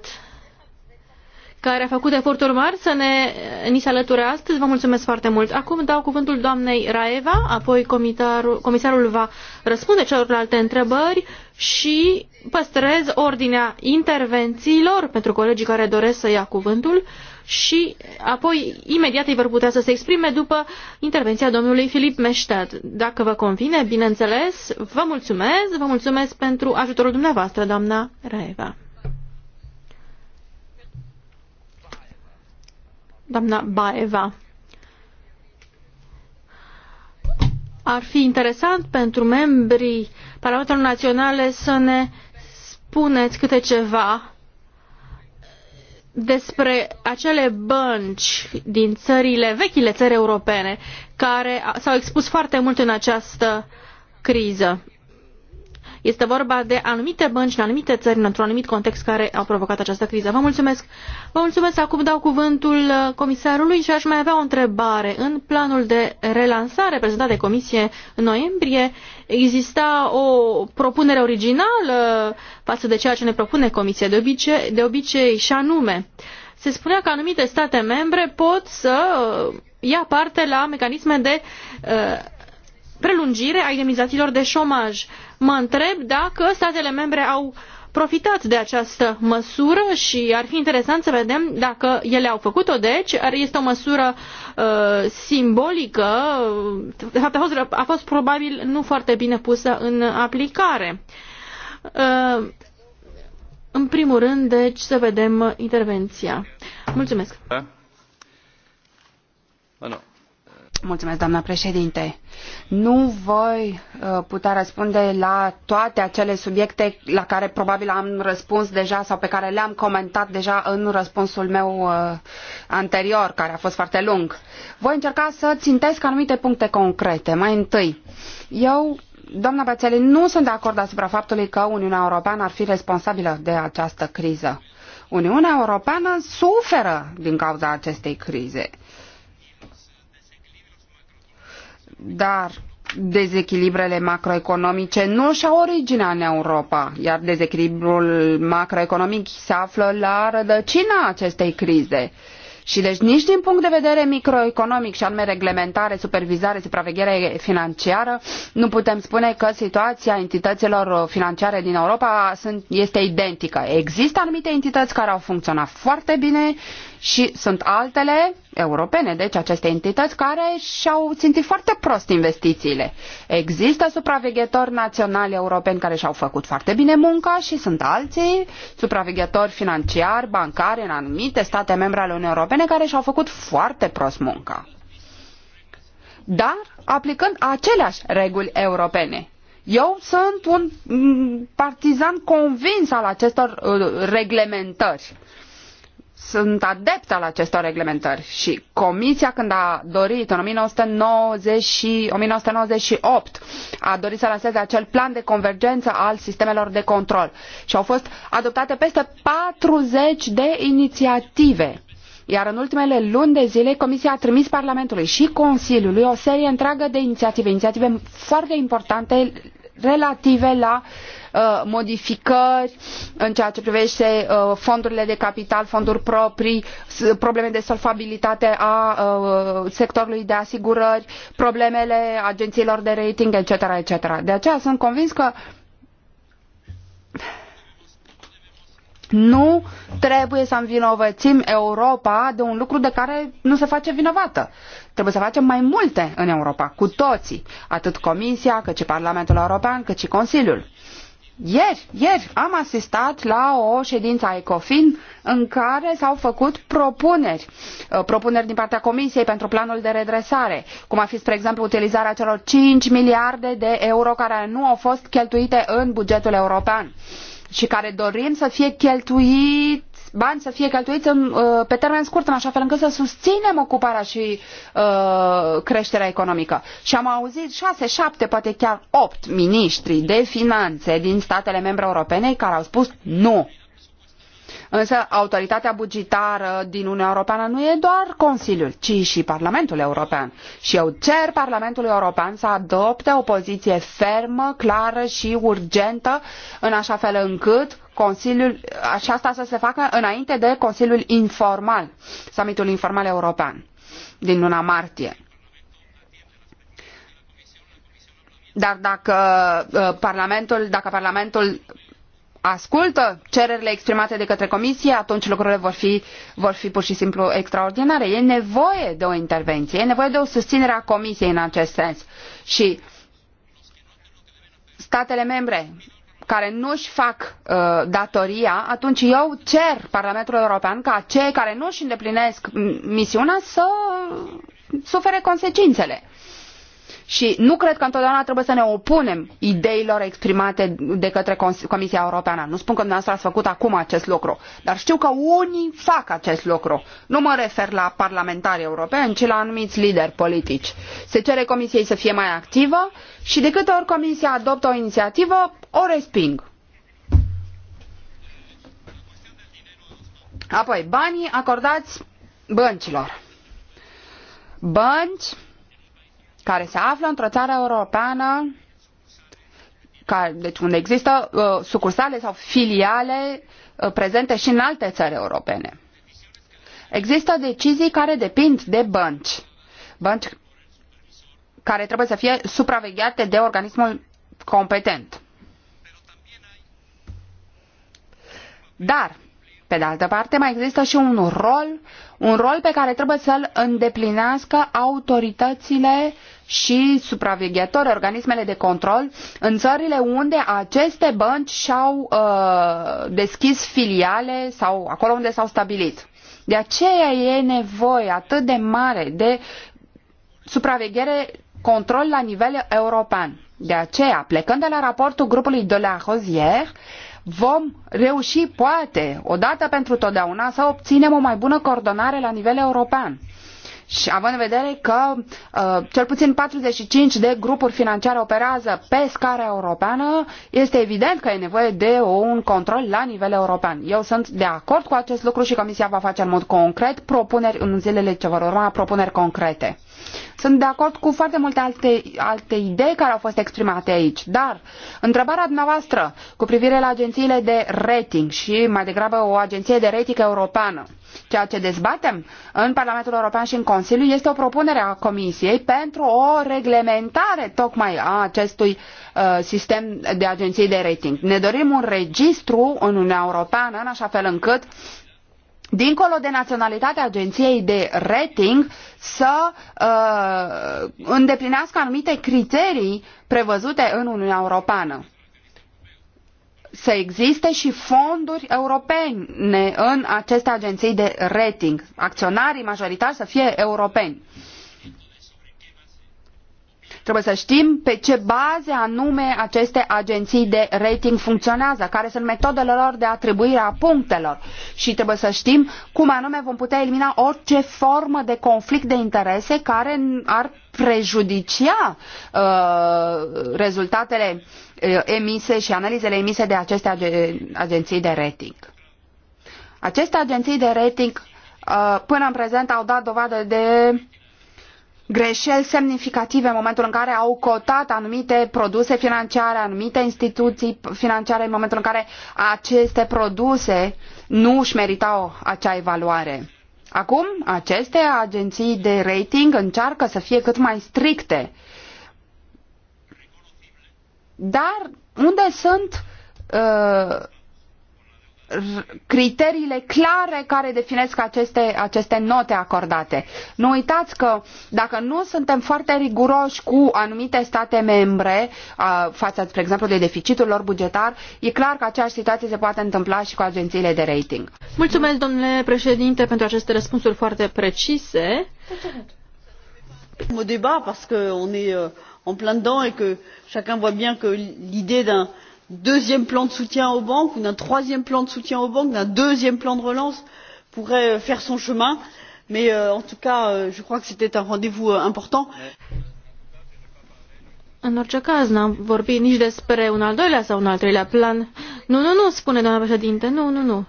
care a făcut eforturi mari să ne, ni se alăture astăzi. Vă mulțumesc foarte mult. Acum dau cuvântul doamnei Raeva, apoi comisarul, comisarul va răspunde celorlalte întrebări și păstrez ordinea intervențiilor pentru colegii care doresc să ia cuvântul și apoi imediat ei vor putea să se exprime după intervenția domnului Filip Meștad. Dacă vă convine, bineînțeles, vă mulțumesc, vă mulțumesc pentru ajutorul dumneavoastră, doamna Raeva. doamna Baeva. Ar fi interesant pentru membrii parlamentului Naționale să ne spuneți câte ceva despre acele bănci din țările, vechile țări europene, care s-au expus foarte mult în această criză. Este vorba de anumite bănci în anumite țări, într-un anumit context care au provocat această criză. Vă mulțumesc. Vă mulțumesc. Acum dau cuvântul uh, comisarului și aș mai avea o întrebare. În planul de relansare prezentat de comisie în noiembrie, exista o propunere originală față de ceea ce ne propune comisia de obicei, de obicei și anume. Se spunea că anumite state membre pot să ia parte la mecanisme de uh, prelungire a indemnizațiilor de șomaj. Mă întreb dacă statele membre au profitat de această măsură și ar fi interesant să vedem dacă ele au făcut-o. Deci, este o măsură uh, simbolică. De fapt, a fost, a fost probabil nu foarte bine pusă în aplicare. Uh, în primul rând, deci, să vedem intervenția. Mulțumesc. Da? Ah. Bueno, ah, Mulțumesc, președinte. Nu voi uh, putea răspunde la toate acele subiecte la care probabil am răspuns deja sau pe care le-am comentat deja în răspunsul meu uh, anterior, care a fost foarte lung. Voi încerca să țintesc anumite puncte concrete. Mai întâi, eu doamna Bățeli, nu sunt de acord asupra faptului că Uniunea Europeană ar fi responsabilă de această criză. Uniunea Europeană suferă din cauza acestei crize. Dar dezechilibrele macroeconomice nu și-au originea în Europa, iar dezechilibrul macroeconomic se află la rădăcina acestei crize. Și deci nici din punct de vedere microeconomic și anume reglementare, supervizare, supraveghere financiară, nu putem spune că situația entităților financiare din Europa sunt, este identică. Există anumite entități care au funcționat foarte bine și sunt altele europene, deci aceste entități care și-au simțit foarte prost investițiile. Există supraveghetori naționali europeni care și-au făcut foarte bine munca și sunt alții supraveghetori financiari, bancari în anumite state membre ale Uniunii Europene care și-au făcut foarte prost munca. Dar aplicând aceleași reguli europene, eu sunt un partizan convins al acestor uh, reglementări sunt adeptă al acestor reglementări și Comisia când a dorit în 1990, 1998 a dorit să lanseze acel plan de convergență al sistemelor de control și au fost adoptate peste 40 de inițiative iar în ultimele luni de zile Comisia a trimis Parlamentului și Consiliului o serie întreagă de inițiative, inițiative foarte importante relative la uh, modificări în ceea ce privește uh, fondurile de capital, fonduri proprii, probleme de solvabilitate a uh, sectorului de asigurări, problemele agențiilor de rating, etc. etc. De aceea sunt convins că nu trebuie să învinovățim Europa de un lucru de care nu se face vinovată. Trebuie să facem mai multe în Europa, cu toții, atât Comisia, cât și Parlamentul European, cât și Consiliul. Ieri, ieri am asistat la o ședință a ECOFIN în care s-au făcut propuneri, uh, propuneri din partea Comisiei pentru planul de redresare, cum a fi, spre exemplu, utilizarea celor 5 miliarde de euro care nu au fost cheltuite în bugetul european. Uh, și care dorim să fie cheltuit bani să fie cheltuiți în, uh, pe termen scurt, în așa fel încât să susținem ocuparea și uh, creșterea economică. Și am auzit șase, șapte, poate chiar opt miniștri de finanțe din statele membre europene care au spus nu, Însă autoritatea bugetară din Uniunea Europeană nu e doar Consiliul, ci și Parlamentul European. Și eu cer Parlamentului European să adopte o poziție fermă, clară și urgentă, în așa fel încât Consiliul, și asta să se facă înainte de Consiliul Informal, summitul informal european din luna martie. Dar dacă uh, Parlamentul, dacă Parlamentul ascultă cererile exprimate de către Comisie, atunci lucrurile vor fi, vor fi pur și simplu extraordinare. E nevoie de o intervenție, e nevoie de o susținere a Comisiei în acest sens. Și statele membre care nu își fac uh, datoria, atunci eu cer Parlamentul European ca cei care nu își îndeplinesc misiunea să sufere consecințele. Uh, și nu cred că întotdeauna trebuie să ne opunem ideilor exprimate de către Comisia Europeană. Nu spun că dumneavoastră ați făcut acum acest lucru, dar știu că unii fac acest lucru. Nu mă refer la parlamentari europeni, ci la anumiți lideri politici. Se cere Comisiei să fie mai activă și de câte ori Comisia adoptă o inițiativă, o resping. Apoi, banii acordați băncilor. Bănci care se află într-o țară europeană, care, deci unde există uh, sucursale sau filiale uh, prezente și în alte țări europene. Există decizii care depind de bănci, bănci care trebuie să fie supravegheate de organismul competent. Dar pe de altă parte, mai există și un rol, un rol pe care trebuie să-l îndeplinească autoritățile și supraveghetori, organismele de control, în țările unde aceste bănci și-au uh, deschis filiale sau acolo unde s-au stabilit. De aceea e nevoie atât de mare de supraveghere, control la nivel european. De aceea, plecând de la raportul grupului de la Rosière, vom reuși, poate, odată pentru totdeauna, să obținem o mai bună coordonare la nivel european. Și având în vedere că uh, cel puțin 45 de grupuri financiare operează pe scară europeană, este evident că e nevoie de un control la nivel european. Eu sunt de acord cu acest lucru și Comisia va face în mod concret propuneri în zilele ce vor urma, propuneri concrete. Sunt de acord cu foarte multe alte, alte idei care au fost exprimate aici, dar întrebarea dumneavoastră cu privire la agențiile de rating și mai degrabă o agenție de rating europeană, ceea ce dezbatem în Parlamentul European și în Consiliu este o propunere a Comisiei pentru o reglementare tocmai a acestui uh, sistem de agenții de rating. Ne dorim un registru în Uniunea Europeană în așa fel încât uh, dincolo de naționalitatea agenției de rating, să uh, îndeplinească anumite criterii prevăzute în Uniunea Europeană. Să existe și fonduri europene în aceste agenții de rating, acționarii majoritari să fie europeni. Uh, Trebuie să știm pe ce baze anume aceste agenții de rating funcționează, care sunt metodele lor de atribuire a punctelor și trebuie să știm cum anume vom putea elimina orice formă de conflict de interese care ar prejudicia uh, rezultatele uh, emise și analizele emise de aceste agen agenții de rating. Aceste agenții de rating uh, până în prezent au dat dovadă de greșeli semnificative în momentul în care au cotat anumite produse financiare, anumite instituții financiare, în momentul în care aceste produse nu își meritau acea evaluare. Acum, aceste agenții de rating încearcă să fie cât mai stricte. Dar unde sunt uh, criteriile clare care definesc aceste, aceste note acordate. Nu uitați că dacă nu suntem foarte riguroși cu anumite state membre a, față, spre exemplu, de deficitul lor bugetar, e clar că aceeași situație se poate întâmpla și cu agențiile de rating. Mulțumesc, domnule președinte, pentru aceste răspunsuri foarte precise. Mă debat, parce qu'on est euh, en plein dedans et que chacun voit bien que l'idée d'un deuxième plan de soutien aux banques ou d'un troisième plan de soutien aux banques d'un deuxième plan de relance pourrait euh, faire son chemin mais euh, en tout cas euh, je crois que c'était un rendez vous important. În orice caz, n-am vorbit nici despre un al doilea sau un al treilea plan. Nu, nu, nu, spune doamna președinte, nu, nu, nu. Uh,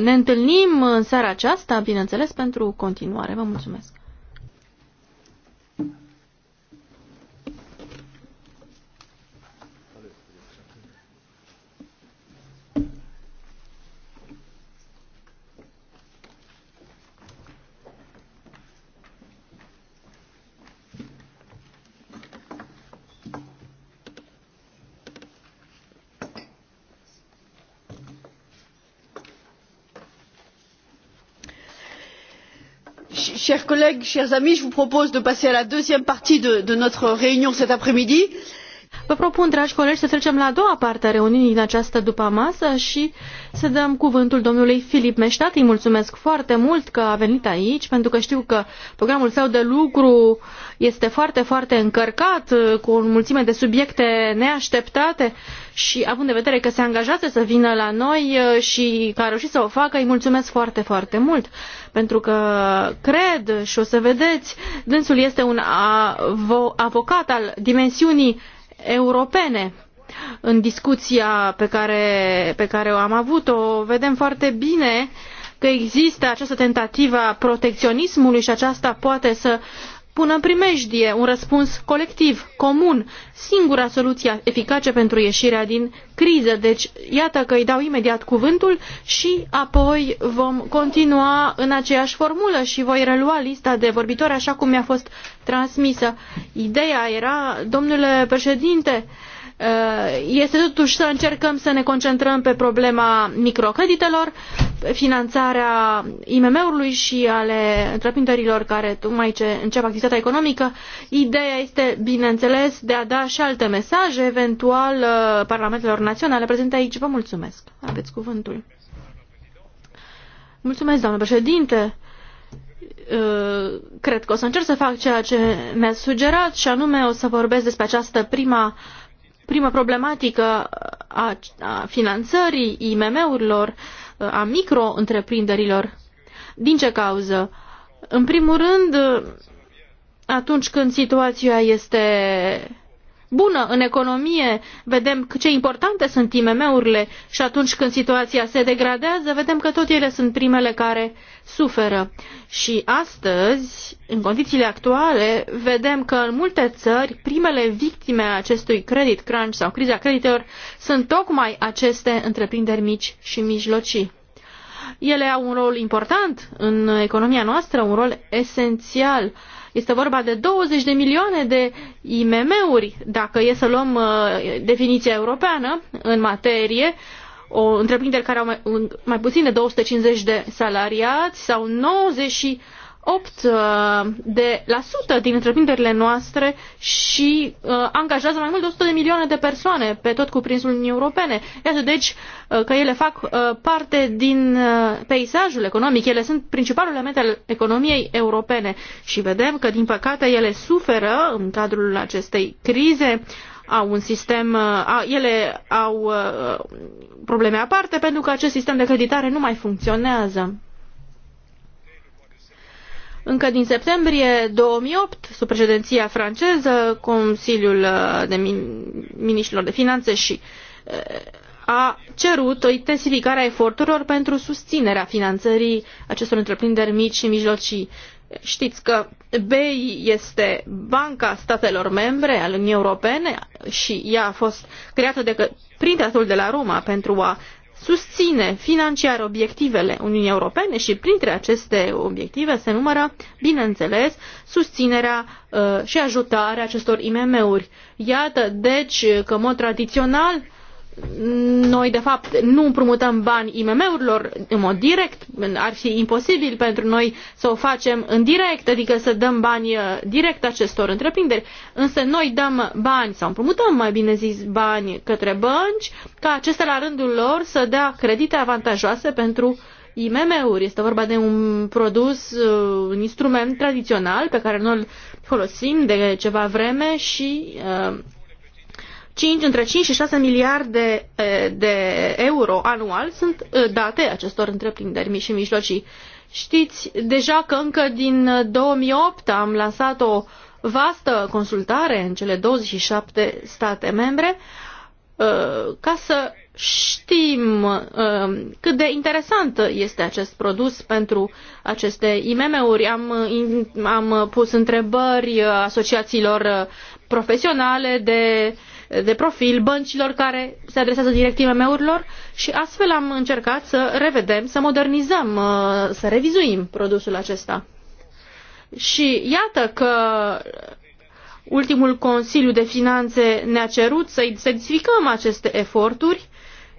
ne întâlnim în seara aceasta, bineînțeles, pentru continuare. Vă mulțumesc. chers collègues chers amis je vous propose de passer à la deuxième partie de, notre réunion cet après midi. Vă propun, dragi colegi, să trecem la a doua parte a reuniunii din această după-amasă și să dăm cuvântul domnului Filip Meștat. Îi mulțumesc foarte mult că a venit aici, pentru că știu că programul său de lucru este foarte, foarte încărcat, uh, cu o mulțime de subiecte neașteptate și având în vedere că se angajează să vină la noi uh, și că a reușit să o facă, îi mulțumesc foarte, foarte mult pentru că cred și o să vedeți, dânsul este un avocat al dimensiunii europene. În discuția pe care, pe care o am avut-o, vedem foarte bine că există această tentativă a protecționismului și aceasta poate să pună în primejdie un răspuns colectiv, comun, singura soluție eficace pentru ieșirea din criză. Deci, iată că îi dau imediat cuvântul și apoi vom continua în aceeași formulă și voi relua lista de vorbitori așa cum mi-a fost transmisă. Ideea era, domnule președinte, uh, Uh, este totuși să încercăm să ne concentrăm pe problema microcreditelor, finanțarea IMM-ului și ale întreprinderilor care tocmai ce încep activitatea economică. Ideea este, bineînțeles, de a da și alte mesaje, eventual uh, parlamentelor naționale prezente aici. Vă mulțumesc. Aveți cuvântul. Mulțumesc, doamnă președinte uh, cred că o să încerc să fac ceea ce mi-ați sugerat și anume o să vorbesc despre această prima primă problematică a, finanțării IMM-urilor, a micro-întreprinderilor. Din ce cauză? În primul rând, atunci când situația este bună în economie, vedem ce importante sunt IMM-urile și atunci când situația se degradează, vedem că tot ele sunt primele care suferă. Și astăzi, în condițiile actuale, vedem că în multe țări primele victime a acestui credit crunch sau criza creditelor sunt tocmai aceste întreprinderi mici și mijlocii. Ele au un rol important în economia noastră, un rol esențial uh, este vorba de 20 de milioane de IMM-uri, dacă e să luăm uh, definiția europeană în materie, o întreprinderi care au mai, mai puțin de 250 de salariați sau 90 Uh, de la sută din întreprinderile noastre și uh, angajează mai mult de 100 de milioane de persoane pe tot cuprinsul Uniunii Europene. Iată deci uh, că ele fac uh, parte din uh, peisajul economic, ele sunt principalul element al economiei europene și vedem că din păcate ele suferă în cadrul acestei crize au un sistem, uh, ele au uh, probleme aparte pentru că acest sistem de creditare nu mai funcționează. Încă din septembrie 2008, sub președinția franceză, Consiliul uh, de Ministrilor de Finanțe și uh, a cerut o intensificare a eforturilor pentru susținerea finanțării acestor întreprinderi mici și mijlocii. Știți că BEI este banca statelor membre al Uniunii Europene și ea a fost creată de, prin tratatul de la Roma pentru a susține financiar obiectivele Uniunii Europene și printre aceste obiective se numără, bineînțeles, susținerea uh, și ajutarea acestor IMM-uri. Iată, deci, că în mod tradițional noi, de fapt, nu împrumutăm bani IMM-urilor în mod direct, ar fi imposibil pentru noi să o facem în direct, adică să dăm bani uh, direct acestor întreprinderi, însă noi dăm bani sau împrumutăm, mai bine zis, bani către bănci, ca acestea la rândul lor să dea credite avantajoase pentru IMM-uri. Este vorba de un produs, uh, un instrument tradițional pe care noi îl folosim de ceva vreme și uh, 5, între 5 și 6 miliarde de euro anual sunt date acestor întreprinderi mici și mijlocii. Știți deja că încă din 2008 am lansat o vastă consultare în cele 27 state membre ca să știm cât de interesant este acest produs pentru aceste IMM-uri. Am, am pus întrebări asociațiilor profesionale de uh, de profil băncilor care se adresează direct IMM-urilor și astfel am încercat să revedem, să modernizăm, uh, să revizuim produsul acesta. Și iată că ultimul Consiliu de Finanțe ne-a cerut să intensificăm aceste eforturi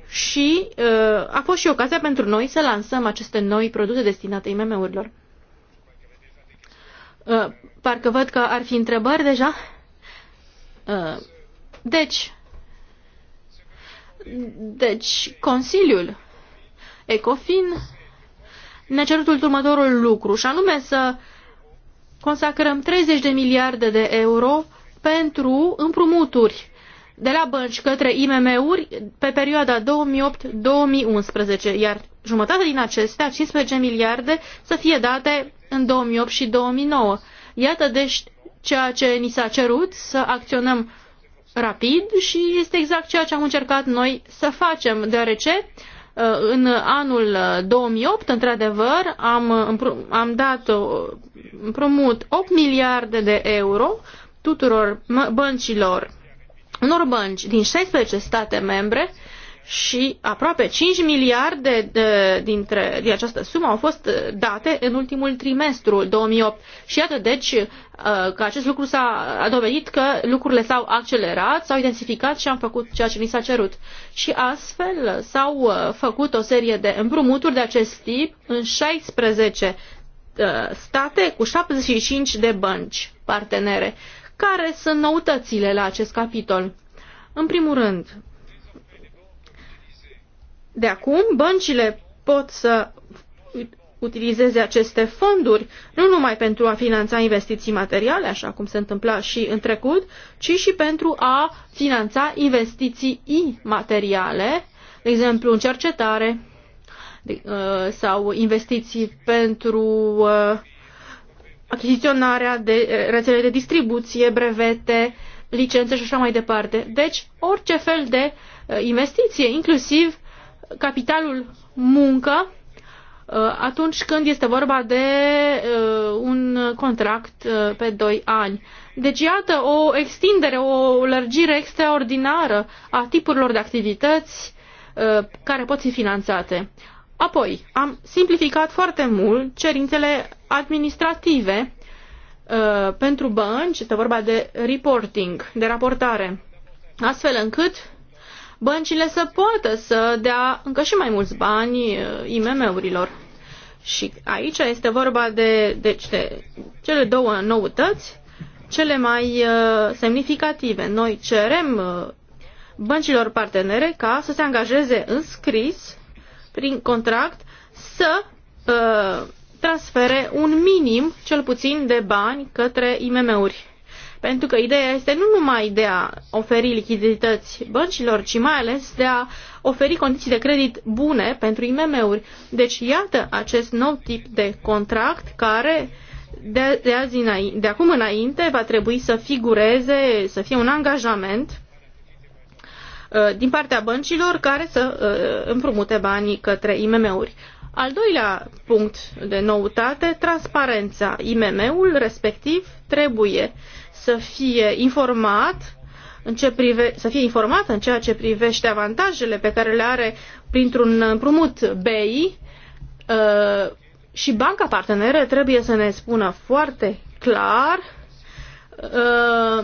și uh, a fost și ocazia pentru noi să lansăm aceste noi produse destinate IMM-urilor. Uh, parcă văd că ar fi întrebări deja. Deci, deci Consiliul Ecofin ne-a cerut următorul lucru, și anume să consacrăm 30 de miliarde de euro pentru împrumuturi de la bănci către IMM-uri pe perioada 2008-2011, iar jumătate din acestea, 15 miliarde, să fie date în 2008 și 2009. Iată deci ceea ce ni s-a cerut, să acționăm rapid și este exact ceea ce am încercat noi să facem, deoarece uh, în anul 2008, uh, într-adevăr, am, am dat uh, împrumut 8 miliarde de euro tuturor băncilor, unor bănci din 16 state membre, și aproape 5 miliarde de, dintre, de această sumă au fost date în ultimul trimestru 2008. Și iată, deci, uh, că acest lucru s-a a dovedit că lucrurile s-au accelerat, s-au identificat și am făcut ceea ce ni s-a cerut. Și astfel s-au uh, făcut o serie de împrumuturi de acest tip în 16 uh, state cu 75 de bănci partenere. Care sunt noutățile la acest capitol? În primul rând, de acum băncile pot să utilizeze aceste fonduri nu numai pentru a finanța investiții materiale, așa cum se întâmpla și în trecut, ci și pentru a finanța investiții imateriale, de exemplu în cercetare uh, sau investiții pentru uh, achiziționarea de uh, rețele de distribuție, brevete, licențe și așa mai departe. Deci, orice fel de investiție, inclusiv capitalul muncă uh, atunci când este vorba de uh, un contract uh, pe 2 ani. Deci, iată, o extindere, o lărgire extraordinară a tipurilor de activități care pot fi finanțate. Apoi, am simplificat foarte mult cerințele administrative pentru bănci, este vorba de reporting, de raportare, astfel încât băncile să poată să dea încă și mai mulți bani uh, IMM-urilor. Și aici este vorba de, deci, de cele două noutăți, cele mai uh, semnificative. Noi cerem uh, băncilor partenere ca să se angajeze în scris, prin contract, să uh, transfere un minim, cel puțin, de bani către IMM-uri. Pentru că ideea este nu numai de a oferi lichidități băncilor, ci mai ales de a oferi condiții de credit bune pentru IMM-uri. Deci iată acest nou tip de contract care de, de, azi înainte, de acum înainte va trebui să figureze, să fie un angajament uh, din partea băncilor care să uh, împrumute banii către IMM-uri. Al doilea punct de noutate, transparența. IMM-ul respectiv trebuie să fie informat în ce prive, să fie informat în ceea ce privește avantajele pe care le are printr-un împrumut BEI uh, și banca parteneră trebuie să ne spună foarte clar uh,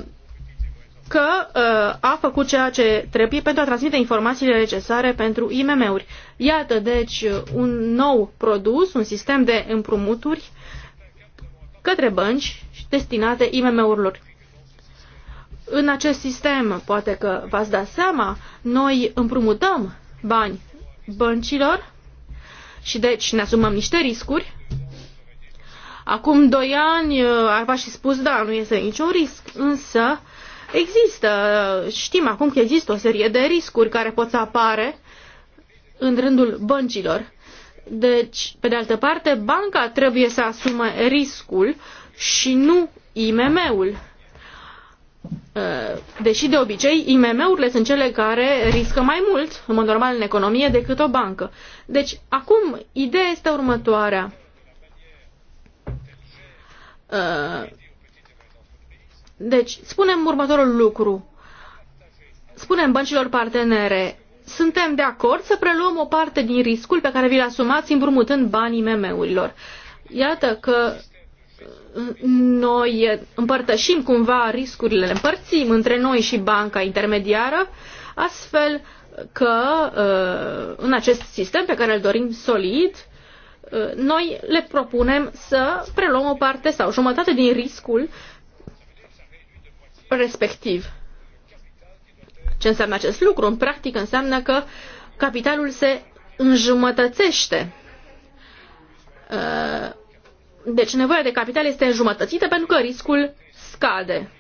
că uh, a făcut ceea ce trebuie pentru a transmite informațiile necesare pentru IMM-uri. Iată, deci, un nou produs, un sistem de împrumuturi către bănci destinate IMM-urilor în acest sistem, poate că v-ați dat seama, noi împrumutăm bani băncilor și deci ne asumăm niște riscuri. Acum doi ani uh, ar v și spus, da, nu este niciun risc, însă există, știm acum că există o serie de riscuri care pot să apare în rândul băncilor. Deci, pe de altă parte, banca trebuie să asume riscul și nu IMM-ul Uh, deși de obicei IMM-urile sunt cele care riscă mai mult, în mod normal, în economie, decât o bancă. Deci, acum, ideea este următoarea. Uh, deci, spunem următorul lucru. Spunem băncilor partenere, suntem de acord să preluăm o parte din riscul pe care vi-l asumați împrumutând banii IMM-urilor. Iată că noi împărtășim cumva riscurile, le împărțim între noi și banca intermediară, astfel că uh, în acest sistem pe care îl dorim solid, uh, noi le propunem să preluăm o parte sau jumătate din riscul respectiv. Ce înseamnă acest lucru? În practică înseamnă că capitalul se înjumătățește uh, deci nevoia de capital este înjumătățită pentru că riscul scade.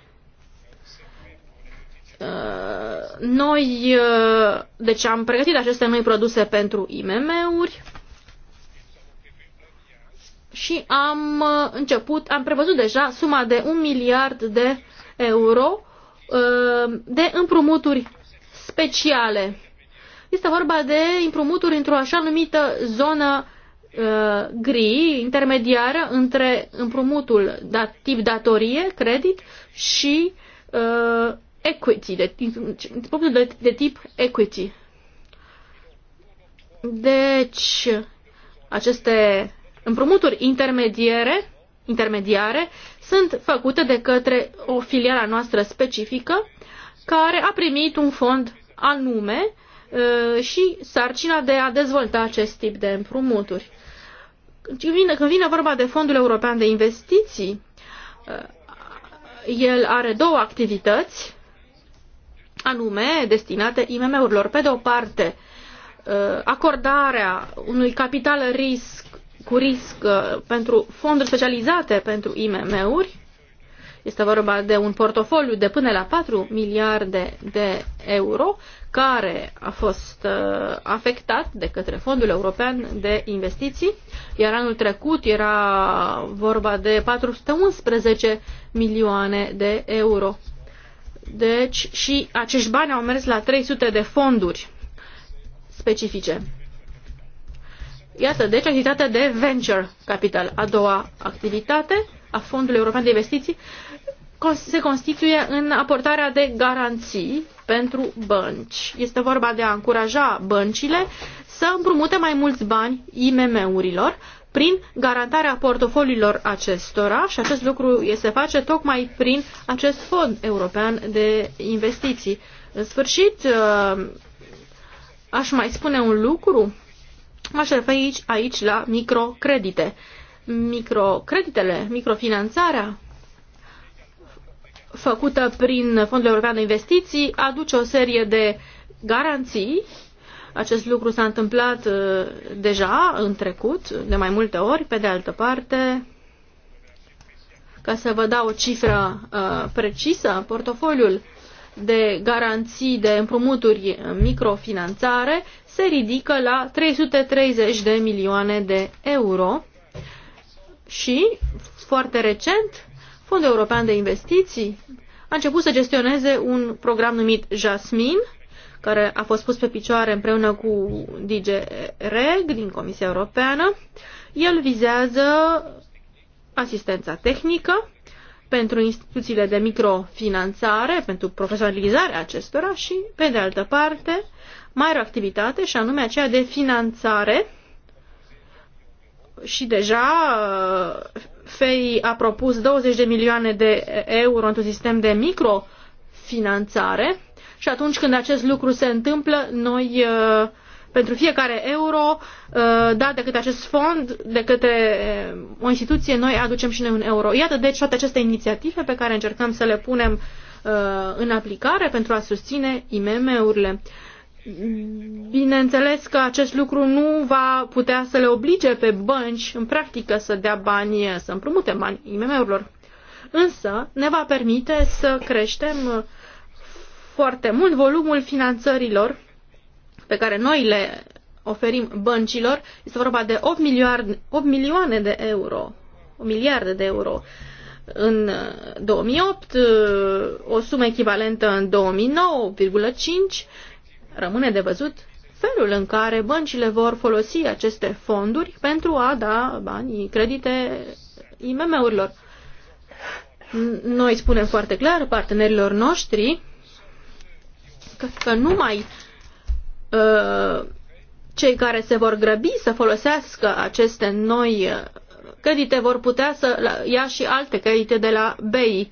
Uh, noi, uh, deci am pregătit aceste noi produse pentru IMM-uri și am uh, început, am prevăzut deja suma de un miliard de euro de împrumuturi speciale. Este vorba de împrumuturi într-o așa numită zonă uh, gri, intermediară între împrumutul dat, tip datorie, credit, și uh, equity, de, împrumutul de, de tip equity. Deci, aceste împrumuturi intermediere, intermediare sunt făcute de către o filială noastră specifică care a primit un fond anume uh, și sarcina de a dezvolta acest tip de împrumuturi. Când vine vorba de Fondul European de Investiții, eh, el are două activități anume destinate IMM-urilor. Pe de o parte, eh, acordarea unui capital risc cu risc eh, pentru fonduri specializate pentru IMM-uri este vorba de un portofoliu de până la 4 miliarde de euro care a fost uh, afectat de către Fondul European de Investiții, iar anul trecut era vorba de 411 milioane de euro. Deci și acești bani au mers la 300 de fonduri specifice. Iată, deci, activitatea de venture capital, a doua activitate a Fondului European de Investiții, se constituie în aportarea de garanții pentru bănci. Este vorba de a încuraja băncile să împrumute mai mulți bani IMM-urilor prin garantarea portofoliilor acestora și acest lucru se face tocmai prin acest fond european de investiții. În sfârșit, uh, aș mai spune un lucru. aș referi aici, aici la microcredite. Microcreditele, microfinanțarea făcută prin Fondul European de Investiții aduce o serie de garanții. Acest lucru s-a întâmplat uh, deja în trecut, de mai multe ori. Pe de altă parte, ca să vă dau o cifră uh, precisă, portofoliul de garanții de împrumuturi microfinanțare se ridică la 330 de milioane de euro și, foarte recent, Fondul European de Investiții a început să gestioneze un program numit Jasmine, care a fost pus pe picioare împreună cu DG Reg din Comisia Europeană. El vizează asistența tehnică pentru instituțiile de microfinanțare, pentru profesionalizarea acestora și, pe de altă parte, mai o activitate și anume aceea de finanțare și deja FEI a propus 20 de milioane de euro într-un sistem de microfinanțare și atunci când acest lucru se întâmplă, noi uh, pentru fiecare euro uh, dat de către acest fond, de către uh, o instituție, noi aducem și noi un euro. Iată deci toate aceste inițiative pe care încercăm să le punem în aplicare pentru a susține IMM-urile. Bineînțeles că acest lucru nu va putea să le oblige pe bănci în practică să dea bani, să împrumute bani IMM-urilor. Însă ne va permite să creștem uh, foarte mult volumul finanțărilor pe care noi le oferim băncilor. Este vorba de 8, miliard, 8 milioane de euro, 1 miliarde de euro în 2008, uh, uh, o sumă echivalentă în 2009, 5 Rămâne de văzut felul în care băncile vor folosi aceste fonduri pentru a da banii, credite IMM-urilor. Noi spunem foarte clar partenerilor noștri că, că numai uh, cei care se vor grăbi să folosească aceste noi uh, credite vor putea să ia și alte credite de la BEI.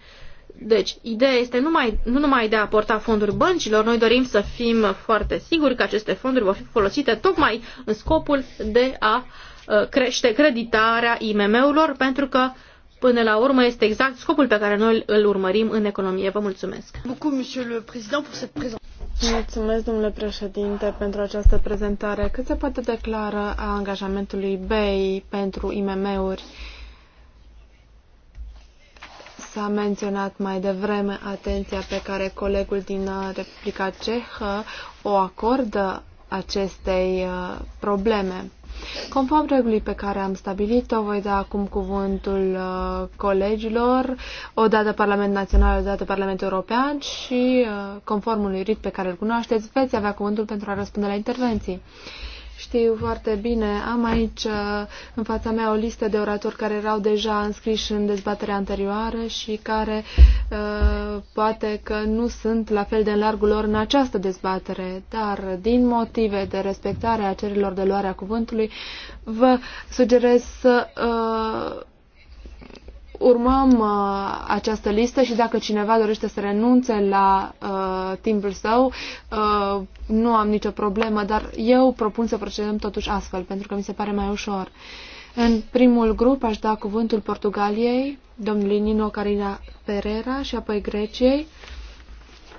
Deci, ideea este numai, nu numai de a aporta fonduri băncilor, noi dorim să fim foarte siguri că aceste fonduri vor fi folosite tocmai în scopul de a uh, crește creditarea IMM-urilor, pentru că Până la urmă este exact scopul pe care noi îl urmărim în economie. Vă mulțumesc. Mulțumesc, domnule președinte, pentru această prezentare cât se poate declara a angajamentului BEI pentru IMM-uri S-a menționat mai devreme atenția pe care colegul din uh, Republica Cehă o acordă acestei uh, probleme. Conform regulii pe care am stabilit-o, voi da acum cuvântul uh, colegilor, o dată Parlament Național, o dată Parlament European și, conform unui rit pe care îl cunoașteți, veți avea cuvântul pentru a răspunde la intervenții. Știu foarte bine, am aici uh, în fața mea o listă de oratori care erau deja înscriși în dezbaterea anterioară și care uh, poate că nu sunt la fel de în largul lor în această dezbatere, dar din motive de respectare a cererilor de luare a cuvântului, vă sugerez să uh, urmăm uh, această listă și dacă cineva dorește să renunțe la uh, timpul său, uh, nu am nicio problemă, dar eu propun să procedăm totuși astfel, pentru că mi se pare mai ușor. În primul grup aș da cuvântul Portugaliei, domnului Nino Carina Pereira și apoi Greciei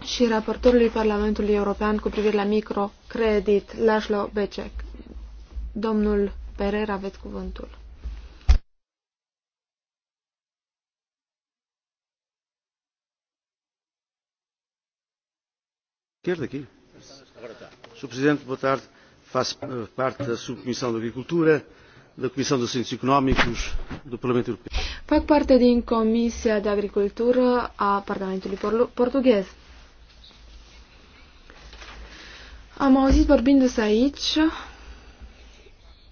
și raportorului Parlamentului European cu privire la microcredit, Lașlo Becek. Domnul Pereira, aveți cuvântul. esquerda aqui. Sr. Presidente, boa tarde. Faço eh, parte da Subcomissão da Agricultura, da Comissão dos Assuntos Económicos do Parlamento Europeu. Fac parte din Comisia de Agricultură a Parlamentului Portughez. Am auzit vorbindu-se aici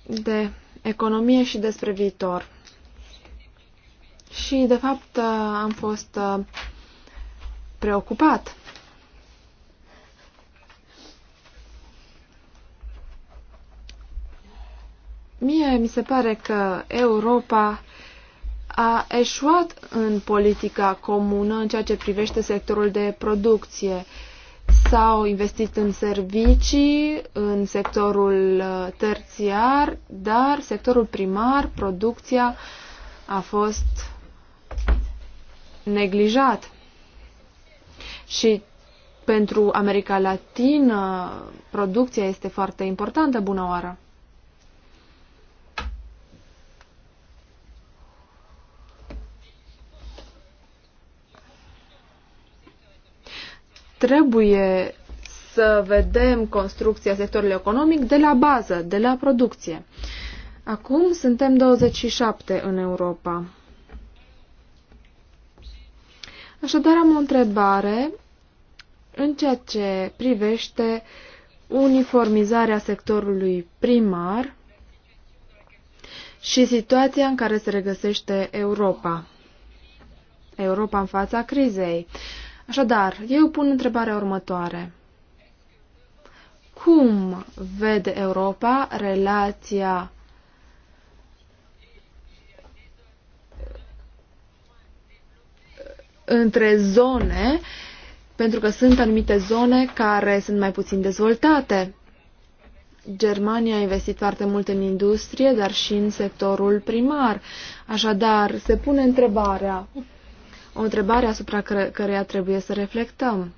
de economie și despre viitor. Și, de fapt, am fost eh, preocupat Mie mi se pare că Europa a eșuat în politica comună în ceea ce privește sectorul de producție. S-au investit în servicii, în sectorul uh, terțiar, dar sectorul primar, producția, a fost neglijat. Și pentru America Latină, producția este foarte importantă, bună oară. Trebuie să vedem construcția sectorului economic de la bază, de la producție. Acum suntem 27 în Europa. Așadar am o întrebare în ceea ce privește uniformizarea sectorului primar și situația în care se regăsește Europa. Europa în fața crizei. Uh, Așadar, eu pun întrebarea următoare. Cum vede Europa relația între zone, pentru că sunt anumite zone care sunt mai puțin dezvoltate. Germania a investit foarte mult în industrie, dar și în sectorul primar. Așadar, se pune întrebarea o întrebare asupra căreia trebuie să reflectăm.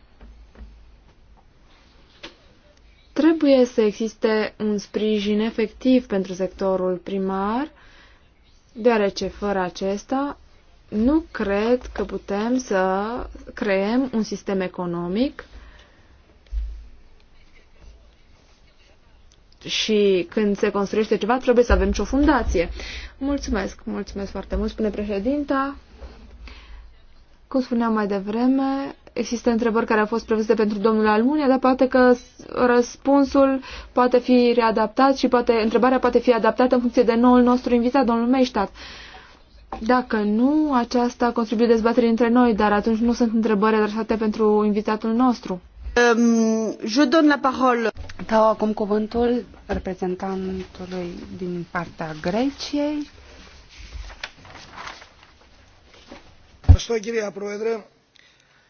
Trebuie să existe un sprijin efectiv pentru sectorul primar, deoarece fără acesta nu cred că putem să creăm un sistem economic și când se construiește ceva trebuie să avem și o fundație. Mulțumesc, mulțumesc foarte mult, spune președinta. Cum spuneam mai devreme, există întrebări care au fost prevăzute pentru domnul Almunia, dar poate că răspunsul poate fi readaptat și poate, întrebarea poate fi adaptată în funcție de noul nostru invitat, domnul Meistat. Dacă nu, aceasta contribuie dezbaterii între noi, dar atunci nu sunt întrebări adresate pentru invitatul nostru. Um, je donne la parole. Dau acum cuvântul reprezentantului din partea Greciei. Ευχαριστώ κυρία Πρόεδρε.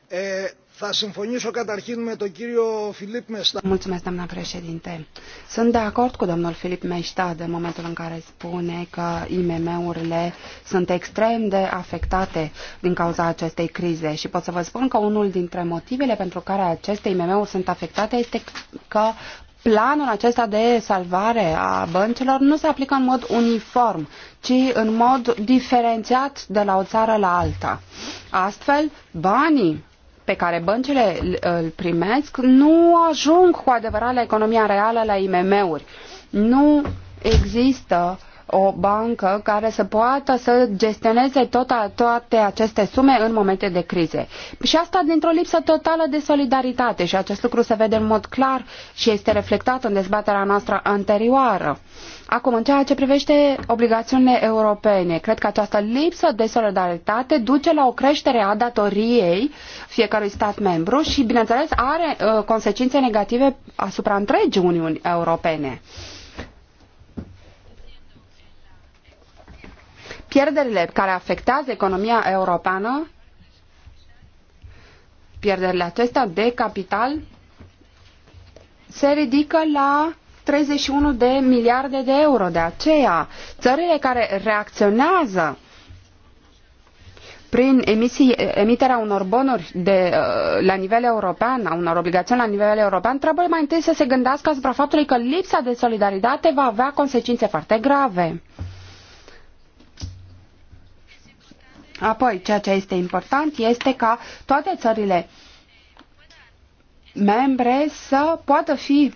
Ε, θα συμφωνήσω καταρχήν με τον κύριο Φιλίπ Μεστά. Mulțumesc, doamna președinte. Sunt de acord cu domnul Filip Meștad în momentul în care spune că IMM-urile sunt extrem de afectate din cauza acestei crize și pot să vă spun că unul dintre motivele pentru care aceste IMM-uri sunt afectate este că planul acesta de salvare a băncilor nu se aplică în mod uniform, ci în mod diferențiat de la o țară la alta. Astfel, banii pe care băncile îl primesc nu ajung cu adevărat la economia reală, la IMM-uri. Nu există uh, o bancă care să poată să gestioneze tot, toate aceste sume în momente de crize. Și asta dintr-o lipsă totală de solidaritate și acest lucru se vede în mod clar și este reflectat în dezbaterea noastră anterioară. Acum, în ceea ce privește obligațiunile europene, cred că această lipsă de solidaritate duce la o creștere a datoriei fiecărui stat membru și, bineînțeles, are uh, consecințe negative asupra întregii Uniuni Europene. Uh, pierderile care afectează economia europeană, pierderile acestea de capital, se ridică la 31 de miliarde de euro. De aceea, țările care reacționează prin emisii, emiterea unor bonuri de, uh, la nivel european, a unor obligațiuni la nivel european, trebuie mai întâi să se gândească asupra faptului că lipsa de solidaritate va avea consecințe foarte grave. Apoi, ceea ce este important este ca toate țările membre să poată fi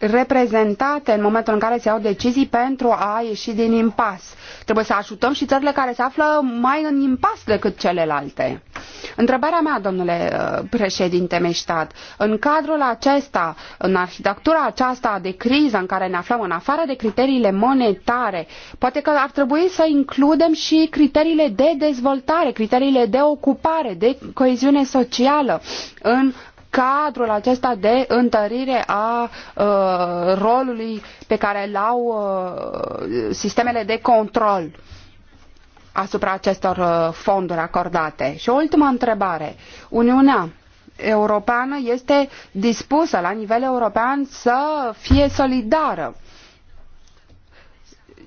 reprezentate în momentul în care se iau decizii pentru a ieși din impas. Trebuie să ajutăm și țările care se află mai în impas decât celelalte. Întrebarea mea, domnule uh, președinte Meștat, în cadrul acesta, în arhitectura aceasta de criză în care ne aflăm, în afară de criteriile monetare, poate că ar trebui să includem și criteriile de dezvoltare, criteriile de ocupare, de coeziune socială în cadrul acesta de întărire a uh, rolului pe care îl au uh, sistemele de control asupra acestor uh, fonduri acordate. Și o ultimă întrebare. Uniunea Europeană este dispusă la nivel european să fie solidară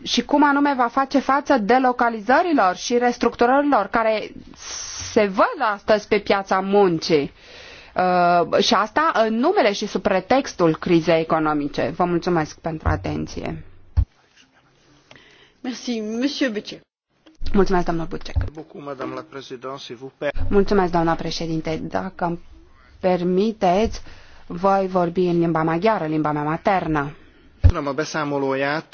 și cum anume va face față delocalizărilor și restructurărilor care se văd astăzi pe piața muncii. Uh, Uh, și asta în numele și sub pretextul crizei economice. Vă mulțumesc pentru atenție. Merci, Monsieur Bechet. Mulțumesc, doamna Bucec. Mulțumesc, doamna președinte. Dacă îmi permiteți, voi vorbi în limba maghiară, limba mea maternă. Köszönöm a beszámolóját.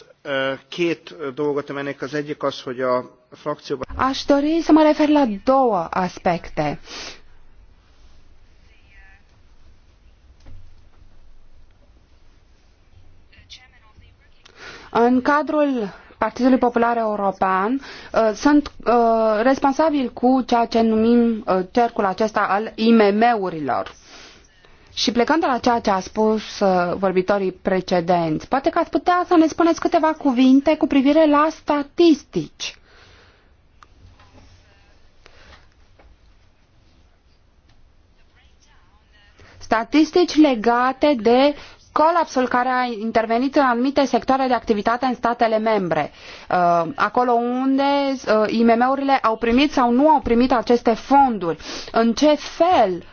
Két dolgot emelnék. Az egyik az, hogy a frakcióban... Aș dori să mă refer la două aspecte. În cadrul Partidului Popular European uh, sunt uh, responsabili cu ceea ce numim uh, cercul acesta al IMM-urilor. Și plecând de la ceea ce a spus vorbitorii precedenți, poate că ați putea să ne spuneți câteva cuvinte cu privire la statistici. Statistici legate de colapsul care a intervenit în anumite sectoare de activitate în statele membre, uh, acolo unde uh, IMM-urile au primit sau nu au primit aceste fonduri, în ce fel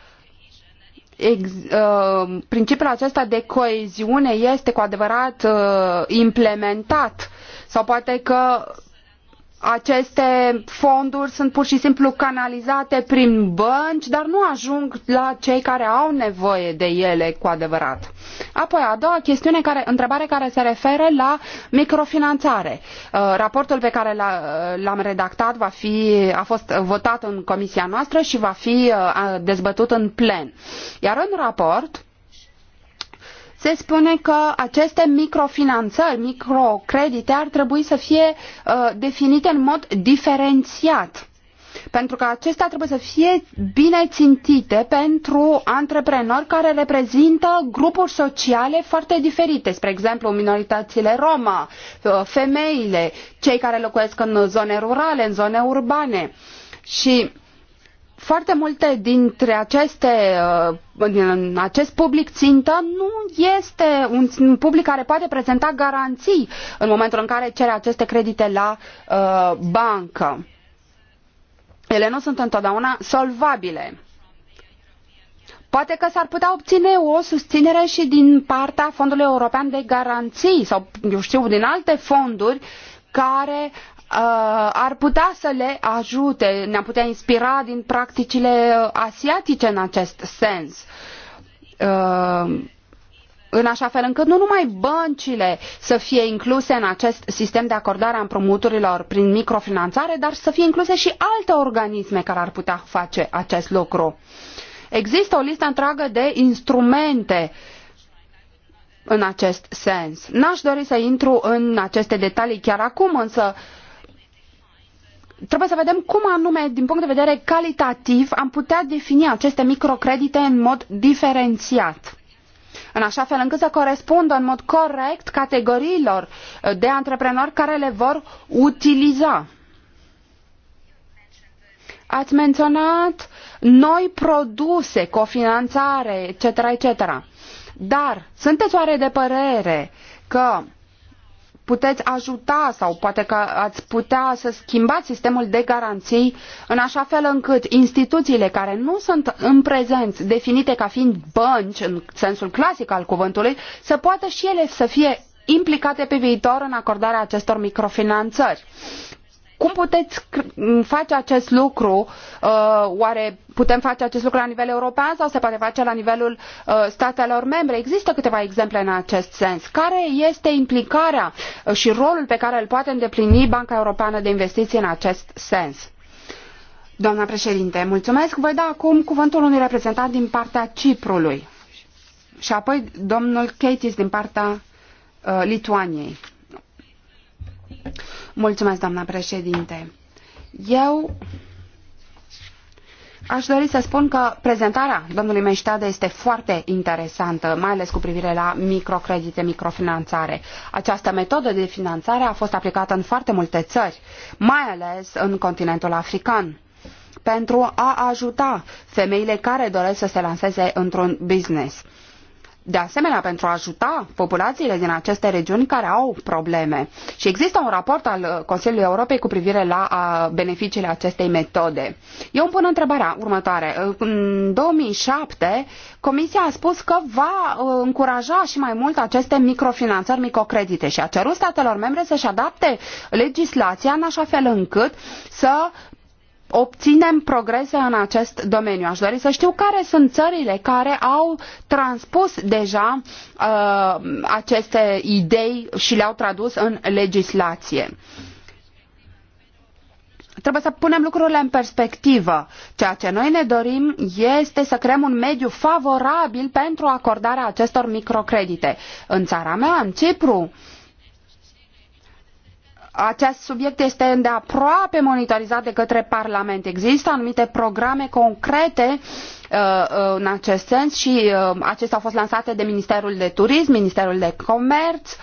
Ex, uh, principiul acesta de coeziune este cu adevărat implementat sau poate că aceste fonduri sunt pur și simplu canalizate prin bănci, dar nu ajung la cei care au nevoie de ele cu adevărat. Apoi, a doua chestiune, care, întrebare care se referă la microfinanțare. Uh, raportul pe care uh, l-am redactat va fi, a fost votat în comisia noastră și va fi uh, dezbătut în plen. Iar în raport, se spune că aceste microfinanțări, microcredite ar trebui să fie uh, definite în mod diferențiat. Pentru că acestea trebuie să fie bine țintite pentru antreprenori care reprezintă grupuri sociale foarte diferite, spre exemplu minoritățile roma, uh, femeile, cei care locuiesc în zone rurale, în zone urbane. Și foarte multe dintre aceste, uh, din acest public țintă nu este un public care poate prezenta garanții în momentul în care cere aceste credite la uh, bancă. Ele nu sunt întotdeauna solvabile. Poate că s-ar putea obține o susținere și din partea Fondului European de Garanții sau, eu știu, din alte fonduri care Uh, ar putea să le ajute, ne-am putea inspira din practicile uh, asiatice în acest sens. Uh, în așa fel încât nu numai băncile să fie incluse în acest sistem de acordare a împrumuturilor prin microfinanțare, dar să fie incluse și alte organisme care ar putea face acest lucru. Există o listă întreagă de instrumente în acest sens. N-aș dori să intru în aceste detalii chiar acum, însă uh, trebuie să vedem cum anume, din punct de vedere calitativ, am putea defini aceste microcredite în mod diferențiat în așa fel încât să corespundă în mod corect categoriilor uh, de antreprenori care le vor utiliza. Ați menționat noi produse, cofinanțare, etc., etc. Dar sunteți oare de părere că puteți ajuta sau poate că ați putea să schimbați sistemul de garanții în așa fel încât instituțiile care nu sunt în prezent definite ca fiind bănci în sensul clasic al cuvântului să poată și ele să fie implicate pe viitor în acordarea acestor microfinanțări. Uh, cum puteți face acest lucru? Uh, oare putem face acest lucru la nivel european sau se poate face la nivelul uh, statelor membre? Există câteva exemple în acest sens. Care este implicarea uh, și rolul pe care îl poate îndeplini Banca Europeană de Investiții în acest sens? Doamna președinte, mulțumesc. Voi da acum cuvântul unui reprezentant din partea Ciprului și apoi domnul Keitis din partea uh, Lituaniei. Mulțumesc, doamna președinte. Eu Aș dori să spun că prezentarea domnului Meștade este foarte interesantă, mai ales cu privire la microcredite, microfinanțare. Această metodă de finanțare a fost aplicată în foarte multe țări, mai ales în continentul african, pentru a ajuta femeile care doresc să se lanseze într-un business de asemenea pentru a ajuta populațiile din aceste regiuni care au probleme. Și există un raport al uh, Consiliului Europei cu privire la uh, beneficiile acestei metode. Eu îmi pun întrebarea următoare. În 2007, Comisia a spus că va uh, încuraja și mai mult aceste microfinanțări, microcredite și a cerut statelor membre să-și adapte legislația în așa fel încât să obținem progrese în acest domeniu. Aș dori să știu care sunt țările care au transpus deja uh, aceste idei și le-au tradus în legislație trebuie să punem lucrurile în perspectivă. Ceea ce noi ne dorim este să creăm un mediu favorabil pentru acordarea acestor microcredite. În țara mea, în Cipru, uh, acest subiect este îndeaproape monitorizat de către Parlament. Există anumite programe concrete uh, uh, în acest sens și uh, acestea au fost lansate de Ministerul de Turism, Ministerul de Comerț.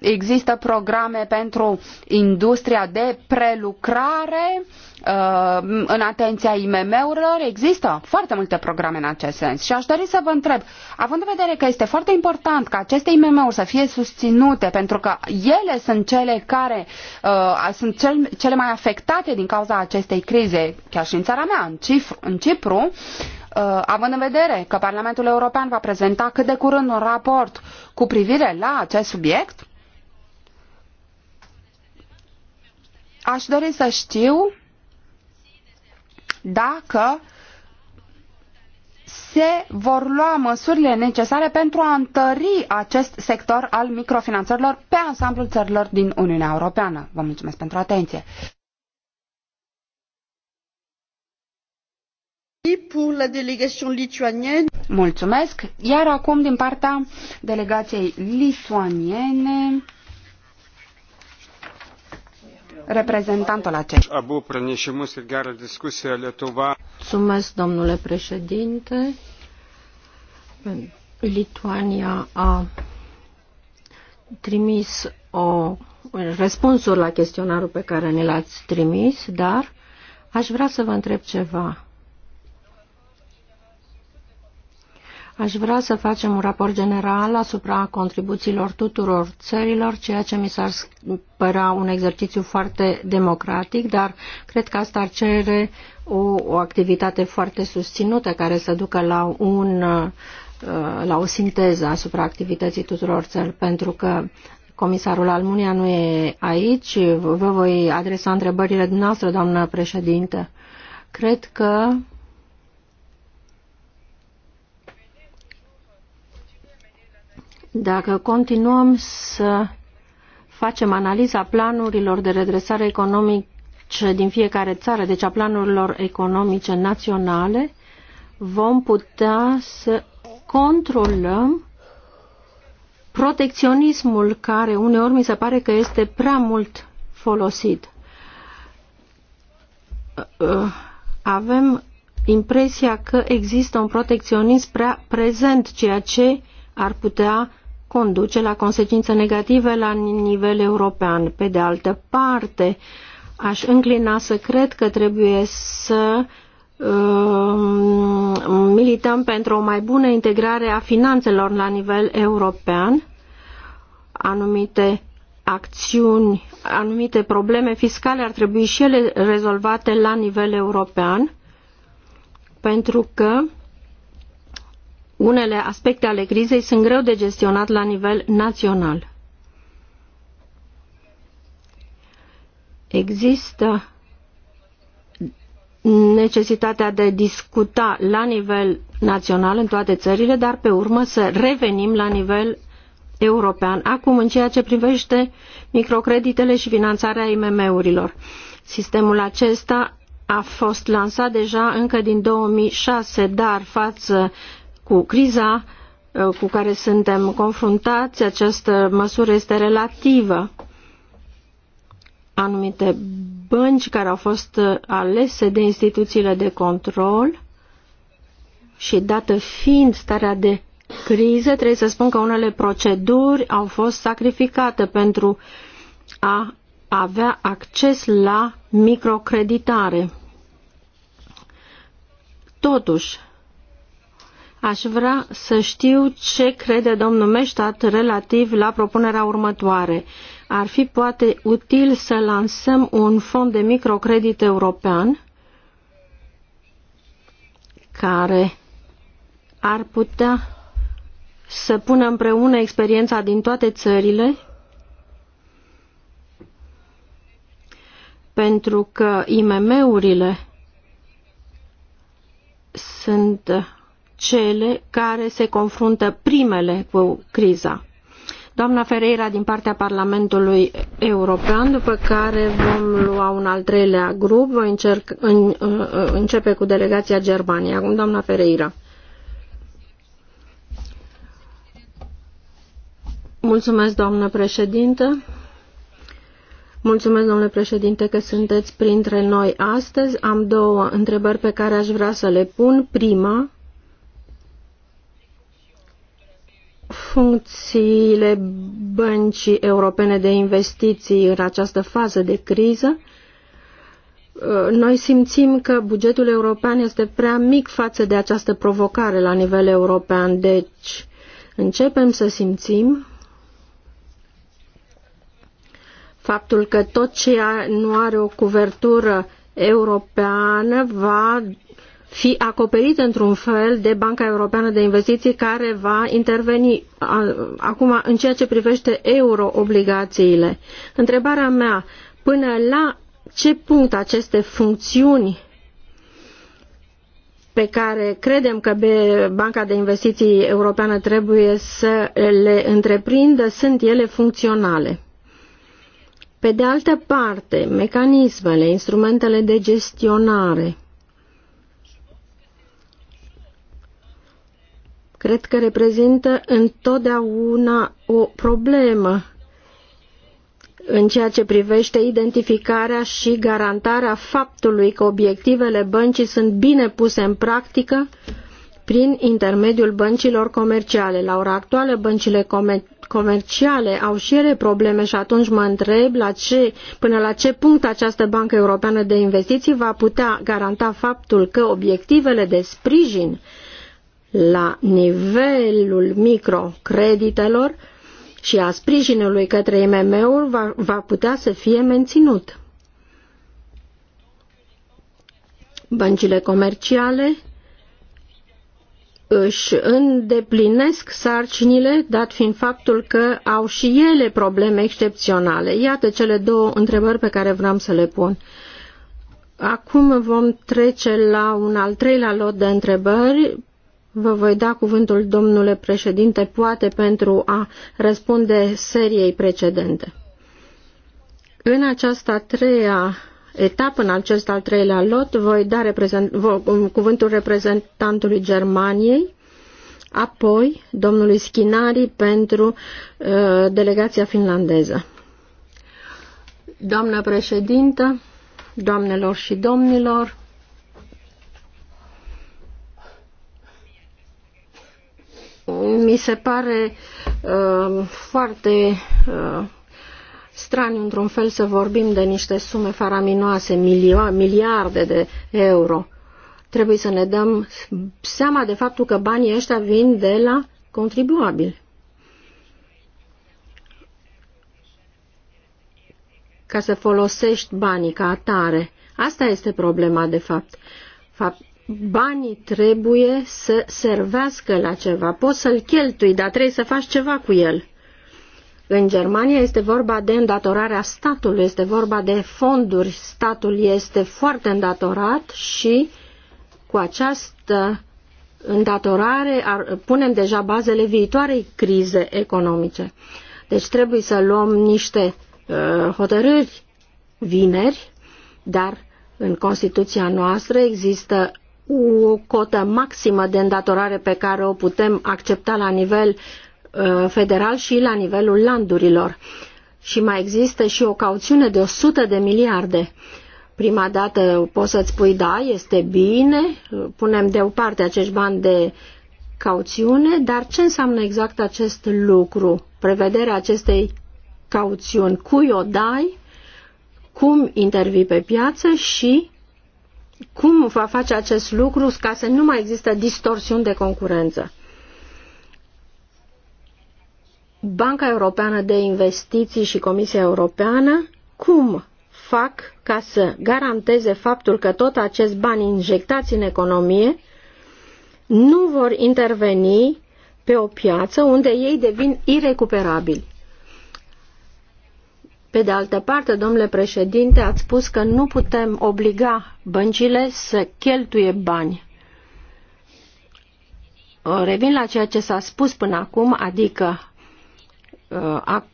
Există programe pentru industria de prelucrare uh, Uh, în atenția IMM-urilor. Există foarte multe programe în acest sens și aș dori să vă întreb, având în vedere că este foarte important ca aceste IMM-uri să fie susținute pentru că ele sunt cele care uh, sunt cel, cele mai afectate din cauza acestei crize, chiar și în țara mea, în, Cif, în Cipru, uh, având în vedere că Parlamentul European va prezenta cât de curând un raport cu privire la acest subiect, aș dori să știu dacă se vor lua măsurile necesare pentru a întări acest sector al microfinanțărilor pe ansamblul țărilor din Uniunea Europeană. Vă mulțumesc pentru atenție. Mulțumesc. Iar acum din partea delegației lituaniene reprezentantul acesta. Mulțumesc, domnule președinte. Lituania a trimis o răspunsuri la chestionarul pe care ne l-ați trimis, dar aș vrea să vă întreb ceva. Aș vrea să facem un raport general asupra contribuțiilor tuturor țărilor, ceea ce mi s-ar părea un exercițiu foarte democratic, dar cred că asta ar cere o, o activitate foarte susținută care să ducă la, un, uh, la o sinteză asupra activității tuturor țări, pentru că comisarul Almunia nu e aici. Vă voi adresa întrebările dumneavoastră, doamnă președinte. Cred că Dacă continuăm să facem analiza planurilor de redresare economice din fiecare țară, deci a planurilor economice naționale, vom putea să controlăm protecționismul care uneori mi se pare că este prea mult folosit. Avem impresia că există un protecționism prea prezent, ceea ce ar putea conduce la consecințe negative la nivel european. Pe de altă parte, aș înclina să cred că trebuie să um, milităm pentru o mai bună integrare a finanțelor la nivel european, anumite acțiuni, anumite probleme fiscale ar trebui și ele rezolvate la nivel european, pentru că unele aspecte ale crizei sunt greu de gestionat la nivel național. Există necesitatea de a discuta la nivel național în toate țările, dar pe urmă să revenim la nivel european. Acum, în ceea ce privește microcreditele și finanțarea IMM-urilor. Sistemul acesta a fost lansat deja încă din 2006, dar față cu criza uh, cu care suntem confruntați, această măsură este relativă. Anumite bănci care au fost uh, alese de instituțiile de control și dată fiind starea de criză, trebuie să spun că unele proceduri au fost sacrificate pentru a avea acces la microcreditare. Totuși, Aș vrea să știu ce crede domnul Meștat relativ la propunerea următoare. Ar fi poate util să lansăm un fond de microcredit european care ar putea să pună împreună experiența din toate țările pentru că IMM-urile sunt cele care se confruntă primele cu criza. Doamna Ferreira din partea Parlamentului European, după care vom lua un al treilea grup, voi încerc, în, uh, începe cu delegația Germaniei. Acum doamna Ferreira. Mulțumesc, doamnă președintă. Mulțumesc, domnule președinte, că sunteți printre noi astăzi. Am două întrebări pe care aș vrea să le pun. Prima, funcțiile băncii europene de investiții în această fază de criză, uh, noi simțim că bugetul european este prea mic față de această provocare la nivel european, deci începem să simțim faptul că tot ce nu are o cuvertură europeană va fi acoperit într-un fel de Banca Europeană de Investiții care va interveni acum în ceea ce privește euroobligațiile. Întrebarea mea, până la ce punct aceste funcțiuni pe care credem că Banca de Investiții Europeană trebuie să le întreprindă, sunt ele funcționale. Pe de altă parte, mecanismele, instrumentele de gestionare cred că reprezintă întotdeauna o problemă în ceea ce privește identificarea și garantarea faptului că obiectivele băncii sunt bine puse în practică prin intermediul băncilor comerciale. La ora actuală, băncile comer comerciale au și ele probleme și atunci mă întreb la ce, până la ce punct această Bancă Europeană de Investiții va putea garanta faptul că obiectivele de sprijin la nivelul microcreditelor și a sprijinului către IMM-uri va, va putea să fie menținut. Băncile comerciale își îndeplinesc sarcinile, dat fiind faptul că au și ele probleme excepționale. Iată cele două întrebări pe care vreau să le pun. Acum vom trece la un al treilea lot de întrebări Vă voi da cuvântul, domnule președinte, poate pentru a răspunde seriei precedente. În această a treia etapă, în acest al treilea lot, voi da reprezent, vă, um, cuvântul reprezentantului Germaniei, apoi domnului Schinari pentru uh, delegația finlandeză. Doamnă președintă, doamnelor și domnilor, mi se pare uh, foarte uh, straniu într-un fel să vorbim de niște sume faraminoase, milio- miliarde de euro. Trebuie să ne dăm seama de faptul că banii ăștia vin de la contribuabili. Ca să folosești banii ca atare. Asta este problema, de fapt. fapt banii trebuie să servească la ceva. Poți să-l cheltui, dar trebuie să faci ceva cu el. În Germania este vorba de îndatorarea statului, este vorba de fonduri. Statul este foarte îndatorat și cu această îndatorare punem deja bazele viitoarei crize economice. Deci trebuie să luăm niște uh, hotărâri vineri, dar în Constituția noastră există o cotă maximă de îndatorare pe care o putem accepta la nivel uh, federal și la nivelul landurilor. Și mai există și o cauțiune de 100 de miliarde. Prima dată poți să-ți spui da, este bine, punem deoparte acești bani de cauțiune, dar ce înseamnă exact acest lucru? Prevederea acestei cauțiuni, cui o dai, cum intervii pe piață și cum va face acest lucru ca să nu mai există distorsiuni de concurență. Banca Europeană de Investiții și Comisia Europeană cum fac ca să garanteze faptul că tot acești bani injectați în economie nu vor interveni pe o piață unde ei devin irecuperabili. Pe de altă parte, domnule președinte, ați spus că nu putem obliga băncile să cheltuie bani. Revin la ceea ce s-a spus până acum, adică ă,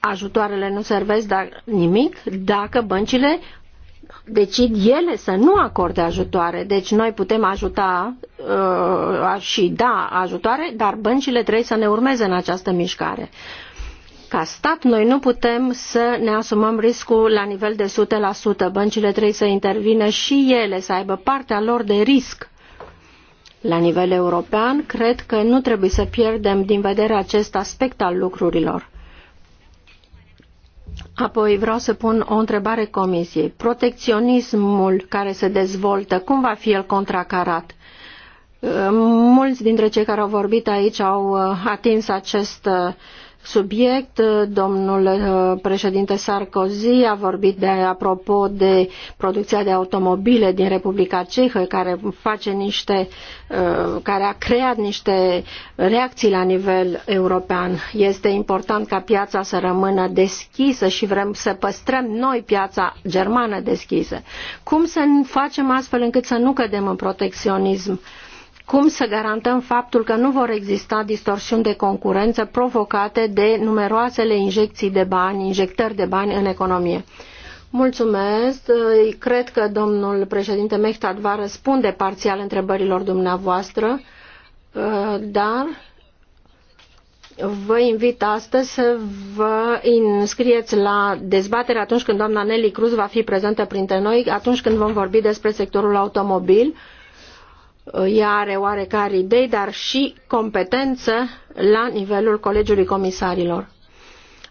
ajutoarele nu servesc dar nimic dacă băncile decid ele să nu acorde ajutoare. Deci noi putem ajuta uh, și da ajutoare, dar băncile trebuie să ne urmeze în această mișcare. Ca stat, noi nu putem să ne asumăm riscul la nivel de 100%. Băncile trebuie să intervină și ele, să aibă partea lor de risc. La nivel european, cred că nu trebuie să pierdem din vedere acest aspect al lucrurilor. Apoi vreau să pun o întrebare comisiei. Protecționismul care se dezvoltă, cum va fi el contracarat? Mulți dintre cei care au vorbit aici au uh, atins acest uh, subiect. Domnul uh, președinte Sarkozy a vorbit de apropo de producția de automobile din Republica Cehă care face niște uh, care a creat niște reacții la nivel european. Este important ca piața să rămână deschisă și vrem să păstrăm noi piața germană deschisă. Cum să facem astfel încât să nu cădem în protecționism? cum să garantăm faptul că nu vor exista distorsiuni de concurență provocate de numeroasele injecții de bani, injectări de bani în economie. Mulțumesc. Cred că domnul președinte Mehtad va răspunde parțial întrebărilor dumneavoastră, dar vă invit astăzi să vă înscrieți la dezbatere atunci când doamna Nelly Cruz va fi prezentă printre noi, atunci când vom vorbi despre sectorul automobil ea are oarecare idei, dar și competență la nivelul Colegiului Comisarilor.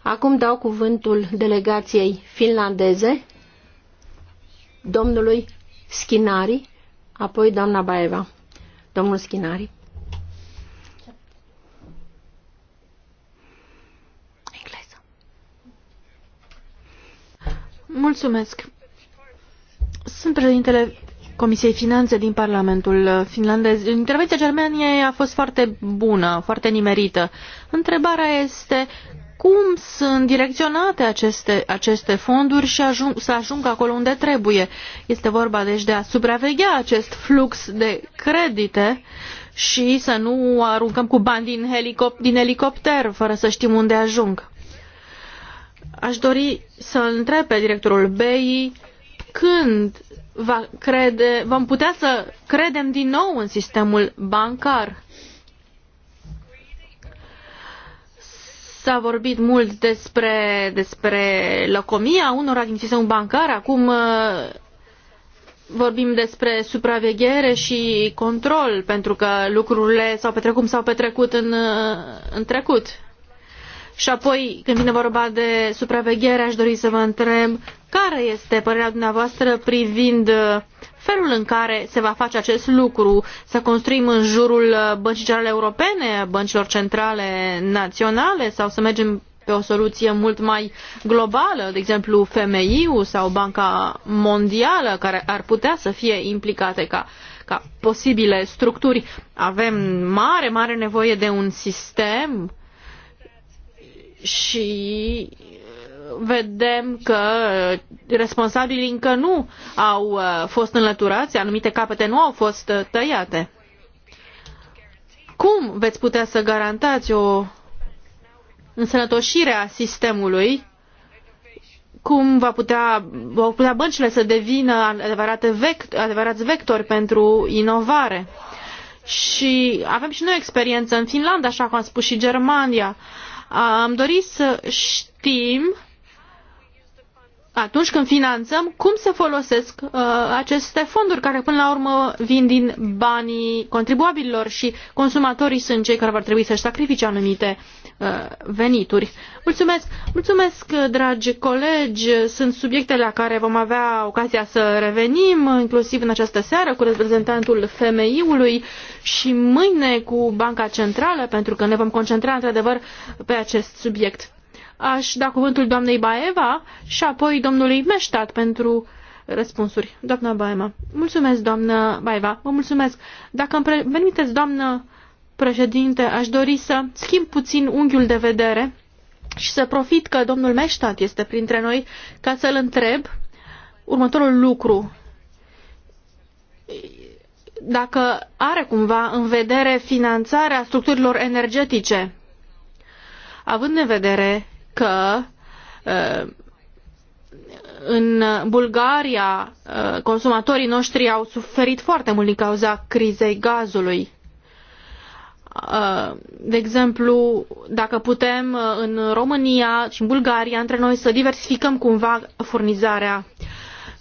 Acum dau cuvântul delegației finlandeze, domnului Schinari, apoi doamna Baeva. Domnul Schinari. Engleză. Mulțumesc. Sunt președintele Comisiei Finanțe din Parlamentul finlandez. Intervenția Germaniei a fost foarte bună, foarte nimerită. Întrebarea este cum sunt direcționate aceste, aceste fonduri și ajung, să ajungă acolo unde trebuie. Este vorba deci de a supraveghea acest flux de credite și să nu aruncăm cu bani din, helicop- din elicopter fără să știm unde ajung. Aș dori să întreb pe directorul BEI când va crede, vom putea să credem din nou în sistemul bancar. S-a vorbit mult despre, despre locomia unora din sistemul bancar. Acum uh, vorbim despre supraveghere și control, pentru că lucrurile s-au petrecut cum s-au petrecut în, uh, în trecut. Și apoi, când vine vorba de supraveghere, aș dori să vă întreb care este părerea dumneavoastră privind uh, felul în care se va face acest lucru? Să construim în jurul uh, băncii centrale europene, băncilor centrale naționale sau să mergem pe o soluție mult mai globală, de exemplu FMI-ul sau Banca Mondială, care ar putea să fie implicate ca, ca posibile structuri. Avem mare, mare nevoie de un sistem și vedem că responsabilii încă nu au uh, fost înlăturați, anumite capete nu au fost uh, tăiate. Cum veți putea să garantați o însănătoșire a sistemului? Cum va putea, vor putea băncile să devină adevărate vect, adevărați vectori pentru inovare? Și avem și noi experiență în Finlanda, așa cum a spus și Germania. Am dorit să știm atunci când finanțăm, cum se folosesc uh, aceste fonduri care până la urmă vin din banii contribuabililor și consumatorii sunt cei care vor trebui să-și sacrifice anumite uh, venituri. Mulțumesc! Mulțumesc, dragi colegi! Sunt subiecte la care vom avea ocazia să revenim, inclusiv în această seară cu reprezentantul FMI-ului și mâine cu Banca Centrală, pentru că ne vom concentra într-adevăr pe acest subiect. Aș da cuvântul doamnei Baeva și apoi domnului Meștat pentru răspunsuri. Doamna Baeva. Mulțumesc, doamnă Baeva. Vă mulțumesc. Dacă îmi permiteți, doamnă președinte, aș dori să schimb puțin unghiul de vedere și să profit că domnul Meștat este printre noi ca să-l întreb următorul lucru. Dacă are cumva în vedere finanțarea structurilor energetice, având în vedere că în Bulgaria consumatorii noștri au suferit foarte mult din cauza crizei gazului. De exemplu, dacă putem în România și în Bulgaria între noi să diversificăm cumva furnizarea.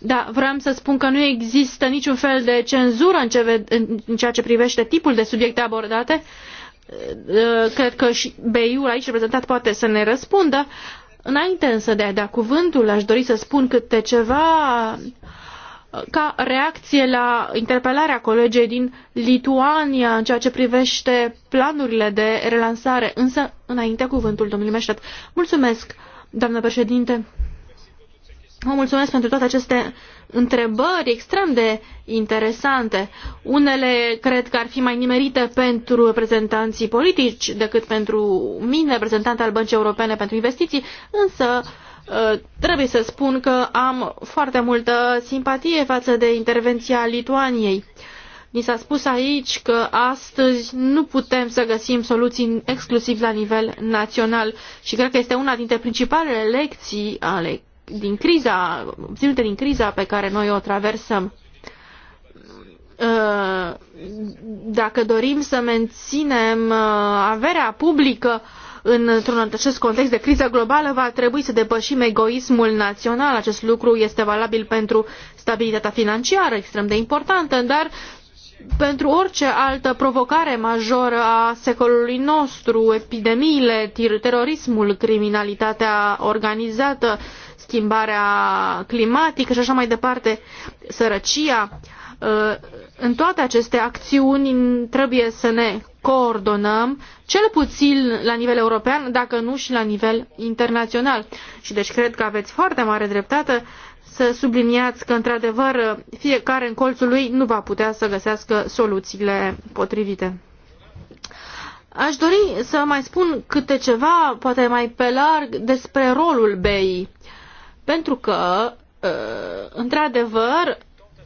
Da, vreau să spun că nu există niciun fel de cenzură în, ceea ce privește tipul de subiecte abordate, Eh, cred că și BEI-ul aici reprezentat poate să ne răspundă. Înainte însă de a da cuvântul, aș dori să spun câte ceva eh, ca reacție la interpelarea colegei din Lituania în ceea ce privește planurile de relansare, însă înainte cuvântul domnului Meștet. Mulțumesc, doamnă președinte. Vă mulțumesc pentru toate aceste întrebări extrem de interesante. Unele cred că ar fi mai nimerite pentru reprezentanții politici decât pentru mine, reprezentant al Băncii Europene pentru Investiții, însă uh, trebuie să spun că am foarte multă simpatie față de intervenția Lituaniei. Ni s-a spus aici că astăzi nu putem să găsim soluții exclusiv la nivel național și cred că este una dintre principalele lecții ale din criza, obținute din criza pe care noi o traversăm. Uh, dacă dorim să menținem uh, averea publică într-un acest context de criză globală, va trebui să depășim egoismul național. Acest lucru este valabil pentru stabilitatea financiară, extrem de importantă, dar pentru orice altă provocare majoră a secolului nostru, epidemiile, terorismul, criminalitatea organizată, schimbarea climatică și așa mai departe, sărăcia. Uh, în toate aceste acțiuni trebuie să ne coordonăm, cel puțin la nivel european, dacă nu și la nivel internațional. Și deci cred că aveți foarte mare dreptate să subliniați că, într-adevăr, fiecare în colțul lui nu va putea să găsească soluțiile potrivite. Aș dori să mai spun câte ceva, poate mai pe larg, despre rolul BEI. Pentru că, ă, într-adevăr,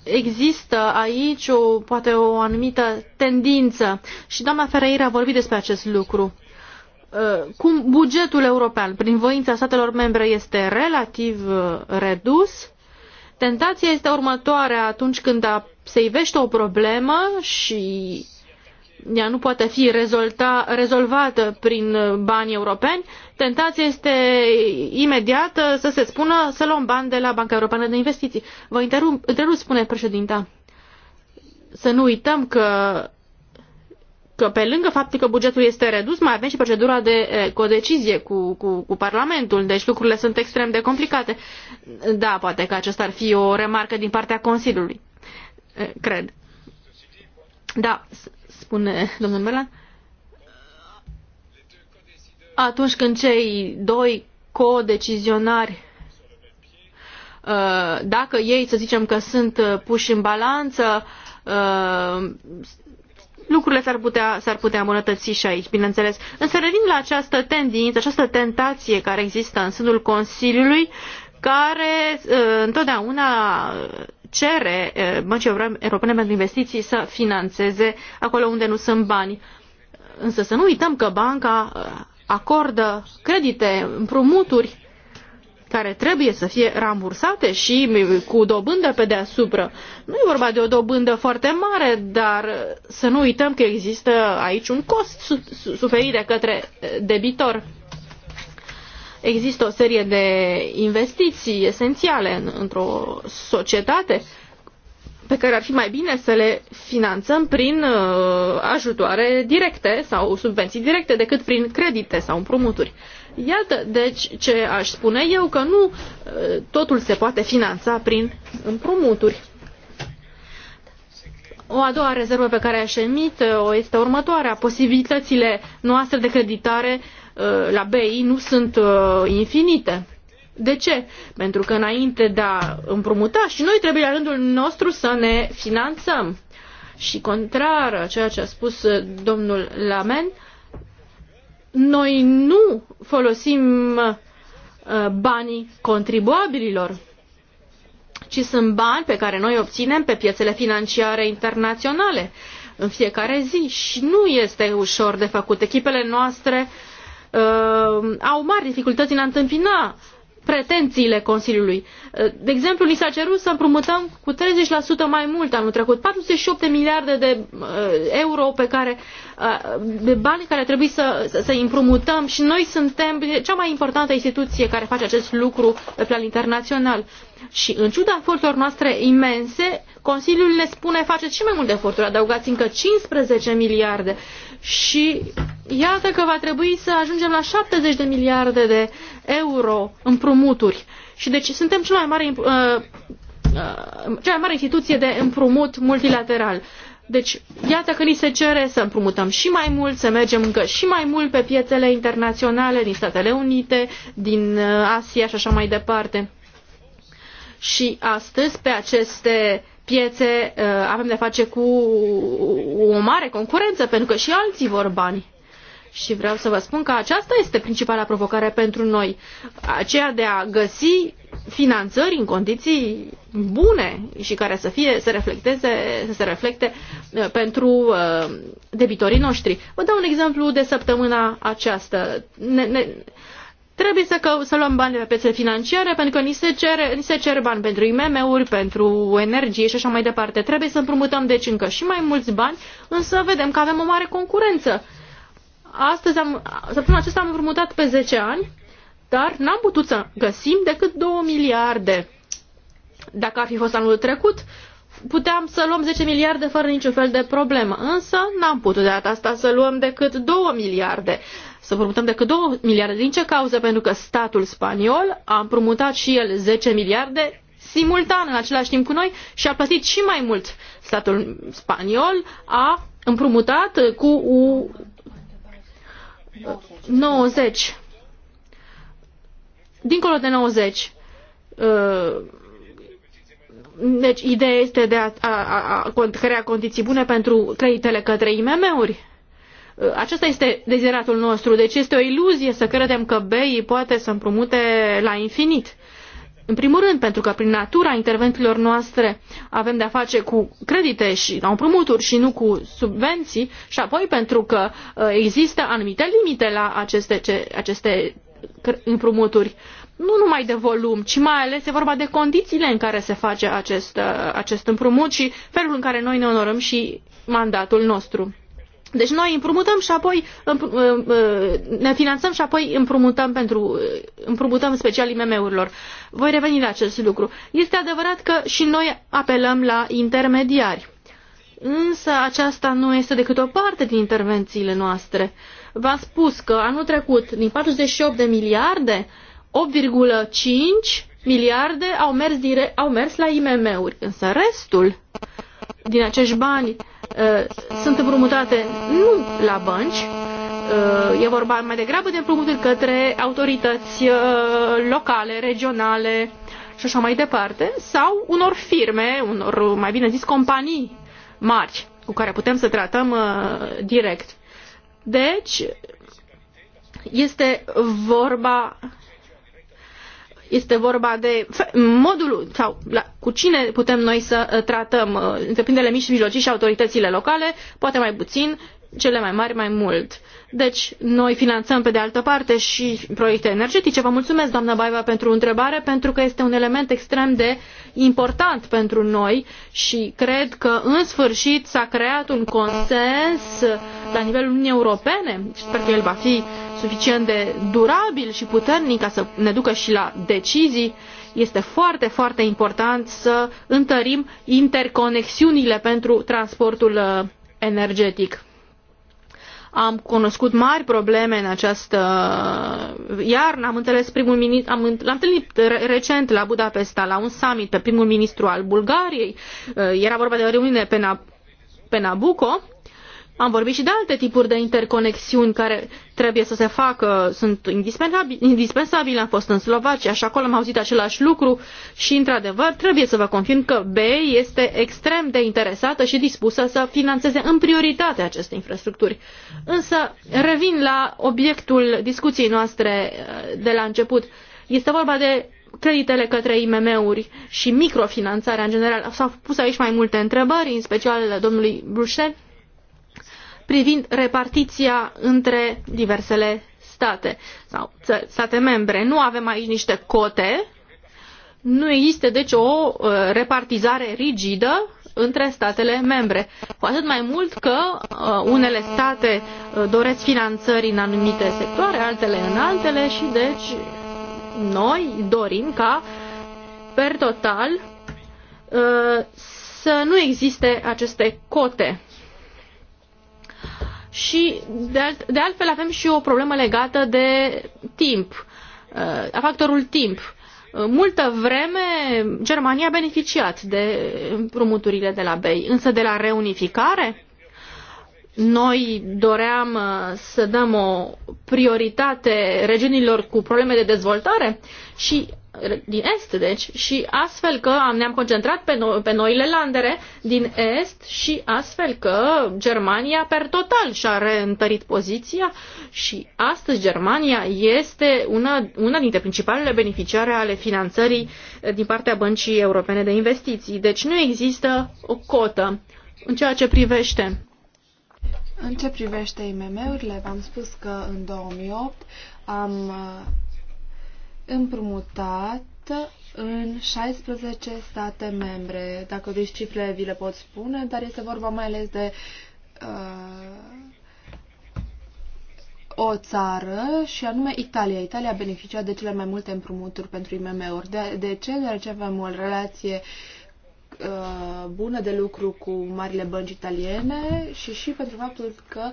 există aici o, poate o anumită tendință și doamna Ferreira a vorbit despre acest lucru. Ă, cum bugetul european, prin voința statelor membre, este relativ ă, redus, tentația este următoarea atunci când se ivește o problemă și ea nu poate fi rezolta, rezolvată prin bani europeni, tentația este imediată să se spună să luăm bani de la Banca Europeană de Investiții. Vă întrerup, întrerup spune președinta. Să nu uităm că, că pe lângă faptul că bugetul este redus, mai avem și procedura de codecizie cu, cu, cu Parlamentul, deci lucrurile sunt extrem de complicate. Da, poate că aceasta ar fi o remarcă din partea Consiliului. Cred. Da, spune domnul Merlan, atunci când cei doi co-decizionari, uh, dacă ei, să zicem că sunt uh, puși în balanță, uh, lucrurile s-ar putea, s-ar putea îmbunătăți și aici, bineînțeles. Însă revin la această tendință, această tentație care există în sânul Consiliului, care întotdeauna cere eh, Băncii Europene pentru Investiții să financeze acolo unde nu sunt bani. Însă să nu uităm că banca eh, acordă credite, împrumuturi care trebuie să fie rambursate și mm, cu dobândă pe deasupra. Nu e vorba de o dobândă foarte mare, dar eh, să nu uităm că există aici un cost suferit de către debitor există o serie de investiții esențiale într-o societate pe care ar fi mai bine să le finanțăm prin uh, ajutoare directe sau subvenții directe decât prin credite sau împrumuturi. Iată, deci, ce aș spune eu, că nu uh, totul se poate finanța prin împrumuturi. O a doua rezervă pe care aș emit o este următoarea. Posibilitățile noastre de creditare uh, la BI nu sunt uh, infinite. De ce? Pentru că înainte de a împrumuta și noi trebuie la rândul nostru să ne finanțăm. Și contrar a ceea ce a spus uh, domnul Lamen, noi nu folosim uh, banii contribuabililor, ci sunt bani pe care noi obținem pe piețele financiare internaționale în fiecare zi și nu este ușor de făcut. Echipele noastre uh, uh, au mari dificultăți în a întâmpina pretențiile Consiliului. Uh, de exemplu, ni s-a cerut să împrumutăm cu 30% mai mult anul trecut, 48 de miliarde de uh, euro pe care, uh, de bani care trebuie să, să, să împrumutăm și noi suntem cea mai importantă instituție care face acest lucru pe plan internațional. Și în ciuda eforturilor noastre imense, Consiliul ne spune faceți și mai multe eforturi, adăugați încă 15 miliarde și iată că va trebui să ajungem la 70 de miliarde de euro împrumuturi. Și deci suntem cea mai mare, uh, uh, cea mai mare instituție de împrumut multilateral. Deci, iată că ni se cere să împrumutăm și mai mult, să mergem încă și mai mult pe piețele internaționale din Statele Unite, din uh, Asia și așa mai departe. Și astăzi, pe aceste piețe, uh, avem de face cu o mare concurență, pentru că și alții vor bani. Și vreau să vă spun că aceasta este principala provocare pentru noi, aceea de a găsi finanțări în condiții bune și care să fie să reflecteze, să se reflecte uh, pentru uh, debitorii noștri. Vă dau un exemplu de săptămâna aceasta. Ne, ne, Trebuie să, că, să luăm bani de pe piețe financiare pentru că ni se, cer, ni se cer bani pentru IMM-uri, pentru energie și așa mai departe. Trebuie să împrumutăm deci încă și mai mulți bani, însă vedem că avem o mare concurență. Astăzi am, săptămâna aceasta am împrumutat pe 10 ani, dar n-am putut să găsim decât 2 miliarde. Dacă ar fi fost anul trecut, puteam să luăm 10 miliarde fără niciun fel de problemă, însă n-am putut de data asta să luăm decât 2 miliarde să împrumutăm decât 2 miliarde. Din ce cauză? Pentru că statul spaniol a împrumutat și el 10 miliarde simultan în același timp cu noi și a plătit și mai mult. Statul spaniol a împrumutat cu 90. Dincolo de 90. Deci, ideea este de a, a, a, a crea condiții bune pentru creditele către IMM-uri. Uh, acesta este deziratul nostru, deci este o iluzie să credem că BEI poate să împrumute la infinit. În primul rând, pentru că prin natura intervențiilor noastre avem de-a face cu credite și împrumuturi și nu cu subvenții și apoi pentru că uh, există anumite limite la aceste, ce, aceste împrumuturi. Nu numai de volum, ci mai ales e vorba de condițiile în care se face acest, uh, acest împrumut și felul în care noi ne onorăm și mandatul nostru. Deci noi împrumutăm și apoi ă, ă, ne finanțăm și apoi împrumutăm pentru ă, împrumutăm special IMM-urilor. Voi reveni la acest lucru. Este adevărat că și noi apelăm la intermediari. Însă aceasta nu este decât o parte din intervențiile noastre. V-am spus că anul trecut, din 48 de miliarde, 8,5 miliarde au mers, dire- au mers la IMM-uri, însă restul din acești bani uh, sunt împrumutate nu la bănci, uh, e vorba mai degrabă de împrumuturi către autorități uh, locale, regionale și așa mai departe, sau unor firme, unor, mai bine zis, companii mari cu care putem să tratăm direct. Deci, este vorba este vorba de modul sau la, cu cine putem noi să uh, tratăm uh, întreprinderile mici și mijlocii și autoritățile locale, poate mai puțin, cele mai mari mai mult. Uh, deci, noi finanțăm pe de altă parte și proiecte energetice. Vă mulțumesc, doamna Baiva, pentru întrebare, pentru că este un element extrem de important pentru noi și cred că, în sfârșit, s-a creat un consens la nivelul Uniunii Europene și sper că el va fi suficient de durabil și puternic ca să ne ducă și la decizii. Este foarte, foarte important să întărim interconexiunile pentru transportul uh, energetic am cunoscut mari probleme în această iarnă. Am înțeles primul ministru, am, l-am întâlnit recent la Budapesta, la un summit pe primul ministru al Bulgariei. Uh, era vorba de o reuniune pe, Na- pe Nabucco am vorbit și de alte tipuri de interconexiuni care trebuie să se facă, sunt indispensabile. Am fost în Slovacia și acolo am auzit același lucru și, într-adevăr, trebuie să vă confirm că BEI este extrem de interesată și dispusă să financeze în prioritate aceste infrastructuri. Însă, revin la obiectul discuției noastre uh, de la început. Este vorba de creditele către IMM-uri și microfinanțarea în general. S-au pus aici mai multe întrebări, în special domnului Bruxelles privind repartiția între diversele state sau state membre. Nu avem aici niște cote, nu există deci o uh, repartizare rigidă între statele membre. Cu atât mai mult că uh, unele state uh, doresc finanțări în anumite sectoare, altele în altele și deci noi dorim ca per total să nu existe aceste cote și de, alt, de altfel avem și o problemă legată de timp, uh, a factorul timp. Uh, multă vreme Germania a beneficiat de împrumuturile de la BEI, însă de la reunificare noi doream uh, să dăm o prioritate regiunilor cu probleme de dezvoltare și din Est, deci, și astfel că ne-am concentrat pe, no pe noile landere din Est și astfel că Germania per total și-a reîntărit poziția și astăzi Germania este una, una dintre principalele beneficiare ale finanțării din partea Băncii Europene de Investiții. Deci nu există o cotă în ceea ce privește. În ce privește IMM-urile, v-am spus că în 2008 am împrumutat în 16 state membre. Dacă vreți cifre, vi le pot spune, dar este vorba mai ales de uh, o țară și anume Italia. Italia a beneficiat de cele mai multe împrumuturi pentru IMM-uri. De, de ce? Deoarece avem o relație uh, bună de lucru cu marile bănci italiene și și pentru faptul că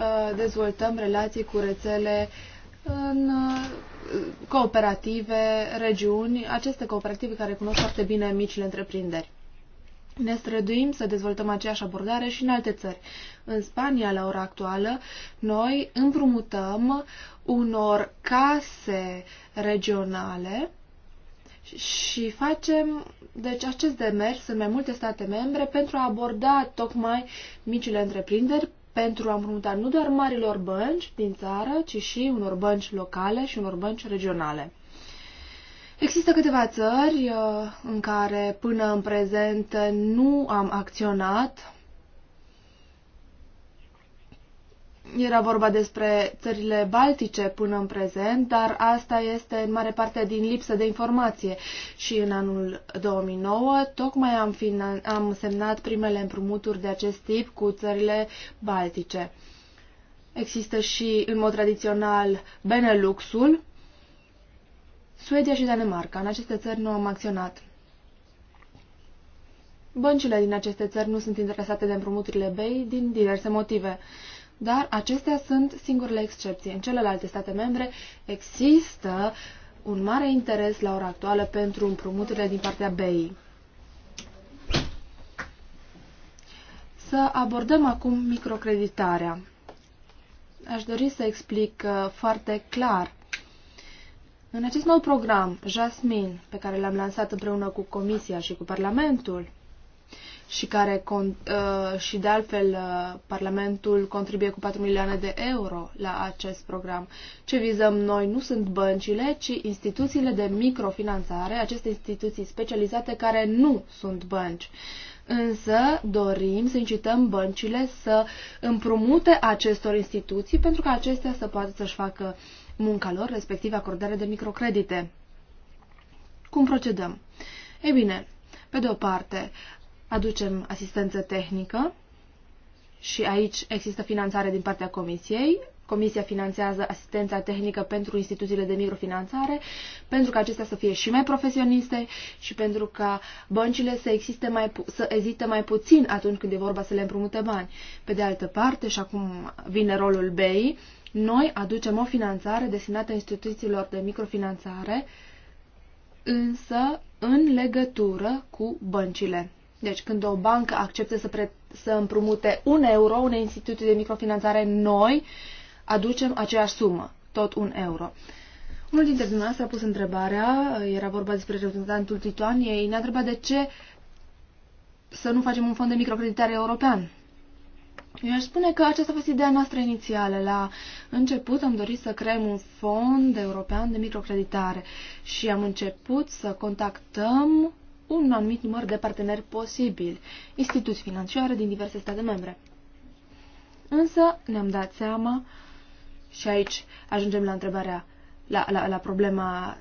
uh, dezvoltăm relații cu rețele în uh, cooperative, regiuni, aceste cooperative care cunosc foarte bine micile întreprinderi. Ne străduim să dezvoltăm aceeași abordare și în alte țări. În Spania, la ora actuală, noi împrumutăm unor case regionale și facem deci acest demers în mai multe state membre pentru a aborda tocmai micile întreprinderi pentru a împrumuta nu doar marilor bănci din țară, ci și unor bănci locale și unor bănci regionale. Există câteva țări uh, în care până în prezent nu am acționat Era vorba despre țările baltice până în prezent, dar asta este în mare parte din lipsă de informație. Și în anul 2009 tocmai am, am semnat primele împrumuturi de acest tip cu țările baltice. Există și, în mod tradițional, Beneluxul, Suedia și Danemarca. În aceste țări nu am acționat. Băncile din aceste țări nu sunt interesate de împrumuturile BEI din diverse motive dar acestea sunt singurele excepții. În celelalte state membre există un mare interes la ora actuală pentru împrumuturile din partea BEI. Să abordăm acum microcreditarea. Aș dori să explic uh, foarte clar. În acest nou program, Jasmine, pe care l-am lansat împreună cu Comisia și cu Parlamentul, și care con, uh, și de altfel uh, Parlamentul contribuie cu 4 milioane de euro la acest program. Ce vizăm noi nu sunt băncile, ci instituțiile de microfinanțare, aceste instituții specializate care nu sunt bănci. Însă dorim să incităm băncile să împrumute acestor instituții pentru că acestea să poată să-și facă munca lor, respectiv acordarea de microcredite. Cum procedăm? Ei bine, pe de o parte, aducem asistență tehnică și aici există finanțare din partea Comisiei. Comisia finanțează asistența tehnică pentru instituțiile de microfinanțare, pentru ca acestea să fie și mai profesioniste și pentru ca băncile să, existe mai, să ezite mai puțin atunci când e vorba să le împrumute bani. Pe de altă parte, și acum vine rolul BEI, noi aducem o finanțare destinată instituțiilor de microfinanțare, însă în legătură cu băncile. Deci când o bancă acceptă să, pre- să împrumute un euro unei instituții de microfinanțare, noi aducem aceeași sumă, tot un euro. Unul dintre dumneavoastră a pus întrebarea, era vorba despre reprezentantul Titoaniei, ne-a întrebat de ce să nu facem un fond de microcreditare european. Eu aș spune că aceasta a fost ideea noastră inițială. La început am dorit să creăm un fond european de microcreditare și am început să contactăm un anumit număr de parteneri posibili, instituții financiare din diverse state membre. Însă ne-am dat seama, și aici ajungem la întrebarea, la, la, la problema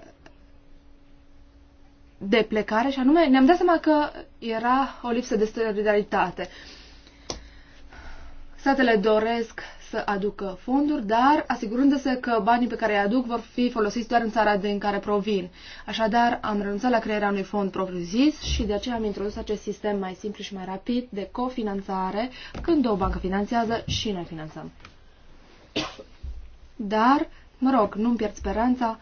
de plecare, și anume ne-am dat seama că era o lipsă de solidaritate. Uh, Statele doresc să aducă fonduri, dar asigurându-se că banii pe care îi aduc vor fi folosiți doar în țara din care provin. Așadar, am renunțat la crearea unui fond propriu-zis și de aceea am introdus acest sistem mai simplu și mai rapid de cofinanțare când o bancă finanțează și noi finanțăm. Dar, mă rog, nu-mi pierd speranța,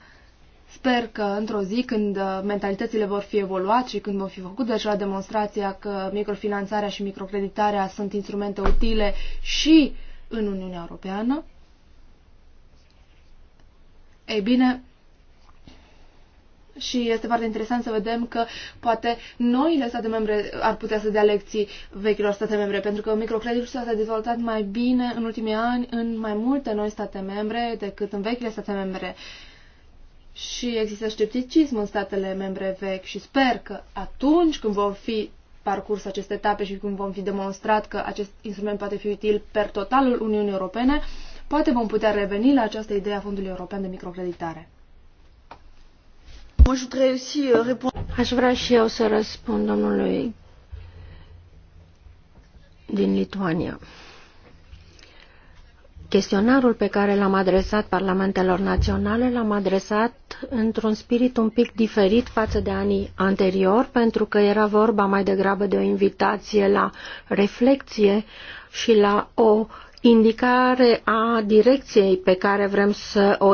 Sper că într-o zi, când uh, mentalitățile vor fi evoluat și când vor fi făcut deja demonstrația că microfinanțarea și microcreditarea sunt instrumente utile și în Uniunea Europeană, ei bine, și este foarte interesant să vedem că poate noile state membre ar putea să dea lecții vechilor state membre, pentru că microcreditul s-a dezvoltat mai bine în ultimii ani în mai multe noi state membre decât în vechile state membre. Uh, și există scepticism în statele membre vechi și sper că atunci când vom fi parcurs aceste etape și când vom fi demonstrat că acest instrument poate fi util per totalul Uniunii Europene, poate vom putea reveni la această idee a Fondului European de Microcreditare. Euh, Aș vrea și eu să răspund domnului din Lituania. Chestionarul pe care l-am adresat parlamentelor naționale l-am adresat într-un spirit un pic diferit față de anii anterior, pentru că era vorba mai degrabă de o invitație la reflexie și la o indicare a direcției pe care vrem să o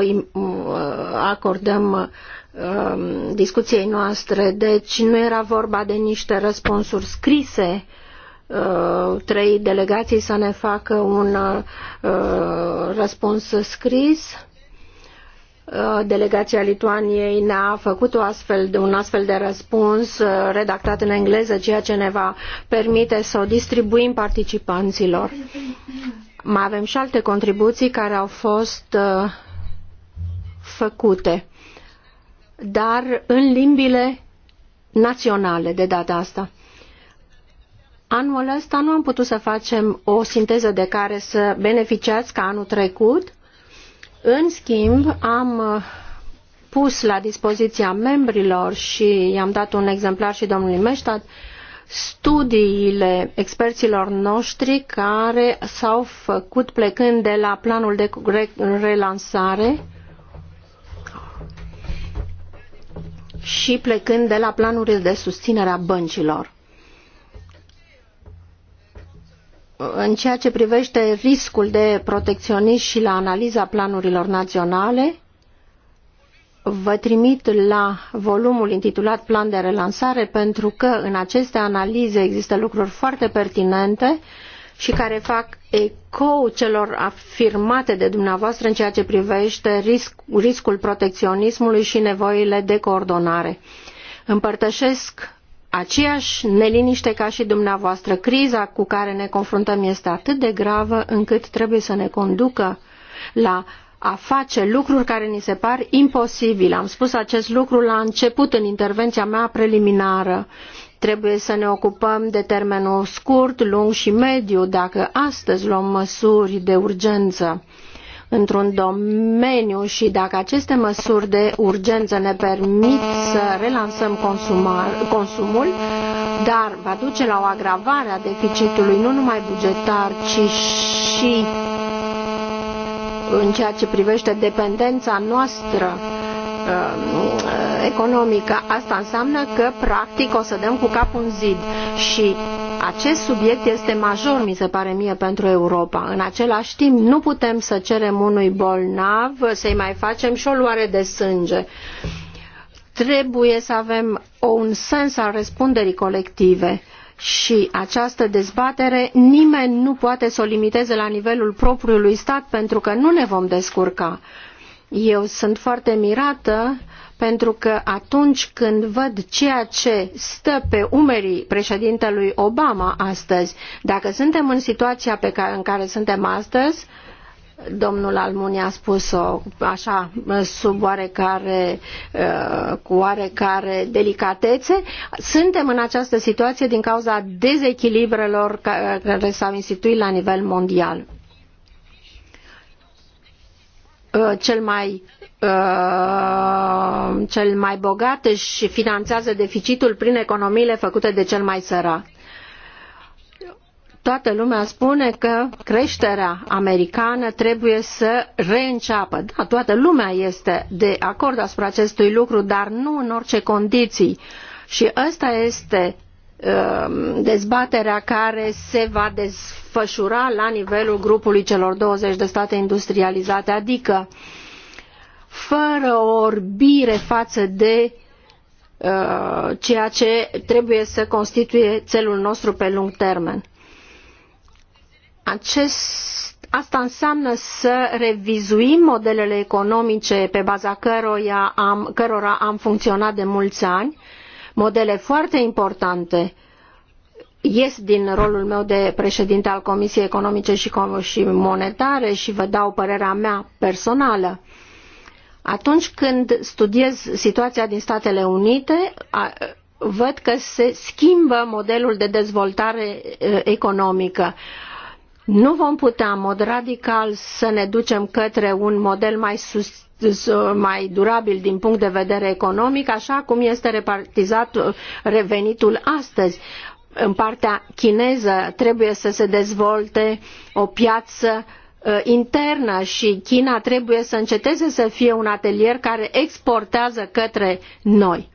acordăm um, discuției noastre. Deci nu era vorba de niște răspunsuri scrise Uh, trei delegații să ne facă un uh, răspuns scris. Uh, delegația Lituaniei ne-a făcut o astfel, un astfel de răspuns redactat în engleză, ceea ce ne va permite să o distribuim participanților. Mai avem și alte contribuții care au fost făcute, dar în limbile naționale de data asta. Anul ăsta nu am putut să facem o sinteză de care să beneficiați ca anul trecut. În schimb, am uh, pus la dispoziția membrilor și i-am dat un exemplar și domnului Meștat studiile experților noștri care s-au făcut plecând de la planul de relansare și plecând de la planurile de susținere a băncilor. în ceea ce privește riscul de protecționism și la analiza planurilor naționale, vă trimit la volumul intitulat Plan de relansare pentru că în aceste analize există lucruri foarte pertinente și care fac ecou celor afirmate de dumneavoastră în ceea ce privește risc, riscul protecționismului și nevoile de coordonare. Împărtășesc aceeași neliniște ca și dumneavoastră. Criza cu care ne confruntăm este atât de gravă încât trebuie să ne conducă la a face lucruri care ni se par imposibile. Am spus acest lucru la început în intervenția mea preliminară. Trebuie să ne ocupăm de termenul scurt, lung și mediu dacă astăzi luăm măsuri de urgență într-un domeniu și dacă aceste măsuri de urgență ne permit să relansăm consumul, dar va duce la o agravare a deficitului nu numai bugetar, ci și în ceea ce privește dependența noastră uh, economică. Asta înseamnă că, practic, o să dăm cu capul un zid. Și acest subiect este major, mi se pare mie, pentru Europa. În același timp, nu putem să cerem unui bolnav să-i mai facem și o luare de sânge. Trebuie să avem un sens al răspunderii colective și această dezbatere nimeni nu poate să o limiteze la nivelul propriului stat pentru că nu ne vom descurca. Eu sunt foarte mirată pentru că atunci când văd ceea ce stă pe umerii președintelui Obama astăzi, dacă suntem în situația pe care, în care suntem astăzi, domnul Almuni a spus-o așa sub oarecare, uh, cu oarecare delicatețe. Suntem în această situație din cauza dezechilibrelor care s-au instituit la nivel mondial. Uh, cel mai uh, cel mai bogat își finanțează deficitul prin economiile făcute de cel mai sărac. Toată lumea spune că creșterea americană trebuie să reînceapă. Da, toată lumea este de acord asupra acestui lucru, dar nu în orice condiții. Și ăsta este Um, dezbaterea care se va desfășura la nivelul grupului celor 20 de state industrializate, adică fără o orbire față de uh, ceea ce trebuie să constituie țelul nostru pe lung termen. Acest, asta înseamnă să revizuim modelele economice pe baza căroia am, cărora am funcționat de mulți ani, modele foarte importante ies din rolul meu de președinte al Comisiei Economice și, Monetare și vă dau părerea mea personală. Atunci când studiez situația din Statele Unite, văd că se schimbă modelul de dezvoltare economică. Nu vom putea în mod radical să ne ducem către un model mai sus mai durabil din punct de vedere economic, așa cum este repartizat uh, revenitul astăzi. În partea chineză trebuie să se dezvolte o piață uh, internă și China trebuie să înceteze să fie un atelier care exportează către noi.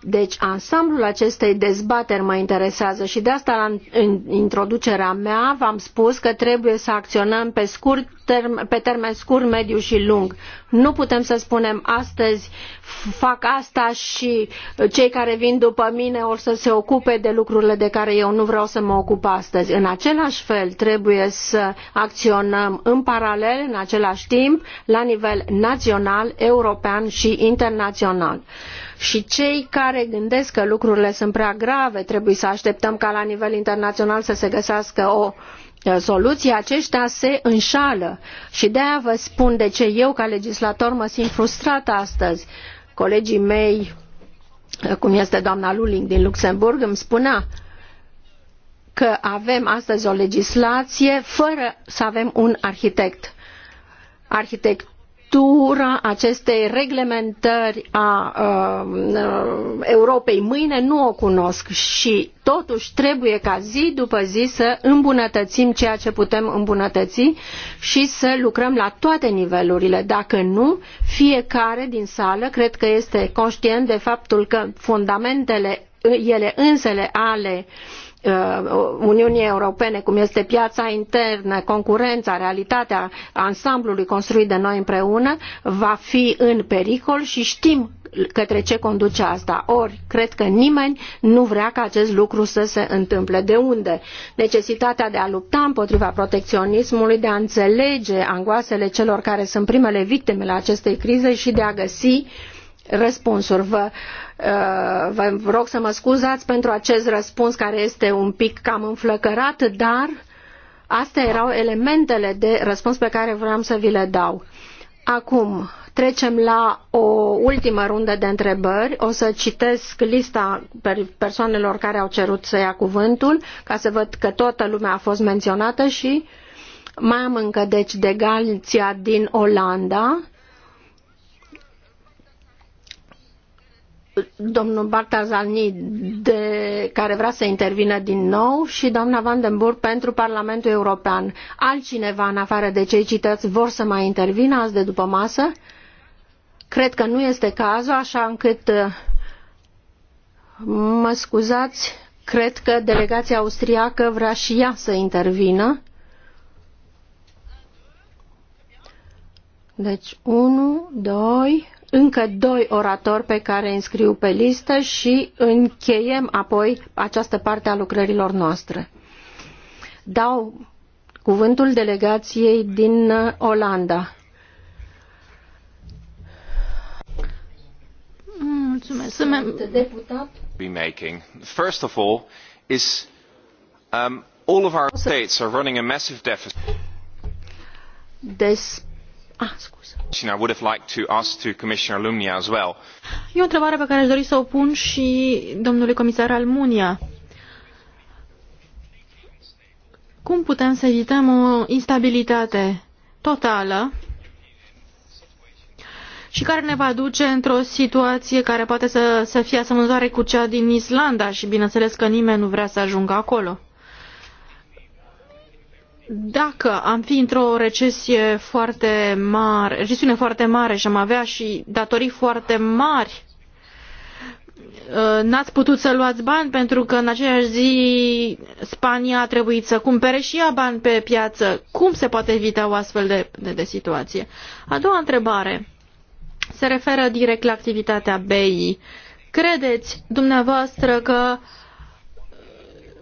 Deci ansamblul acestei dezbateri mă interesează și de asta în introducerea mea v-am spus că trebuie să acționăm pe, scurt, term, pe termen scurt, mediu și lung. Nu putem să spunem astăzi fac asta și cei care vin după mine or să se ocupe de lucrurile de care eu nu vreau să mă ocup astăzi. În același fel trebuie să acționăm în paralel, în același timp, la nivel național, european și internațional și cei care gândesc că lucrurile sunt prea grave, trebuie să așteptăm ca la nivel internațional să se găsească o soluție, aceștia se înșală. Și de aia vă spun de ce eu ca legislator mă simt frustrată astăzi. Colegii mei, cum este doamna Luling din Luxemburg, îmi spunea că avem astăzi o legislație fără să avem un arhitect. Arhitect structura acestei reglementări a Europei mâine nu o cunosc și totuși trebuie ca zi după zi să îmbunătățim ceea ce putem îmbunătăți și să lucrăm la toate nivelurile. Dacă nu, fiecare din sală cred că este conștient de faptul că fundamentele ele însele ale uh, Uh, Uniunii Europene, cum este piața internă, concurența, realitatea ansamblului construit de noi împreună, va fi în pericol și știm către ce conduce asta. Ori, cred că nimeni nu vrea ca acest lucru să se întâmple. De unde? Necesitatea de a lupta împotriva protecționismului, de a înțelege angoasele celor care sunt primele victime la acestei crize și de a găsi răspunsuri. Vă Uh, vă rog să mă scuzați pentru acest răspuns care este un pic cam înflăcărat, dar astea erau elementele de răspuns pe care vreau să vi le dau. Acum trecem la o ultimă rundă de întrebări. O să citesc lista persoanelor care au cerut să ia cuvântul, ca să văd că toată lumea a fost menționată și mai am încă deci de Galția din Olanda, domnul Bartazalni, de, care vrea să intervină din nou, și doamna Vandenburg pentru Parlamentul European. Altcineva, în afară de cei citați, vor să mai intervină azi de după masă? Cred că nu este cazul, așa încât mă scuzați, cred că delegația austriacă vrea și ea să intervină. Deci, 1, 2, încă doi oratori pe care îi înscriu pe listă și încheiem apoi această parte a lucrărilor noastre. Dau cuvântul delegației din uh, Olanda. Mulțumesc. First of all, is um, all of our states are running a massive deficit. Des E o întrebare pe care aș dori să o pun și domnului comisar Almunia. Cum putem să evităm o instabilitate totală și care ne va duce într-o situație care poate să, să fie asemănătoare cu cea din Islanda și bineînțeles că nimeni nu vrea să ajungă acolo dacă am fi într-o recesie foarte mare, recesiune foarte mare și am avea și datorii foarte mari, uh, n-ați putut să luați bani pentru că în aceeași zi Spania a trebuit să cumpere și ea bani pe piață. Cum se poate evita o astfel de, de, de situație? A doua întrebare se referă direct la activitatea BEI. Credeți dumneavoastră că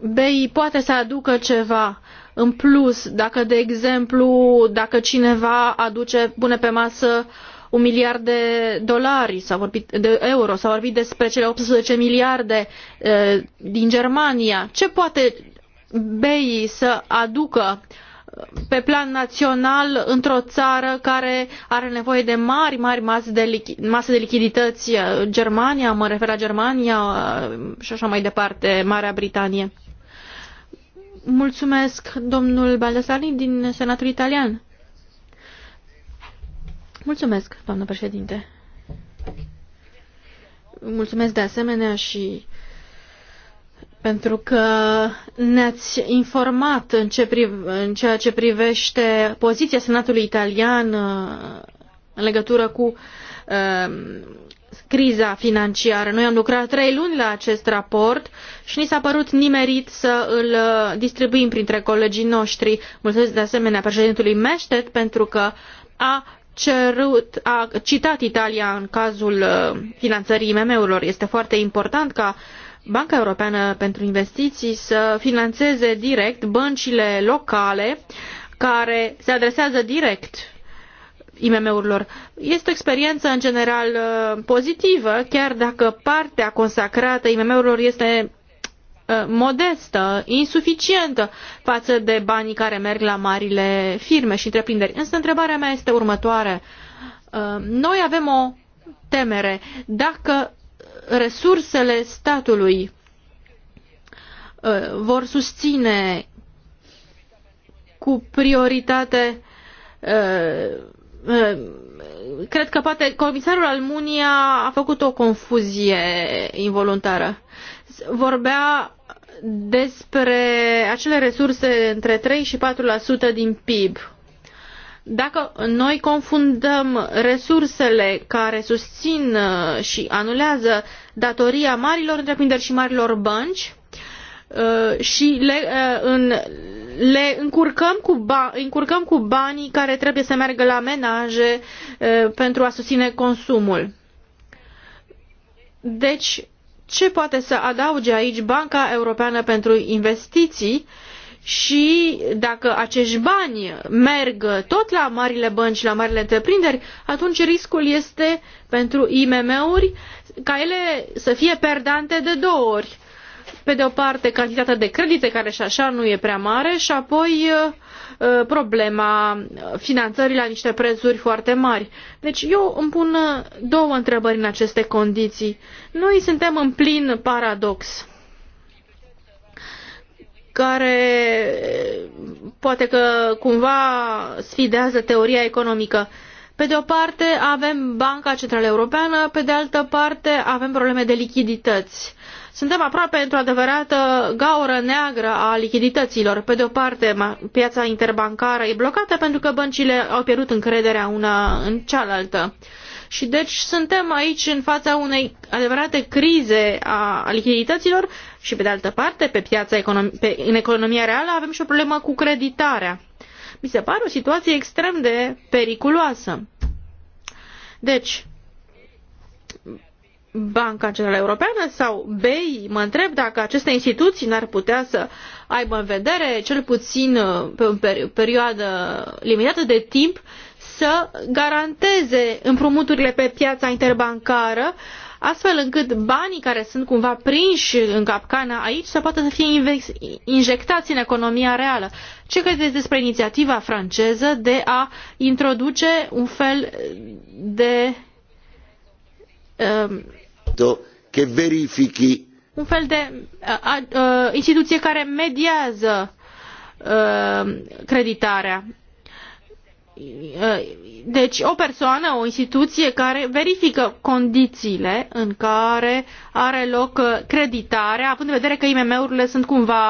BEI poate să aducă ceva uh, în plus, dacă, de exemplu, dacă cineva aduce, pune pe masă un miliard de dolari, s-a vorbit de euro, s-a vorbit despre cele 18 miliarde e, din Germania, ce poate BEI să aducă pe plan național într-o țară care are nevoie de mari, mari mase de, lichi- mase de lichidități, Germania, mă refer la Germania și așa mai departe, Marea Britanie. Mulțumesc, domnul Baldessari din Senatul Italian. Mulțumesc, doamnă președinte. Mulțumesc de asemenea și pentru că ne-ați informat în, ce priv- în ceea ce privește poziția Senatului Italian uh, în legătură cu uh, Um, criza financiară. Noi am lucrat trei luni la acest raport și ni s-a părut nimerit să îl uh, distribuim printre colegii noștri. Mulțumesc de asemenea președintului Meștet pentru că a cerut, a citat Italia în cazul uh, finanțării IMM-urilor. Este foarte important ca Banca Europeană pentru Investiții să financeze direct băncile locale care se adresează direct IMM-urilor. Este o experiență în general uh, pozitivă, chiar dacă partea consacrată IMM-urilor este uh, modestă, insuficientă față de banii care merg la marile firme și întreprinderi. Însă întrebarea mea este următoare. Uh, noi avem o temere. Dacă resursele statului vor susține cu prioritate Ehm, cred că poate comisarul Almunia a făcut o confuzie involuntară. Vorbea despre acele resurse între 3 și 4% din PIB. Dacă noi confundăm resursele care susțin și anulează datoria marilor întreprinderi și marilor bănci, Uh, și le, uh, în, le încurcăm cu, ba, încurcăm cu banii care trebuie să meargă la menaje uh, pentru a susține consumul. Deci, ce poate să adauge aici Banca Europeană pentru Investiții și dacă acești bani merg tot la marile bănci, la marile întreprinderi, atunci riscul este pentru IMM-uri ca ele să fie perdante de două ori pe de o parte cantitatea de credite care și așa nu e prea mare și apoi uh, uh, problema uh, finanțării la niște prețuri foarte mari. Deci eu îmi pun două întrebări în aceste condiții. Noi suntem în plin paradox care poate că cumva sfidează teoria economică. Pe de o parte avem Banca Centrală Europeană, pe de altă parte avem probleme de lichidități. Suntem aproape într-o adevărată gaură neagră a lichidităților. Pe de o parte, piața interbancară e blocată pentru că băncile au pierdut încrederea una în cealaltă. Și deci suntem aici în fața unei adevărate crize a lichidităților și pe de altă parte, pe piața econom- pe, în economia reală avem și o problemă cu creditarea. Mi se pare o situație extrem de periculoasă. Deci, Banca Centrală Europeană sau BEI. Mă întreb dacă aceste instituții n-ar putea să aibă în vedere, cel puțin uh, pe o perioadă limitată de timp, să garanteze împrumuturile pe piața interbancară, astfel încât banii care sunt cumva prinși în capcana aici să poată să fie injectați în economia reală. Ce credeți despre inițiativa franceză de a introduce un fel de um, che verifichi un fel de a, a, instituție care mediază a, creditarea. Deci o persoană, o instituție care verifică condițiile în care are loc creditarea, având în vedere că IMM-urile sunt cumva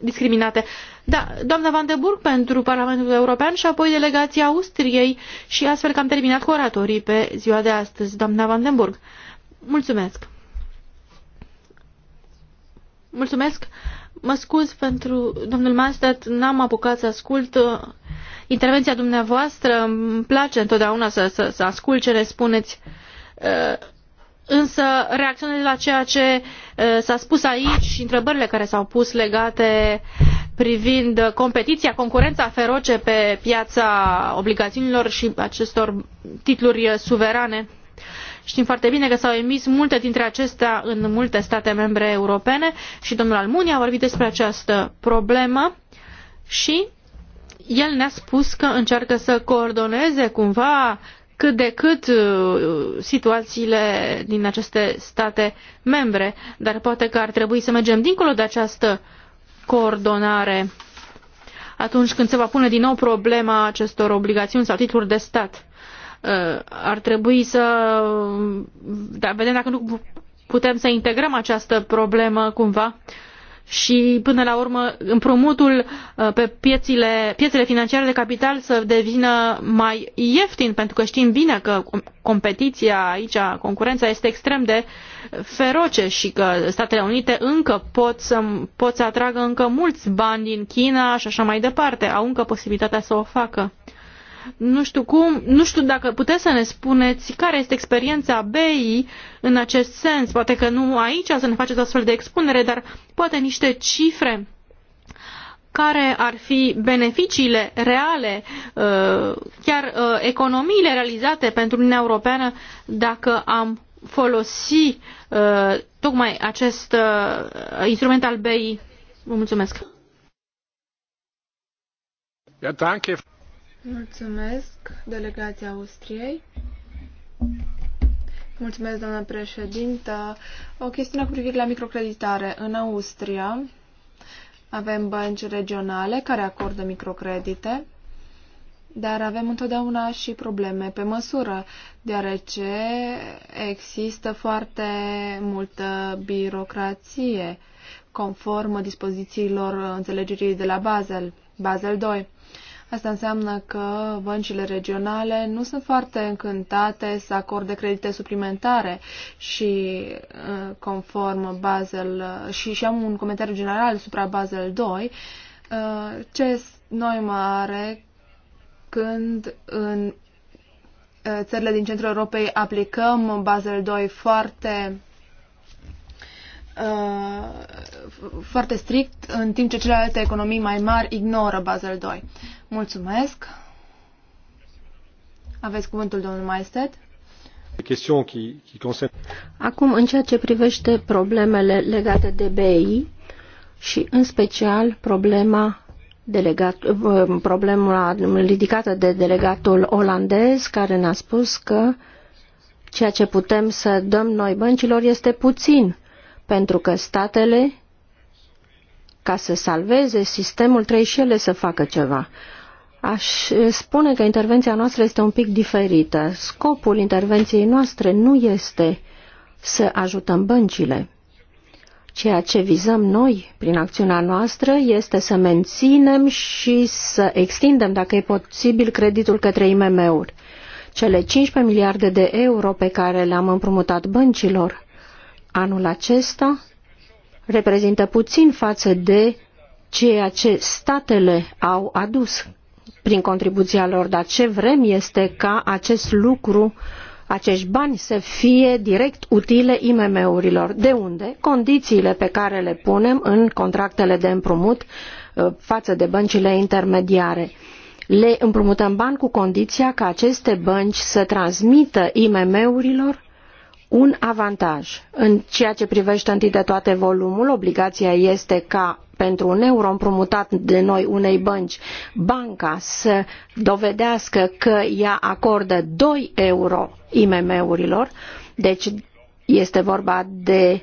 discriminate da, doamna Van de Burg pentru Parlamentul European și apoi delegația Austriei și astfel că am terminat cu oratorii pe ziua de astăzi, doamna Van de Burg. Mulțumesc! Mulțumesc! Mă scuz pentru domnul Mastat, n-am apucat să ascult uh, intervenția dumneavoastră. Îmi place întotdeauna să, să, să ascult ce le spuneți uh, însă reacționez la ceea ce uh, s a spus aici și întrebările care s au pus legate privind competiția, concurența feroce pe piața obligațiunilor și acestor titluri suverane. Știm foarte bine că s-au emis multe dintre acestea în multe state membre europene și domnul Almunia a vorbit despre această problemă și el ne-a spus că încearcă să coordoneze cumva cât de cât uh, situațiile din aceste state membre, dar poate că ar trebui să mergem dincolo de această uh, coordonare atunci când se va pune din nou problema acestor obligațiuni sau titluri de stat. Uh, ar trebui să da, vedem dacă nu putem să integrăm această problemă cumva și până la urmă împrumutul uh, pe piețile, piețele financiare de capital să devină mai ieftin, pentru că știm bine că competiția aici, concurența este extrem de feroce și că Statele Unite încă pot să, pot să atragă încă mulți bani din China și așa mai departe, au încă posibilitatea să o facă. Nu știu cum, nu știu dacă puteți să ne spuneți care este experiența BEI în acest sens. Poate că nu aici să ne faceți astfel de expunere, dar poate niște cifre care ar fi beneficiile reale, uh, chiar uh, economiile realizate pentru Uniunea Europeană dacă am folosi uh, tocmai acest instrument al BEI. Vă mulțumesc. Ja, danke. Mulțumesc, delegația Austriei. Mulțumesc, doamna președintă. O chestiune cu privire la microcreditare. În Austria avem bănci regionale care acordă microcredite, dar avem întotdeauna și probleme pe măsură, deoarece există foarte multă birocrație conform dispozițiilor înțelegerii de la Basel, Basel 2. Asta înseamnă că băncile regionale nu sunt foarte încântate să acorde credite suplimentare și uh, conform Basel uh, și, și am un comentariu general supra Basel 2. Uh, ce noi mare când în țările din centrul Europei aplicăm Basel 2 foarte Uh, foarte strict, în timp ce celelalte economii mai mari ignoră Basel II. Mulțumesc. Aveți cuvântul, domnul Maestet. Acum, în ceea ce privește problemele legate de BI și, în special, problema delegat, problema ridicată de delegatul olandez care ne-a spus că ceea ce putem să dăm noi băncilor este puțin pentru că statele, ca să salveze sistemul, trebuie și ele să facă ceva. Aș eh, spune că intervenția noastră este un pic diferită. Scopul intervenției noastre nu este să ajutăm băncile. Ceea ce vizăm noi prin acțiunea noastră este să menținem și să extindem, dacă e posibil, creditul către IMM-uri. Cele 15 miliarde de euro pe care le-am împrumutat băncilor anul acesta reprezintă puțin față de ceea ce statele au adus prin contribuția lor, dar ce vrem este ca acest lucru, acești bani să fie direct utile IMM-urilor. De unde? Condițiile pe care le punem în contractele de împrumut uh, față de băncile intermediare le împrumutăm bani cu condiția ca aceste bănci să transmită IMM-urilor un avantaj. În ceea ce privește întâi de toate volumul, obligația este ca pentru un euro împrumutat de noi unei bănci, banca să dovedească că ea acordă 2 euro IMM-urilor, deci este vorba de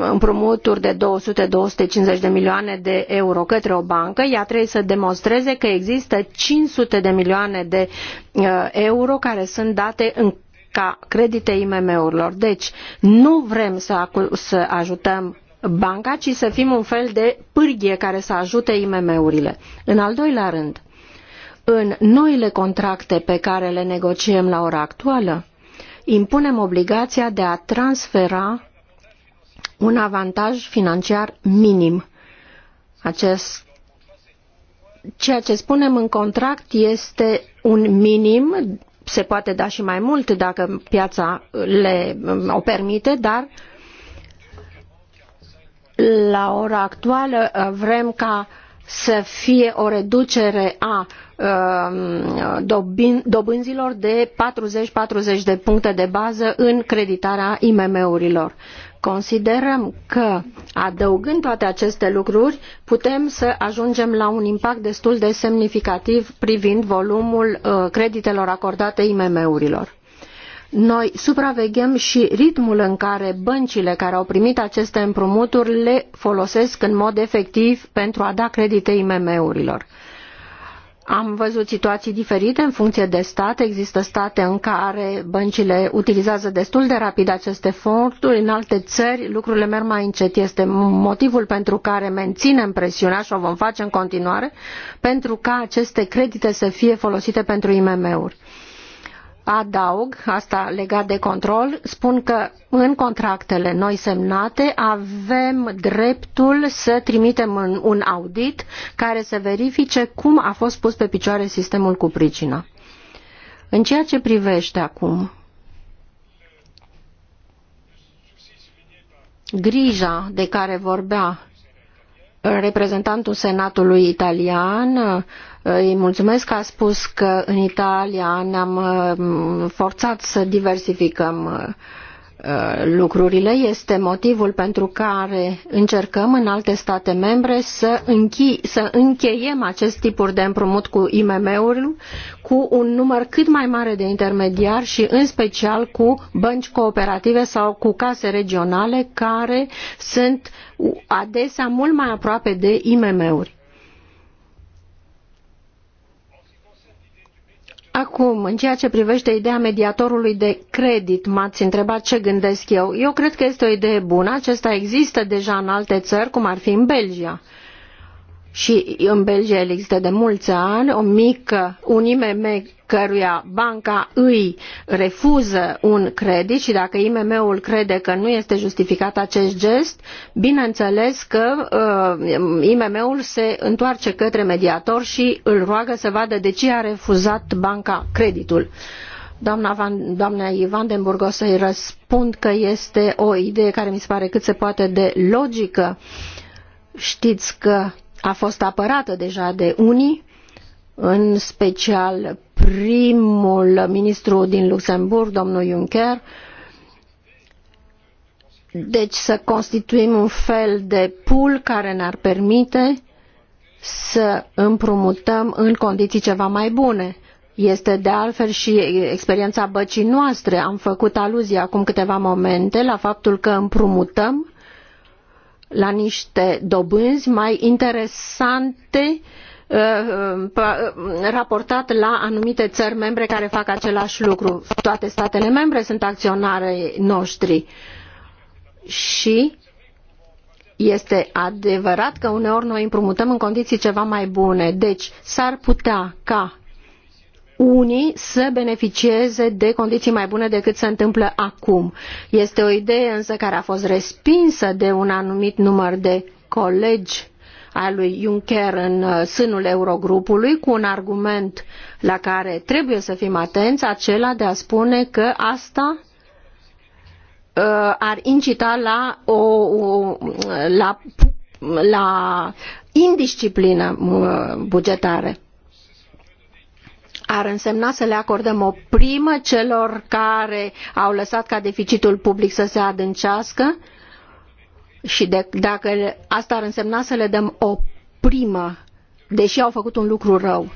împrumuturi de 200-250 de milioane de euro către o bancă, ea trebuie să demonstreze că există 500 de milioane de uh, euro care sunt date în ca credite IMM-urilor. Deci nu vrem să, să ajutăm banca, ci să fim un fel de pârghie care să ajute IMM-urile. În al doilea rând, în noile contracte pe care le negociem la ora actuală, impunem obligația de a transfera un avantaj financiar minim. Acest, ceea ce spunem în contract este un minim se poate da și mai mult dacă piața le um, o permite, dar la ora actuală uh, vrem ca să fie o reducere a um, dobânzilor de 40-40 de puncte de bază în creditarea IMM-urilor. Considerăm că, adăugând toate aceste lucruri, putem să ajungem la un impact destul de semnificativ privind volumul uh, creditelor acordate IMM-urilor. Noi supraveghem și ritmul în care băncile care au primit aceste împrumuturi le folosesc în mod efectiv pentru a da credite IMM-urilor. Am văzut situații diferite în funcție de stat. Există state în care băncile utilizează destul de rapid aceste fonduri. În alte țări lucrurile merg mai încet. Este motivul pentru care menținem presiunea și o vom face în continuare pentru ca aceste credite să fie folosite pentru IMM-uri adaug, asta legat de control, spun că în contractele noi semnate avem dreptul să trimitem în un audit care să verifice cum a fost pus pe picioare sistemul cu pricina. În ceea ce privește acum grija de care vorbea reprezentantul Senatului italian, îi mulțumesc că a spus că în Italia ne-am uh, forțat să diversificăm uh, uh, lucrurile. Este motivul pentru care încercăm în alte state membre să, închi, să încheiem acest tipuri de împrumut cu IMM-uri cu un număr cât mai mare de intermediari și în special cu bănci cooperative sau cu case regionale care sunt adesea mult mai aproape de IMM-uri. Acum, în ceea ce privește ideea mediatorului de credit, m-ați întrebat ce gândesc eu. Eu cred că este o idee bună, acesta există deja în alte țări, cum ar fi în Belgia. Și în Belgia există de mulți ani, o mică, un IMM căruia banca îi refuză un credit și dacă IMM-ul crede că nu este justificat acest gest, bineînțeles că uh, IMM-ul se întoarce către mediator și îl roagă să vadă de ce a refuzat banca creditul. Doamna, Van, doamna Vandenburg o să-i răspund că este o idee care mi se pare cât se poate de logică. Știți că a fost apărată deja de unii, în special primul ministru din Luxemburg, domnul Juncker, deci să constituim un fel de pool care ne-ar permite să împrumutăm în condiții ceva mai bune. Este de altfel și experiența băcii noastre. Am făcut aluzie acum câteva momente la faptul că împrumutăm la niște dobânzi mai interesante uh, Uh, uh, raportat la anumite țări membre care fac același lucru. Toate statele membre sunt acționarii noștri și este adevărat că uneori noi împrumutăm în condiții ceva mai bune. Deci s-ar putea ca unii să beneficieze de condiții mai bune decât se întâmplă acum. Este o idee însă care a fost respinsă de un anumit număr de colegi a lui Juncker în uh, sânul Eurogrupului cu un argument la care trebuie să fim atenți, acela de a spune că asta uh, ar incita la, o, la, la indisciplină uh, bugetară ar însemna să le acordăm o primă celor care au lăsat ca deficitul public să se adâncească și de, dacă asta ar însemna să le dăm o primă, deși au făcut un lucru rău.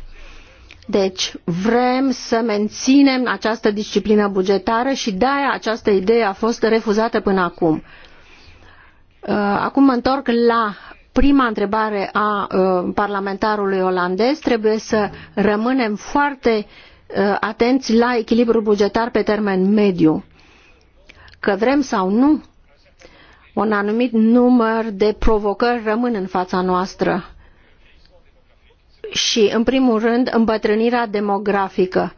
Deci vrem să menținem această disciplină bugetară și de-aia această idee a fost refuzată până acum. Uh, acum mă întorc la prima întrebare a uh, parlamentarului olandez. Trebuie să rămânem foarte uh, atenți la echilibrul bugetar pe termen mediu. Că vrem sau nu, un anumit număr de provocări rămân în fața noastră. Și, în primul rând, îmbătrânirea demografică.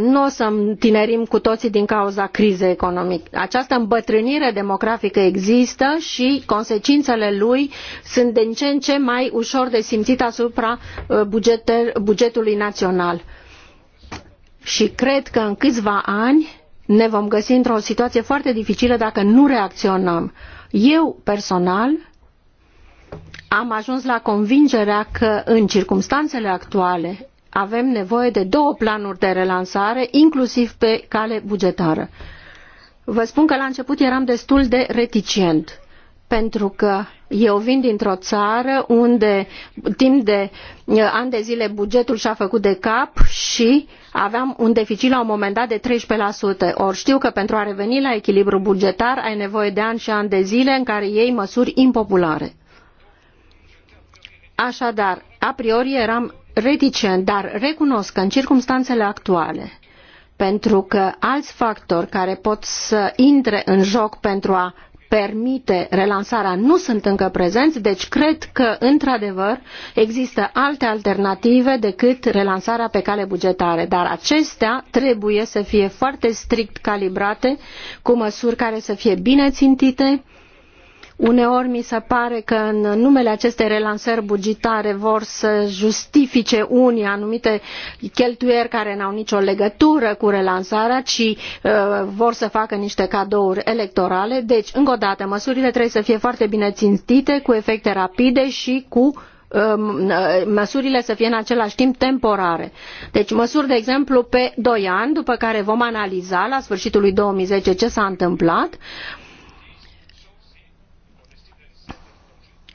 Nu o să tinerim cu toții din cauza crizei economice. Această îmbătrânire demografică există și consecințele lui sunt din ce în ce mai ușor de simțit asupra uh, bugetului național. Și cred că în câțiva ani ne vom găsi într-o situație foarte dificilă dacă nu reacționăm. Eu personal am ajuns la convingerea că în circumstanțele actuale avem nevoie de două planuri de relansare, inclusiv pe cale bugetară. Vă spun că la început eram destul de reticent pentru că eu vin dintr-o țară unde timp de uh, ani de zile bugetul și-a făcut de cap și aveam un deficit la un moment dat de 13%. Ori știu că pentru a reveni la echilibru bugetar ai nevoie de ani și ani de zile în care iei măsuri impopulare. Așadar, a priori eram reticent, dar recunosc că în circumstanțele actuale, pentru că alți factori care pot să intre în joc pentru a permite relansarea nu sunt încă prezenți, deci cred că, într-adevăr, există alte alternative decât relansarea pe cale bugetare, dar acestea trebuie să fie foarte strict calibrate, cu măsuri care să fie bine țintite, Uneori mi se pare că în numele acestei relansări bugetare vor să justifice unii anumite cheltuieri care n-au nicio legătură cu relansarea, ci uh, vor să facă niște cadouri electorale. Deci, încă o dată, măsurile trebuie să fie foarte bine țintite, cu efecte rapide și cu um, uh, măsurile să fie în același timp temporare. Deci măsuri, de exemplu, pe doi ani, după care vom analiza la sfârșitul lui 2010 ce s-a întâmplat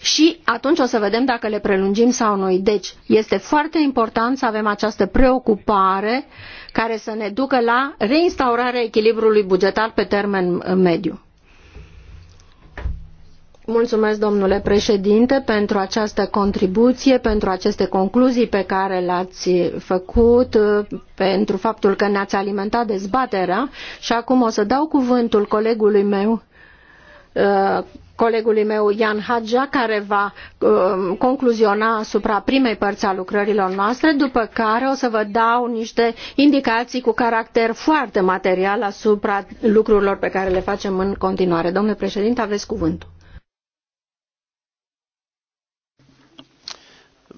și atunci o să vedem dacă le prelungim sau nu. Deci este foarte important să avem această preocupare care să ne ducă la reinstaurarea echilibrului bugetar pe termen mediu. Mulțumesc, domnule președinte, pentru această contribuție, pentru aceste concluzii pe care le-ați făcut, pentru faptul că ne-ați alimentat dezbaterea și acum o să dau cuvântul colegului meu, colegului meu Ian Hagia, care va um, concluziona asupra primei părți a lucrărilor noastre, după care o să vă dau niște indicații cu caracter foarte material asupra lucrurilor pe care le facem în continuare. Domnule președinte, aveți cuvântul.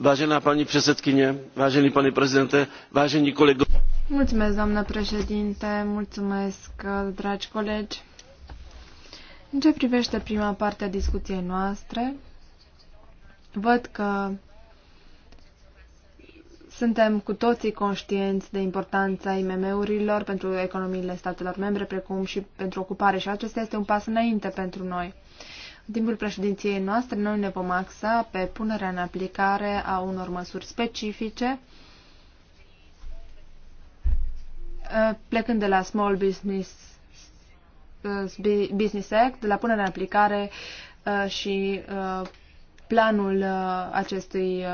vážená paní předsedkyně vážený pane prezidente vážení kolegové mulțumesc doamnă președinte mulțumesc dragi colegi în ce privește prima parte a discuției noastre, văd că suntem cu toții conștienți de importanța IMM-urilor pentru economiile statelor membre, precum și pentru ocupare și acesta este un pas înainte pentru noi. În timpul președinției noastre, noi ne vom axa pe punerea în aplicare a unor măsuri specifice, plecând de la Small Business Uh, Business Act, la punerea în aplicare uh, și uh, planul acestui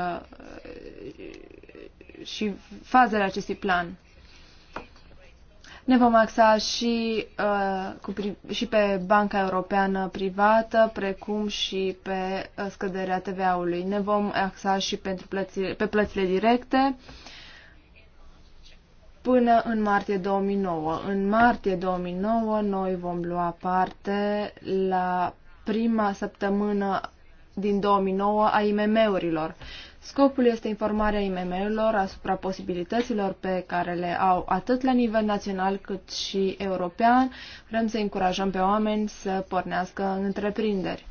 și fazele acestui plan. Ne vom axa și, uh, cu, și pe Banca Europeană Privată, precum și pe scăderea TVA-ului. Ne vom axa și pentru plățile, pe plățile directe. Uh, până în martie 2009. În martie 2009 noi vom lua parte la prima săptămână din 2009 a IMM-urilor. Scopul este informarea IMM-urilor asupra posibilităților pe care le au atât la nivel național cât și european. Vrem să încurajăm pe oameni să pornească în întreprinderi.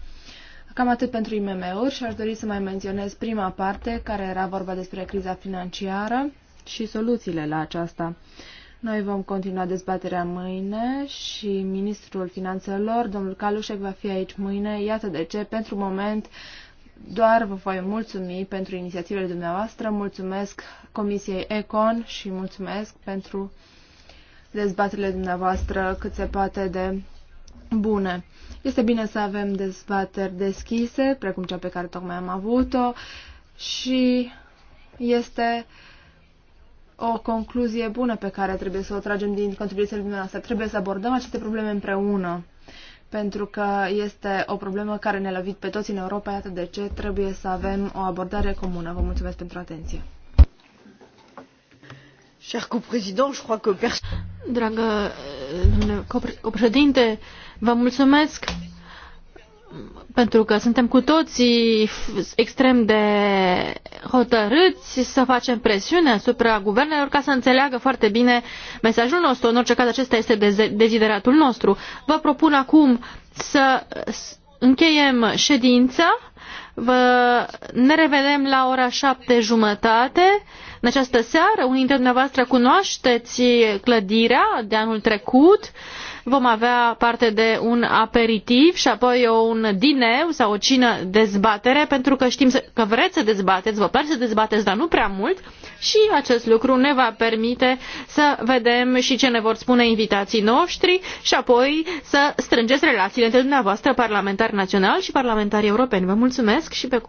Cam atât pentru IMM-uri și aș dori să mai menționez prima parte care era vorba despre criza financiară și soluțiile la aceasta. Noi vom continua dezbaterea mâine și ministrul finanțelor, domnul Calușec, va fi aici mâine. Iată de ce, pentru moment, doar vă voi mulțumi pentru inițiativele dumneavoastră, mulțumesc Comisiei Econ și mulțumesc pentru dezbaterile dumneavoastră cât se poate de bune. Este bine să avem dezbateri deschise, precum cea pe care tocmai am avut-o, și este o concluzie bună pe care trebuie să o tragem din contribuțiile dumneavoastră. Trebuie să abordăm aceste probleme împreună, pentru că este o problemă care ne-a lovit pe toți în Europa, iată de ce trebuie să avem o abordare comună. Vă mulțumesc pentru atenție. Dragă eh, președinte, vă mulțumesc pentru că suntem cu toții extrem de hotărâți să facem presiune asupra guvernelor ca să înțeleagă foarte bine mesajul nostru. În orice caz, acesta este dezideratul nostru. Vă propun acum să încheiem ședința. Vă, ne revedem la ora șapte jumătate. În această seară, unii dintre dumneavoastră cunoașteți clădirea de anul trecut vom avea parte de un aperitiv și apoi un dineu sau o cină dezbatere, pentru că știm că vreți să dezbateți, vă place să dezbateți, dar nu prea mult și acest lucru ne va permite să vedem și ce ne vor spune invitații noștri și apoi să strângeți relațiile între dumneavoastră parlamentari naționali și parlamentari europeni. Vă mulțumesc și pe